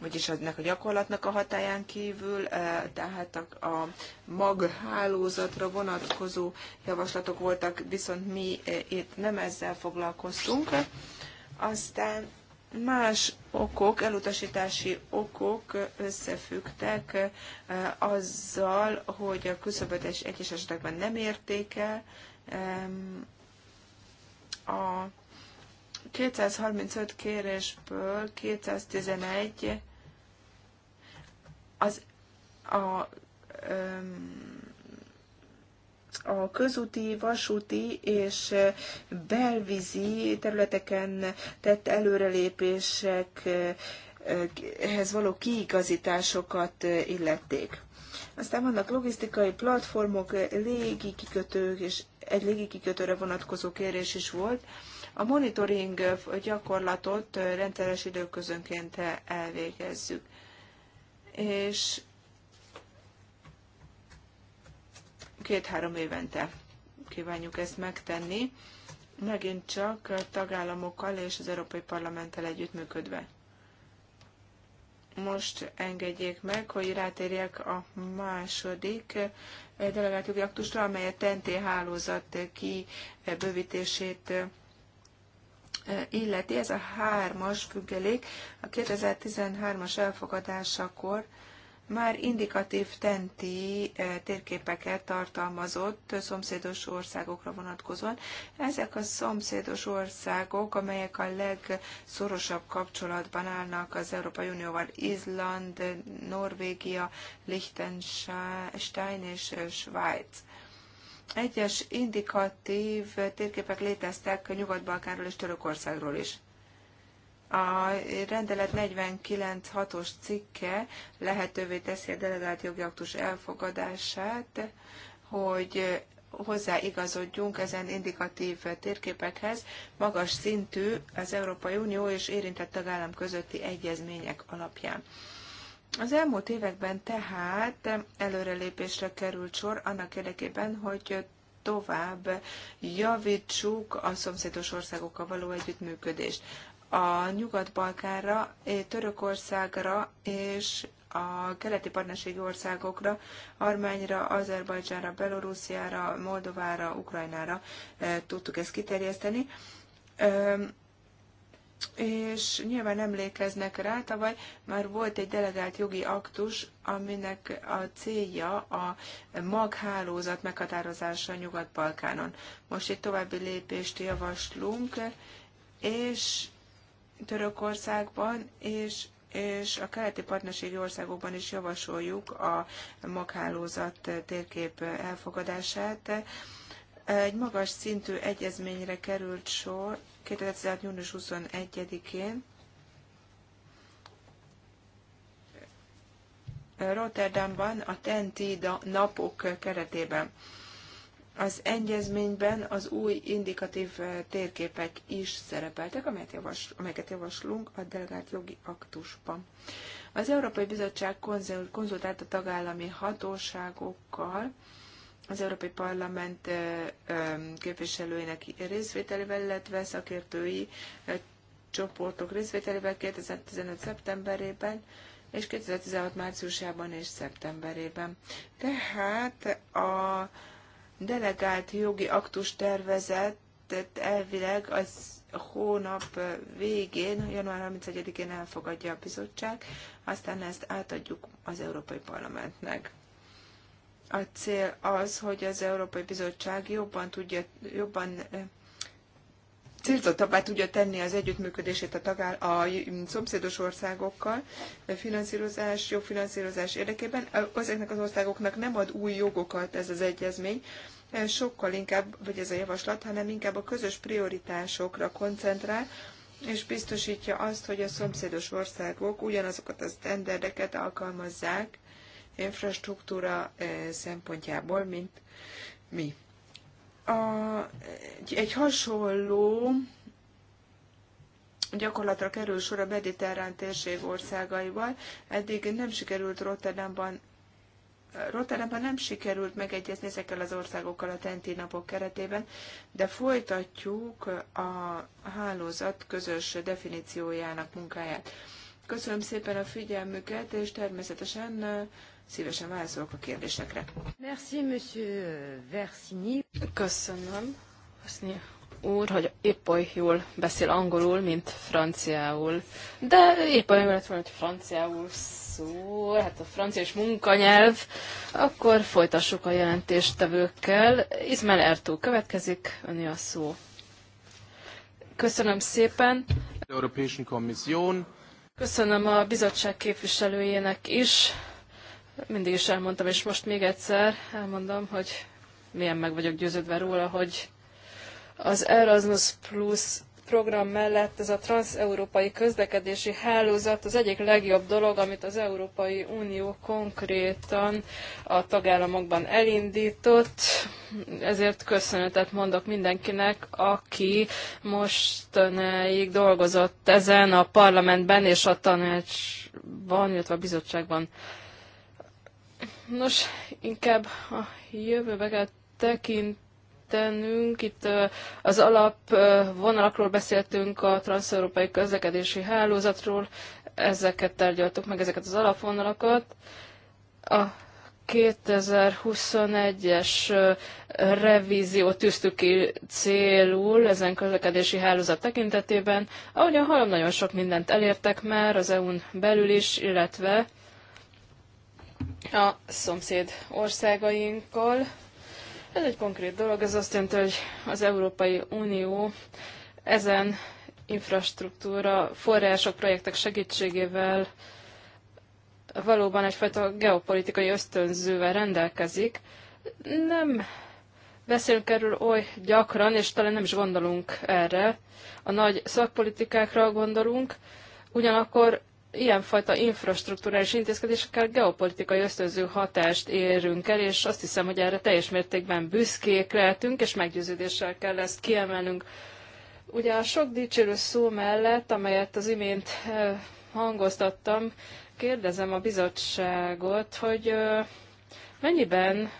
vagyis ennek a gyakorlatnak a hatáján kívül, tehát a maghálózatra vonatkozó javaslatok voltak, viszont mi itt nem ezzel foglalkoztunk. Aztán más okok, elutasítási okok összefüggtek eh, azzal, hogy a küszöböt egyes esetekben nem érték el. A 235 kérésből 211 az a um, a közúti, vasúti és belvízi területeken tett előrelépésekhez való kiigazításokat illették. Aztán vannak logisztikai platformok, légi kikötők, és egy légi kikötőre vonatkozó kérés is volt. A monitoring gyakorlatot rendszeres időközönként elvégezzük. És két-három évente kívánjuk ezt megtenni, megint csak tagállamokkal és az Európai Parlamenttel együttműködve. Most engedjék meg, hogy rátérjek a második eh, delegációi aktusra, amely a TNT hálózat kibővítését eh, illeti. Ez a hármas függelék a 2013-as elfogadásakor már indikatív tenti eh, térképeket tartalmazott szomszédos országokra vonatkozóan. Ezek a szomszédos országok, amelyek a legszorosabb kapcsolatban állnak az Európai Unióval, Izland, Norvégia, Liechtenstein és eh, Svájc. Egyes indikatív térképek léteztek Nyugat-Balkánról és Törökországról is. A rendelet 49.6-os cikke lehetővé teszi a delegált jogi aktus elfogadását, hogy hozzáigazodjunk ezen indikatív térképekhez magas szintű az Európai Unió és érintett tagállam közötti egyezmények alapján. Az elmúlt években tehát előrelépésre került sor annak érdekében, hogy tovább javítsuk a szomszédos országokkal való együttműködést a Nyugat-Balkánra, Törökországra és a keleti partnerségi országokra, Armányra, Azerbajdzsára, Belorussziára, Moldovára, Ukrajnára tudtuk ezt kiterjeszteni. És nyilván emlékeznek rá, tavaly már volt egy delegált jogi aktus, aminek a célja a maghálózat meghatározása Nyugat-Balkánon. Most egy további lépést javaslunk, és Törökországban, és és a keleti partnerségi országokban is javasoljuk a maghálózat térkép elfogadását. Egy magas szintű egyezményre került sor 2016. június 21-én. Rotterdamban a TENTI napok keretében. Az egyezményben az új indikatív eh, térképek is szerepeltek, amelyet javas, amelyeket javaslunk a delegált jogi aktusban. Az Európai Bizottság konzultált a tagállami hatóságokkal, az Európai Parlament eh, képviselőinek részvételével, illetve szakértői eh, csoportok részvételével 2015. szeptemberében és 2016. márciusában és szeptemberében. Tehát a delegált jogi aktus tervezetet elvileg az hónap végén, január 31-én elfogadja a bizottság, aztán ezt átadjuk az Európai Parlamentnek. A cél az, hogy az Európai Bizottság jobban tudja, jobban tiltottabbá tudja tenni az együttműködését a, tagál, a szomszédos országokkal eh, finanszírozás, finanszírozás érdekében. Ezeknek az országoknak nem ad új jogokat ez az egyezmény, eh, sokkal inkább, vagy ez a javaslat, hanem inkább a közös prioritásokra koncentrál, és biztosítja azt, hogy a szomszédos országok ugyanazokat a sztendereket alkalmazzák infrastruktúra eh, szempontjából, mint mi a, egy, egy hasonló gyakorlatra kerül sor a mediterrán térség országaival. Eddig nem sikerült Rotterdamban Rotterdamban nem sikerült megegyezni ezekkel az országokkal a tenti napok keretében, de folytatjuk a hálózat közös definíciójának munkáját. Köszönöm szépen a figyelmüket, és természetesen szívesen válaszolok a kérdésekre. Merci, monsieur Versini. Köszönöm, Versini úr, hogy épp oly jól beszél angolul, mint franciául. De épp olyan lett volna, hogy franciául szól, hát a francia is munkanyelv. Akkor folytassuk a jelentéstevőkkel. Izmael Ertó következik, öné a szó. Köszönöm szépen. Köszönöm a bizottság képviselőjének is mindig is elmondtam, és most még egyszer elmondom, hogy milyen meg vagyok győződve róla, hogy az Erasmus Plus program mellett ez a transeurópai közlekedési hálózat az egyik legjobb dolog, amit az Európai Unió konkrétan a tagállamokban elindított. Ezért köszönetet mondok mindenkinek, aki mostanáig dolgozott ezen a parlamentben és a tanácsban, illetve a bizottságban. Nos, inkább a jövőbe kell tekintenünk. Itt az alapvonalakról beszéltünk, a transzeurópai közlekedési hálózatról, ezeket tárgyaltuk meg, ezeket az alapvonalakat. A 2021-es revíziót tűztük ki célul ezen közlekedési hálózat tekintetében. Ahogyan hallom, nagyon sok mindent elértek már az EU-n belül is, illetve a szomszéd országainkkal. Ez egy konkrét dolog, ez azt jelenti, hogy az Európai Unió ezen infrastruktúra, források, projektek segítségével valóban egyfajta geopolitikai ösztönzővel rendelkezik. Nem beszélünk erről oly gyakran, és talán nem is gondolunk erre. A nagy szakpolitikákra gondolunk, ugyanakkor ilyenfajta infrastruktúrális intézkedésekkel geopolitikai ösztönző hatást érünk el, és azt hiszem, hogy erre teljes mértékben büszkék lehetünk, és meggyőződéssel kell ezt kiemelnünk. Ugye a sok dicsérő szó mellett, amelyet az imént eh, hangoztattam, kérdezem a bizottságot, hogy eh, mennyiben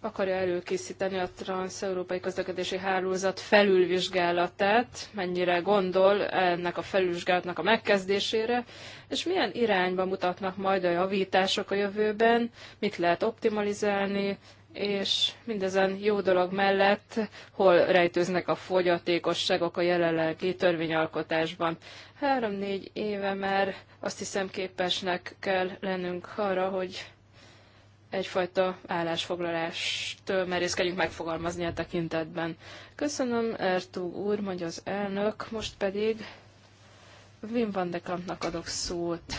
akarja előkészíteni a trans-európai közlekedési hálózat felülvizsgálatát, mennyire gondol ennek a felülvizsgálatnak a megkezdésére, és milyen irányba mutatnak majd a javítások a jövőben, mit lehet optimalizálni, és mindezen jó dolog mellett hol rejtőznek a fogyatékosságok a jelenlegi törvényalkotásban. Három-négy éve már azt hiszem képesnek kell lennünk arra, hogy egyfajta állásfoglalást merészkedjünk megfogalmazni a tekintetben. Köszönöm, Ertú úr, mondja az elnök, most pedig Wim van de Kampnak adok szót.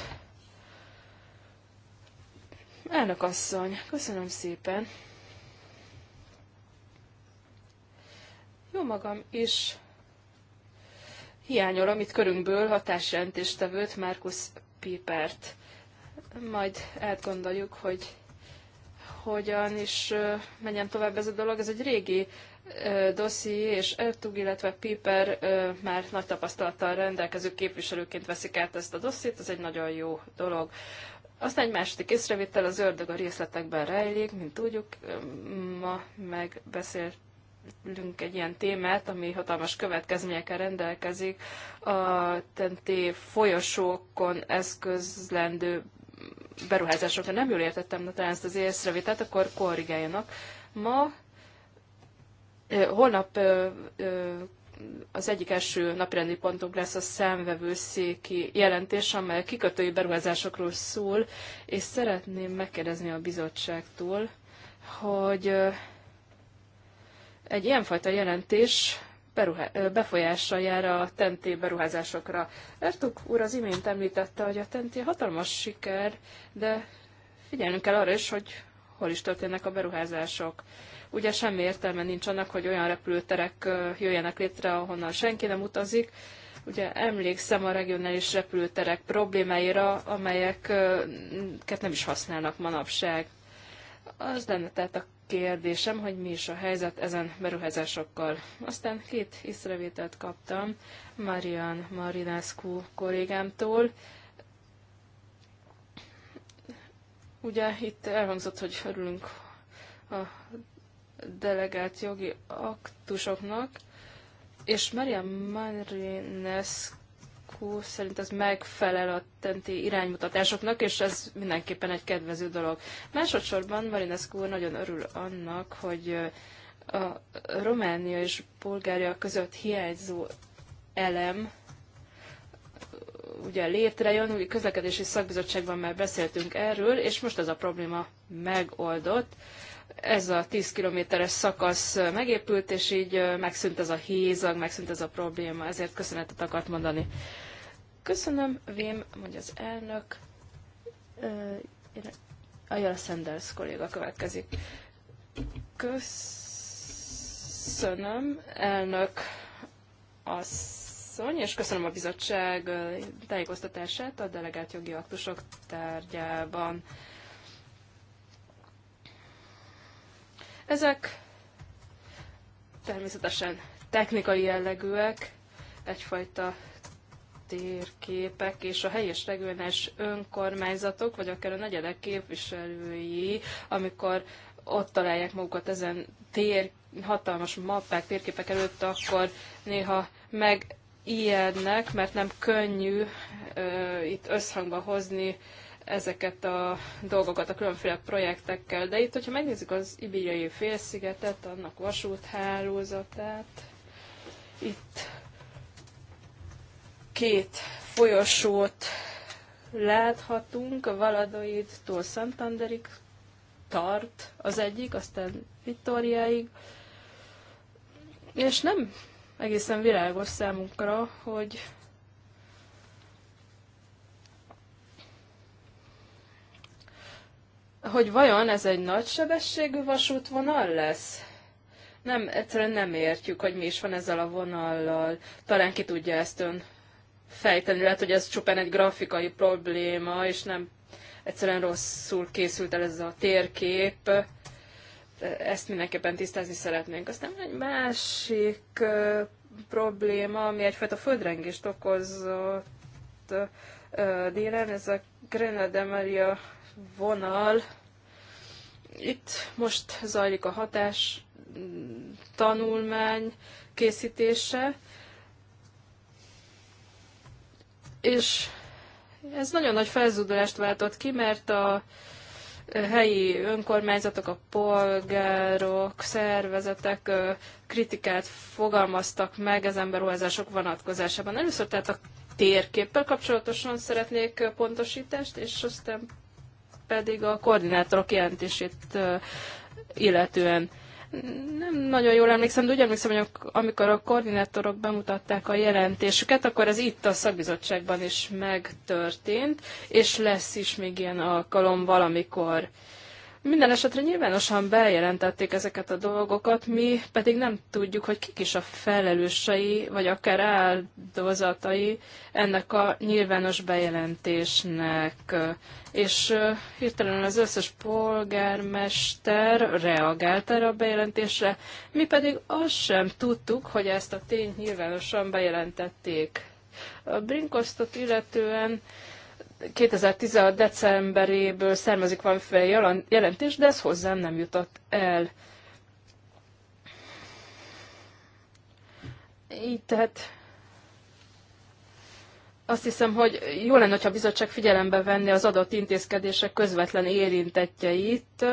Elnök asszony, köszönöm szépen. Jó magam is. Hiányolom itt körünkből hatásjelentéstevőt, Markus Pipert. Majd átgondoljuk, hogy hogyan is menjen tovább ez a dolog. Ez egy régi doszi, és Ertug, illetve Piper már nagy tapasztalattal rendelkező képviselőként veszik át ezt a dossziét, ez egy nagyon jó dolog. Aztán egy második észrevétel, az ördög a részletekben rejlik, mint tudjuk, ma megbeszélt egy ilyen témát, ami hatalmas következményekkel rendelkezik. A TNT folyosókon eszközlendő beruházásokra nem jól értettem na, talán ezt az észrevételt, akkor korrigáljanak. Ma, holnap az egyik első napirendi pontunk lesz a számvevőszéki jelentés, amely kikötői beruházásokról szól, és szeretném megkérdezni a bizottságtól, hogy egy ilyenfajta jelentés befolyással jár a tenté beruházásokra. Ertuk úr az imént említette, hogy a tenté hatalmas siker, de figyelnünk kell arra is, hogy hol is történnek a beruházások. Ugye semmi értelme nincs annak, hogy olyan repülőterek jöjjenek létre, ahonnan senki nem utazik. Ugye emlékszem a regionális repülőterek problémáira, amelyeket nem is használnak manapság. Az lenne tehát a kérdésem, hogy mi is a helyzet ezen beruházásokkal. Aztán két észrevételt kaptam Marian Marinescu kollégámtól. Ugye itt elhangzott, hogy örülünk a delegált jogi aktusoknak, és Maria Marinescu 2020 szerint ez megfelel a tenti iránymutatásoknak, és ez mindenképpen egy kedvező dolog. Másodszorban Marinescu nagyon örül annak, hogy a Románia és Bulgária között hiányzó elem ugye létrejön, ugye közlekedési szakbizottságban már beszéltünk erről, és most ez a probléma megoldott ez a 10 kilométeres szakasz megépült, és így megszűnt ez a hézag, megszűnt ez a probléma, ezért köszönetet akart mondani. Köszönöm, Vim, mondja az elnök. Ajala Sanders kolléga következik. Köszönöm, elnök asszony, és köszönöm a bizottság tájékoztatását a delegált jogi aktusok tárgyában. Ezek természetesen technikai jellegűek, egyfajta térképek és a helyes regionális önkormányzatok, vagy akár a negyedek képviselői, amikor ott találják magukat ezen tér, hatalmas mappák, térképek előtt, akkor néha meg ijednek, mert nem könnyű ö, itt összhangba hozni ezeket a dolgokat a különféle projektekkel. De itt, hogyha megnézzük az Ibériai félszigetet, annak vasúthálózatát, itt két folyosót láthatunk, a Valadoid-tól Santanderig tart az egyik, aztán Vittoriáig, és nem egészen világos számunkra, hogy hogy vajon ez egy nagy sebességű vasútvonal lesz? Nem, egyszerűen nem értjük, hogy mi is van ezzel a vonallal. Talán ki tudja ezt ön fejteni. Lehet, hogy ez csupán egy grafikai probléma, és nem egyszerűen rosszul készült el ez a térkép. Ezt mindenképpen tisztázni szeretnénk. Aztán egy másik probléma, ami egyfajta földrengést okozott délen, ez a Grenada Maria vonal. Itt most zajlik a hatás tanulmány készítése, És ez nagyon nagy felzúdulást váltott ki, mert a helyi önkormányzatok, a polgárok, szervezetek kritikát fogalmaztak meg ezen beruházások vonatkozásában. Először tehát a térképpel kapcsolatosan szeretnék pontosítást, és aztán pedig a koordinátorok jelentését illetően. Nem nagyon jól emlékszem, de úgy emlékszem, hogy amikor a koordinátorok bemutatták a jelentésüket, akkor ez itt a szakbizottságban is megtörtént, és lesz is még ilyen alkalom valamikor. Minden esetre nyilvánosan bejelentették ezeket a dolgokat, mi pedig nem tudjuk, hogy kik is a felelősei, vagy akár áldozatai ennek a nyilvános bejelentésnek. És hirtelen az összes polgármester reagált erre a bejelentésre, mi pedig azt sem tudtuk, hogy ezt a tényt nyilvánosan bejelentették. A Brinkosztot illetően 2016. decemberéből származik van fel jelentés, de ez hozzám nem jutott el. Így tehát azt hiszem, hogy jó lenne, ha a bizottság figyelembe venni az adott intézkedések közvetlen érintettjeit,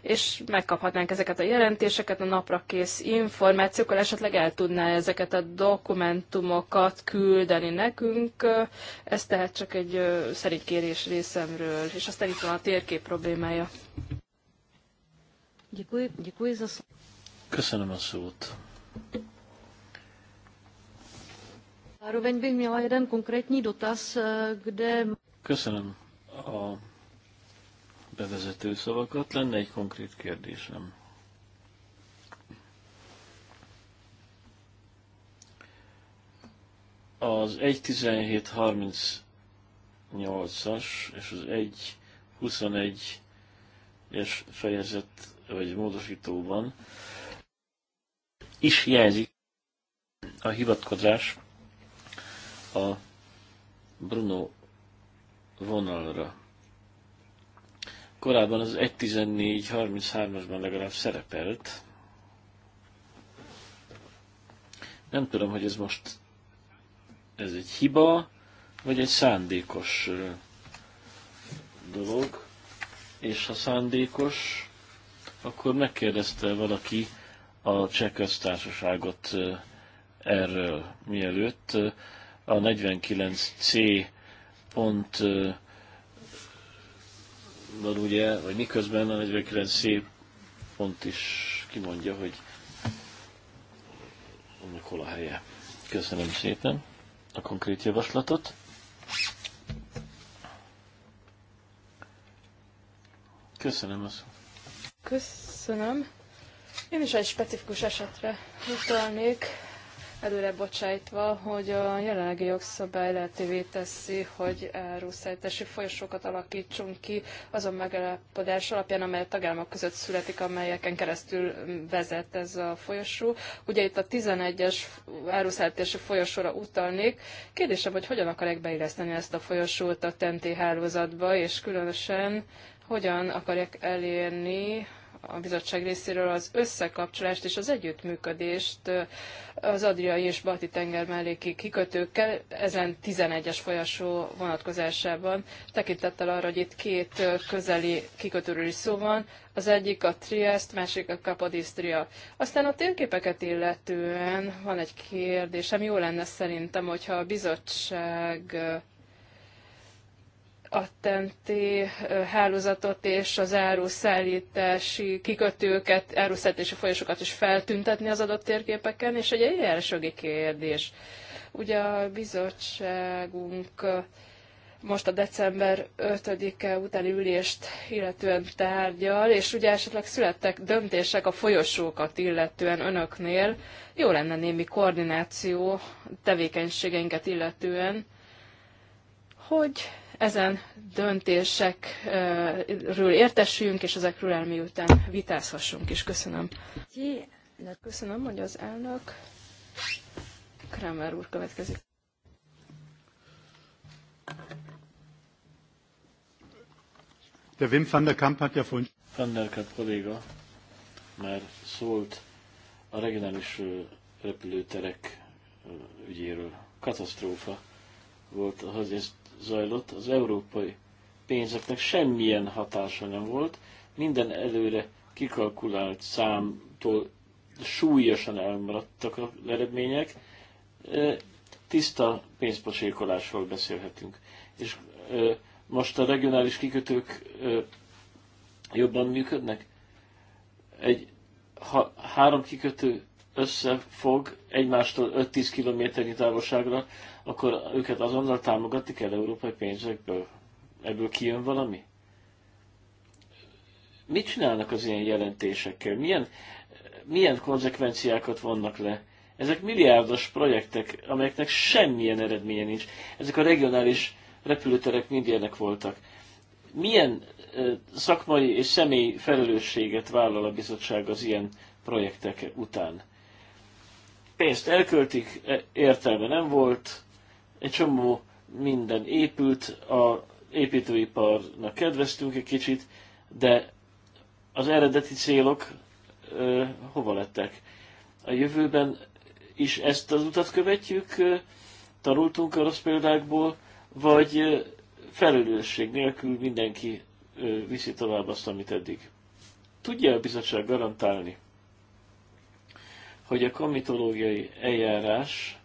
és megkaphatnánk ezeket a jelentéseket, a naprakész információkkal, esetleg el tudná ezeket a dokumentumokat küldeni nekünk. Ez tehát csak egy szerint kérés részemről, és aztán itt van a térkép problémája. Köszönöm a szót. Zároveň bych měla jeden konkrétní dotaz, eh, kde... Köszönöm a bevezető szavakat. Lenne egy konkrét kérdésem. Az 1.17.38-as és az 1.21-es fejezet vagy módosítóban is jelzik a hivatkozás a Bruno vonalra. Korábban az 1.14.33-asban legalább szerepelt. Nem tudom, hogy ez most ez egy hiba, vagy egy szándékos dolog. És ha szándékos, akkor megkérdezte valaki a cseh köztársaságot erről, mielőtt a 49C pont van ugye, vagy miközben a 49C pont is kimondja, hogy annak hol a helye. Köszönöm szépen a konkrét javaslatot. Köszönöm az. Köszönöm. Én is egy specifikus esetre utalnék előre bocsájtva, hogy a jelenlegi jogszabály lehetővé teszi, hogy áruszállítási folyosókat alakítsunk ki azon megállapodás alapján, amely a tagállamok között születik, amelyeken keresztül vezet ez a folyosó. Ugye itt a 11-es áruszállítási folyosóra utalnék. Kérdésem, hogy hogyan akarják beilleszteni ezt a folyosót a TNT hálózatba, és különösen hogyan akarják elérni, a bizottság részéről az összekapcsolást és az együttműködést az Adriai és Balti tenger melléki kikötőkkel, ezen 11-es folyasó vonatkozásában, tekintettel arra, hogy itt két közeli kikötőről is szó van, az egyik a Triest, másik a Kapodisztria. Aztán a térképeket illetően van egy kérdésem, jó lenne szerintem, hogyha a bizottság a TNT e hálózatot és az áruszállítási kikötőket, áruszállítási folyosokat is feltüntetni az adott térképeken, és egy eljárásjogi kérdés. Ugye a bizottságunk most a december 5-e utáni ülést illetően tárgyal, és ugye esetleg születtek döntések a folyosókat illetően önöknél. Jó lenne némi koordináció tevékenységeinket illetően, hogy ezen döntésekről értesüljünk, és ezekről elmiután vitázhassunk is. Köszönöm. Köszönöm, mondja az elnök. Kramer úr következik. Der Wim van der Kamp hat ja von... Van der Kamp kolléga már szólt a regionális repülőterek ügyéről. Katasztrófa volt az, zajlott, az európai pénzeknek semmilyen hatása nem volt, minden előre kikalkulált számtól súlyosan elmaradtak az eredmények, tiszta pénzpocsékolásról beszélhetünk. És most a regionális kikötők jobban működnek? Egy ha három kikötő összefog egymástól 5-10 kilométernyi távolságra, akkor őket azonnal támogatni kell európai pénzekből. Ebből kijön valami? Mit csinálnak az ilyen jelentésekkel? Milyen, milyen konzekvenciákat vannak le? Ezek milliárdos projektek, amelyeknek semmilyen eredménye nincs. Ezek a regionális repülőterek mind ilyenek voltak. Milyen szakmai és személyi felelősséget vállal a bizottság az ilyen projektek után? pénzt elköltik, e, értelme nem volt, egy csomó minden épült, a építőiparnak kedveztünk egy kicsit, de az eredeti célok ö, hova lettek? A jövőben is ezt az utat követjük, ö, tanultunk a rossz példákból, vagy ö, felelősség nélkül mindenki ö, viszi tovább azt, amit eddig. Tudja a bizottság garantálni, hogy a komitológiai eljárás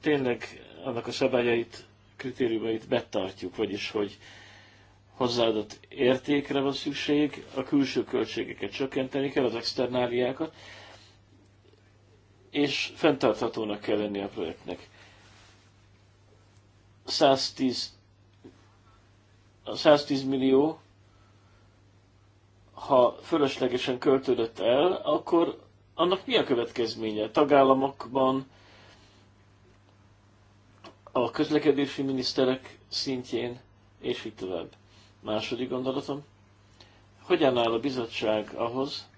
tényleg annak a szabályait, kritériumait betartjuk, vagyis hogy hozzáadott értékre van szükség, a külső költségeket csökkenteni kell, az externáliákat, és fenntarthatónak kell lenni a projektnek. 110, 110 millió, ha fölöslegesen költődött el, akkor annak mi a következménye? tagállamokban a közlekedési miniszterek szintjén, és így tovább. Második gondolatom, hogyan áll a bizottság ahhoz,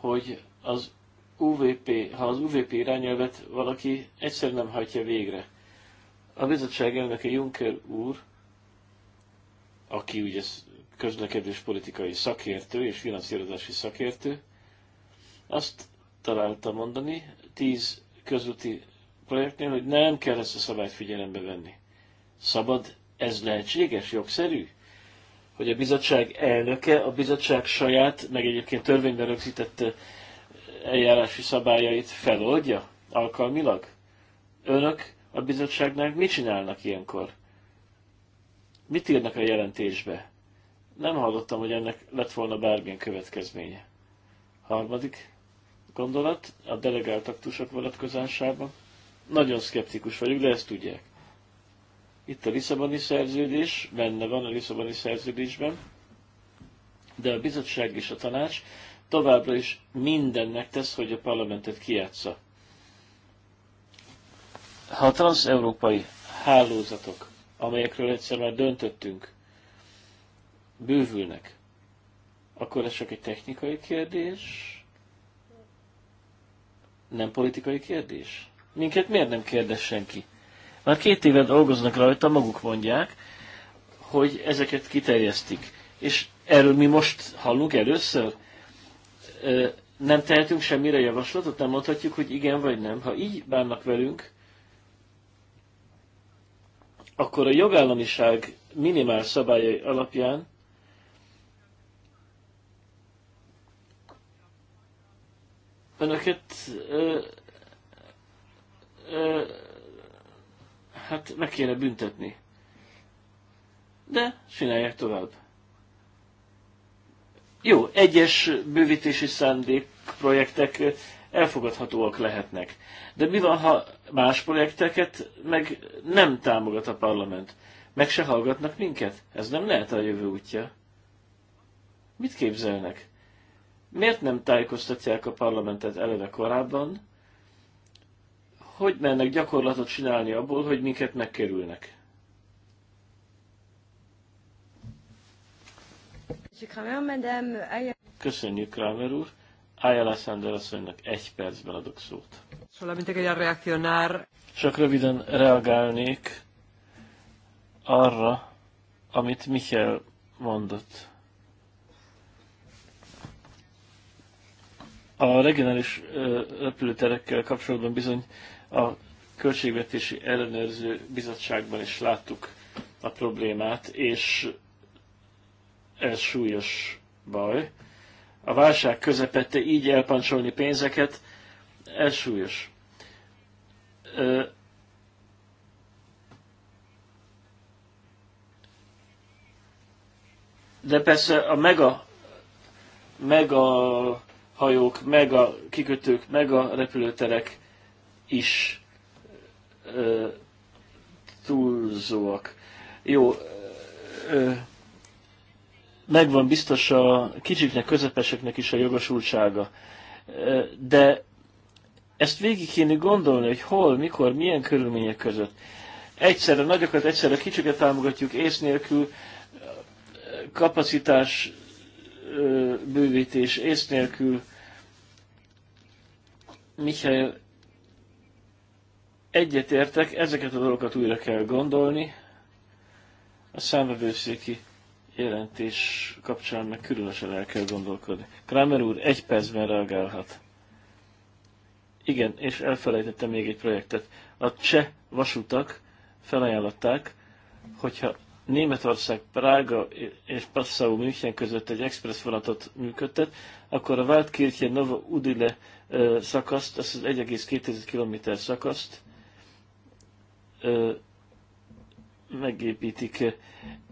hogy az UVP, ha az UVP irányelvet valaki egyszer nem hajtja végre. A bizottság elnöke Juncker úr, aki ugye közlekedés politikai szakértő és finanszírozási szakértő, azt találta mondani, tíz közúti projektnél, hogy nem kell ezt a szabályt figyelembe venni. Szabad, ez lehetséges, jogszerű? Hogy a bizottság elnöke a bizottság saját, meg egyébként törvényben rögzített eljárási szabályait feloldja alkalmilag? Önök a bizottságnál mit csinálnak ilyenkor? Mit írnak a jelentésbe? Nem hallottam, hogy ennek lett volna bármilyen következménye. Harmadik gondolat a delegált aktusok vonatkozásában. Nagyon szkeptikus vagyok, de ezt tudják. Itt a Lisszaboni szerződés, benne van a Lisszaboni szerződésben, de a bizottság és a tanács továbbra is mindennek tesz, hogy a parlamentet kiátsza. Ha a transz hálózatok, amelyekről egyszer már döntöttünk, bővülnek, akkor ez csak egy technikai kérdés, nem politikai kérdés? Minket miért nem kérdez senki? Már két éve dolgoznak rajta, maguk mondják, hogy ezeket kiterjesztik. És erről mi most hallunk először? Nem tehetünk semmire javaslatot, nem mondhatjuk, hogy igen vagy nem. Ha így bánnak velünk, akkor a jogállamiság minimál szabályai alapján önöket ö, ö, hát meg kéne büntetni. De csinálják tovább. Jó, egyes bővítési szándék projektek elfogadhatóak lehetnek. De mi van, ha más projekteket meg nem támogat a parlament? Meg se hallgatnak minket? Ez nem lehet a jövő útja. Mit képzelnek? Miért nem tájékoztatják a parlamentet eleve korábban? Hogy mennek gyakorlatot csinálni abból, hogy minket megkerülnek? Köszönjük, Kramer úr. Ayala Sander asszonynak egy percben adok szót. reaccionar. Csak röviden reagálnék arra, amit Michel mondott. A regionális repülőterekkel kapcsolatban bizony a Költségvetési Ellenőrző Bizottságban is láttuk a problémát, és ez súlyos baj. A válság közepette így elpancsolni pénzeket, ez súlyos. De persze a mega, mega hajók, meg a kikötők, meg a repülőterek is ö, túlzóak. Jó, ö, megvan biztos a kicsiknek, közepeseknek is a jogosultsága, de ezt végig kéne gondolni, hogy hol, mikor, milyen körülmények között. Egyszerre nagyokat, egyszerre kicsiket támogatjuk ész nélkül, kapacitás bővítés ész nélkül, Michael, egyetértek, ezeket a dolgokat újra kell gondolni. A számvevőszéki jelentés kapcsán meg különösen el kell gondolkodni. Kramer úr egy percben reagálhat. Igen, és elfelejtettem még egy projektet. A cseh vasutak felajánlották, hogyha Németország, Prága és Passau München között egy express vonatot működtet, akkor a Waldkirchen Nova Udile szakaszt, azt az 1,2 km szakaszt megépítik.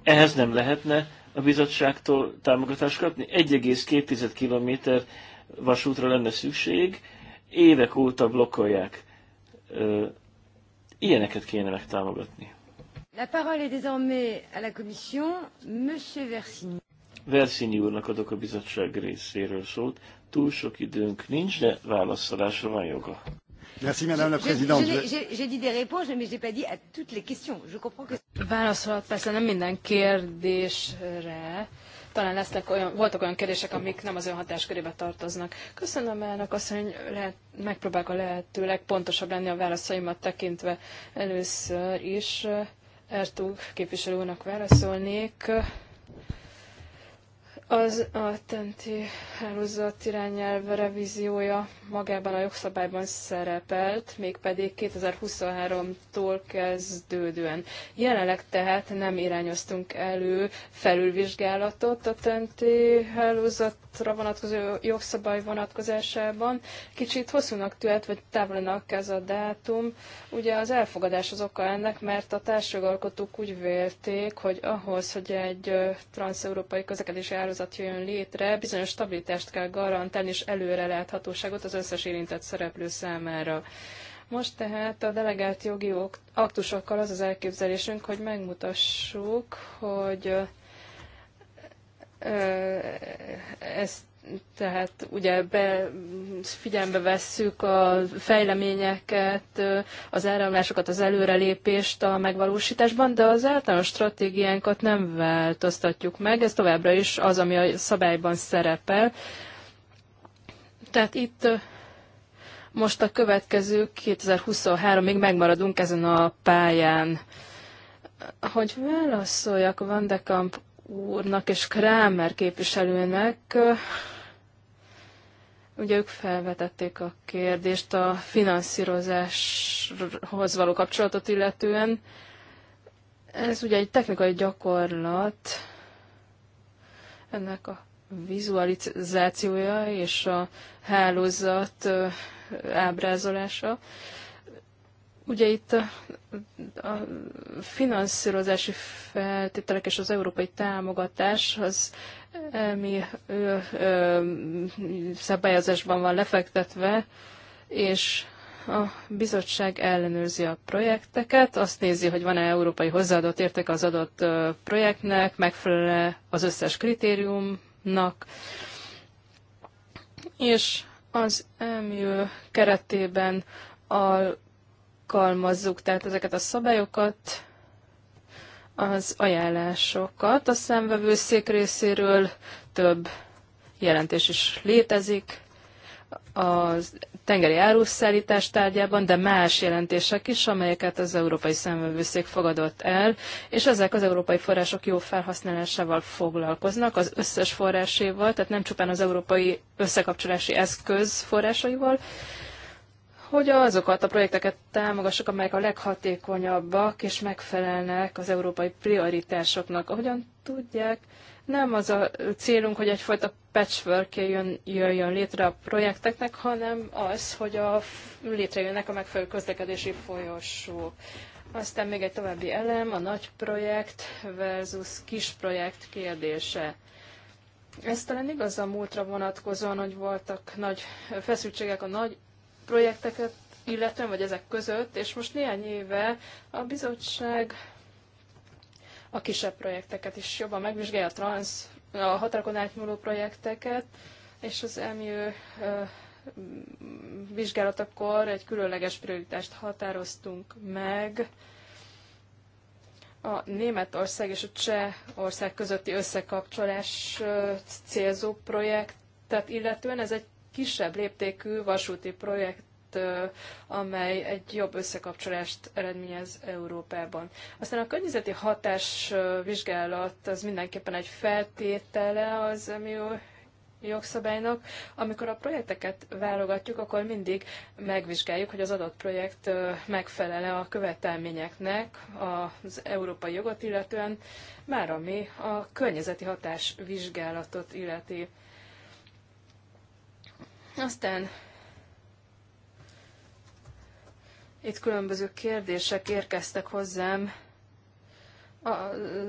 Ehhez nem lehetne a bizottságtól támogatást kapni. 1,2 km vasútra lenne szükség, évek óta blokkolják. Ilyeneket kéne megtámogatni. La parole est désormais à la Commission, Monsieur Versigny. Verszínyi úrnak adok a bizottság részéről szót. Túl sok időnk nincs, de válaszolásra van joga. Merci, Madame la Présidente. J'ai dit des réponses, mais j'ai pas dit à toutes les questions. Je comprends que... Válaszolat persze nem minden kérdésre. Talán lesznek olyan, voltak olyan kérdések, amik nem az ön hatáskörébe tartoznak. Köszönöm elnök azt, hogy lehet, megpróbálok a lehető legpontosabb lenni a válaszaimat tekintve először is. Ertug képviselő úrnak válaszolnék. Az a tenti hálózat irányelv revíziója magában a jogszabályban szerepelt, mégpedig 2023-tól kezdődően. Jelenleg tehát nem irányoztunk elő felülvizsgálatot a tenti hálózatra vonatkozó jogszabály vonatkozásában. Kicsit hosszúnak tűnt, vagy távolnak ez a dátum. Ugye az elfogadás az oka ennek, mert a alkotók úgy vélték, hogy ahhoz, hogy egy transzeurópai közlekedési hálózat ágazat jön létre, bizonyos stabilitást kell garantálni, és előreláthatóságot az összes érintett szereplő számára. Most tehát a delegált jogi aktusokkal az az elképzelésünk, hogy megmutassuk, hogy ezt tehát ugye be, figyelembe vesszük a fejleményeket, az áramlásokat, az előrelépést a megvalósításban, de az általános stratégiánkat nem változtatjuk meg, ez továbbra is az, ami a szabályban szerepel. Tehát itt most a következő 2023 még megmaradunk ezen a pályán. Hogy válaszoljak Vandekamp Kamp úrnak és Krámer képviselőnek. Ugye ők felvetették a kérdést a finanszírozáshoz való kapcsolatot illetően. Ez ugye egy technikai gyakorlat, ennek a vizualizációja és a hálózat ábrázolása. Ugye itt a, a finanszírozási feltételek és az európai támogatás az mi szabályozásban van lefektetve, és a bizottság ellenőrzi a projekteket, azt nézi, hogy van-e európai hozzáadott érték az adott projektnek, megfelel az összes kritériumnak, és az EMU keretében a alkalmazzuk tehát ezeket a szabályokat, az ajánlásokat. A szemvevőszék részéről több jelentés is létezik a tengeri áruszállítás tárgyában, de más jelentések is, amelyeket az Európai Szemvevőszék fogadott el, és ezek az európai források jó felhasználásával foglalkoznak, az összes forráséval, tehát nem csupán az európai összekapcsolási eszköz forrásaival, hogy azokat a projekteket támogassuk, amelyek a leghatékonyabbak és megfelelnek az európai prioritásoknak. Ahogyan tudják, nem az a célunk, hogy egyfajta patchwork jön, jöjjön létre a projekteknek, hanem az, hogy a, létrejönnek a megfelelő közlekedési folyosók. Aztán még egy további elem, a nagy projekt versus kis projekt kérdése. Ez talán igaz a múltra vonatkozóan, hogy voltak nagy feszültségek a nagy projekteket illetően, vagy ezek között, és most néhány éve a bizottság a kisebb projekteket is jobban megvizsgálja, a, transz, a határokon átnyúló projekteket, és az EMU vizsgálatakor egy különleges prioritást határoztunk meg, a Németország és a ország közötti összekapcsolás célzó projektet illetően. Ez egy kisebb léptékű vasúti projekt amely egy jobb összekapcsolást eredményez Európában. Aztán a környezeti hatás vizsgálat az mindenképpen egy feltétele az MIO jogszabálynak. Amikor a projekteket válogatjuk, akkor mindig megvizsgáljuk, hogy az adott projekt megfelele a követelményeknek az európai jogot illetően, már ami a környezeti hatás vizsgálatot illeti. Aztán itt különböző kérdések érkeztek hozzám a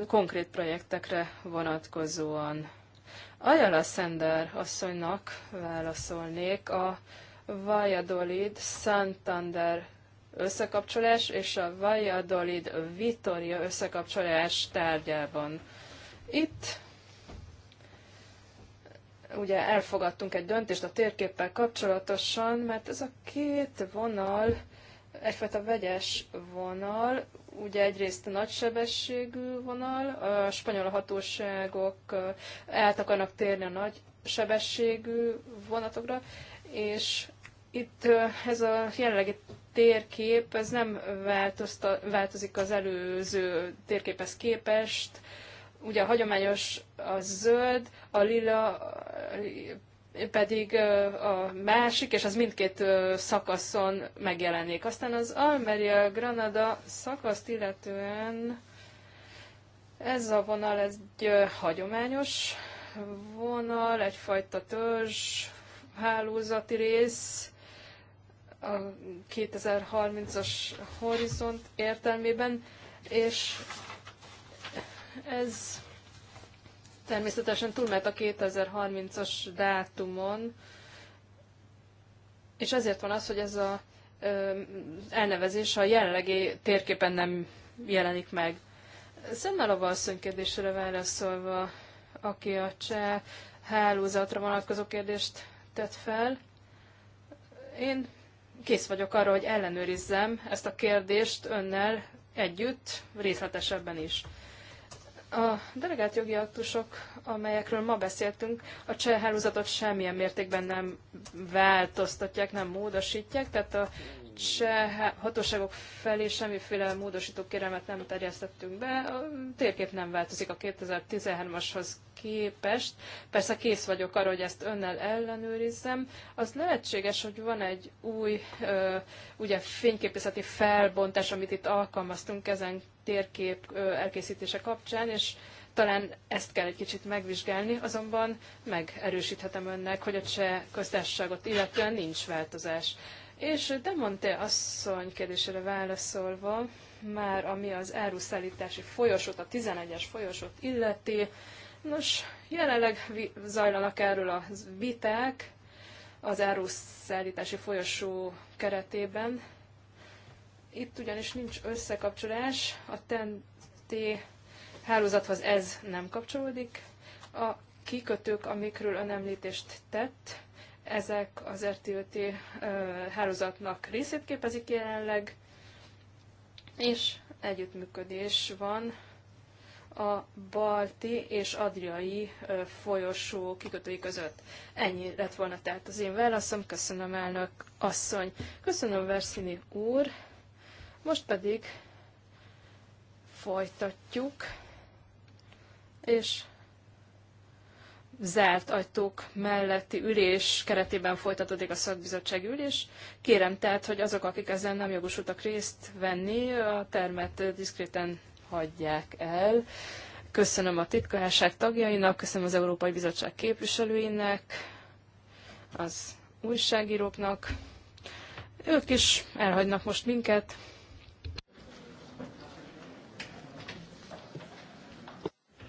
konkrét projektekre vonatkozóan. Ajala Szender asszonynak válaszolnék a Valladolid Santander összekapcsolás és a Valladolid Vitoria összekapcsolás tárgyában. Itt ugye elfogadtunk egy döntést a térképpel kapcsolatosan, mert ez a két vonal egyfajta vegyes vonal, ugye egyrészt a nagysebességű vonal, a spanyol hatóságok át akarnak térni a nagy sebességű vonatokra, és itt ez a jelenlegi térkép, ez nem változta, változik az előző térképhez képest, ugye a hagyományos a zöld, a lila eh, pedig eh, a másik, és az mindkét eh, szakaszon megjelenik. Aztán az Almeria Granada szakaszt illetően ez a vonal egy hagyományos vonal, egyfajta törzs, hálózati rész, a 2030-as horizont értelmében, és ez természetesen túlment a 2030-as dátumon, és ezért van az, hogy ez a elnevezés a jelenlegi térképen nem jelenik meg. Szemmelova asszony kérdésére válaszolva, aki a cseh hálózatra vonatkozó kérdést tett fel, én kész vagyok arra, hogy ellenőrizzem ezt a kérdést önnel együtt, részletesebben is. A delegált jogi aktusok, amelyekről ma beszéltünk, a cseh hálózatot semmilyen mértékben nem változtatják, nem módosítják, tehát a cseh hatóságok felé semmiféle módosító kérelmet nem terjesztettünk be. A térkép nem változik a 2013-ashoz képest. Persze kész vagyok arra, hogy ezt önnel ellenőrizzem. Az lehetséges, hogy van egy új ö, ugye fényképészeti felbontás, amit itt alkalmaztunk ezen térkép ö, elkészítése kapcsán, és talán ezt kell egy kicsit megvizsgálni, azonban megerősíthetem önnek, hogy a cseh köztársaságot illetően nincs változás. És de mondta asszony kérdésére válaszolva, már ami az áruszállítási folyosót, a 11-es folyosót illeti, nos, jelenleg zajlanak erről a viták az áruszállítási folyosó keretében. Itt ugyanis nincs összekapcsolás, a TNT hálózathoz ez nem kapcsolódik. A kikötők, amikről ön említést tett, ezek az RTOT hálózatnak részét képezik jelenleg, és együttműködés van a balti és adriai folyosó kikötői között. Ennyi lett volna tehát az én válaszom. Köszönöm elnök asszony. Köszönöm Verszini úr. Most pedig folytatjuk, és zárt ajtók melletti ülés keretében folytatódik a szakbizottsági ülés. Kérem tehát, hogy azok, akik ezzel nem jogosultak részt venni, a termet diszkréten hagyják el. Köszönöm a titkárság tagjainak, köszönöm az Európai Bizottság képviselőinek, az újságíróknak. Ők is elhagynak most minket.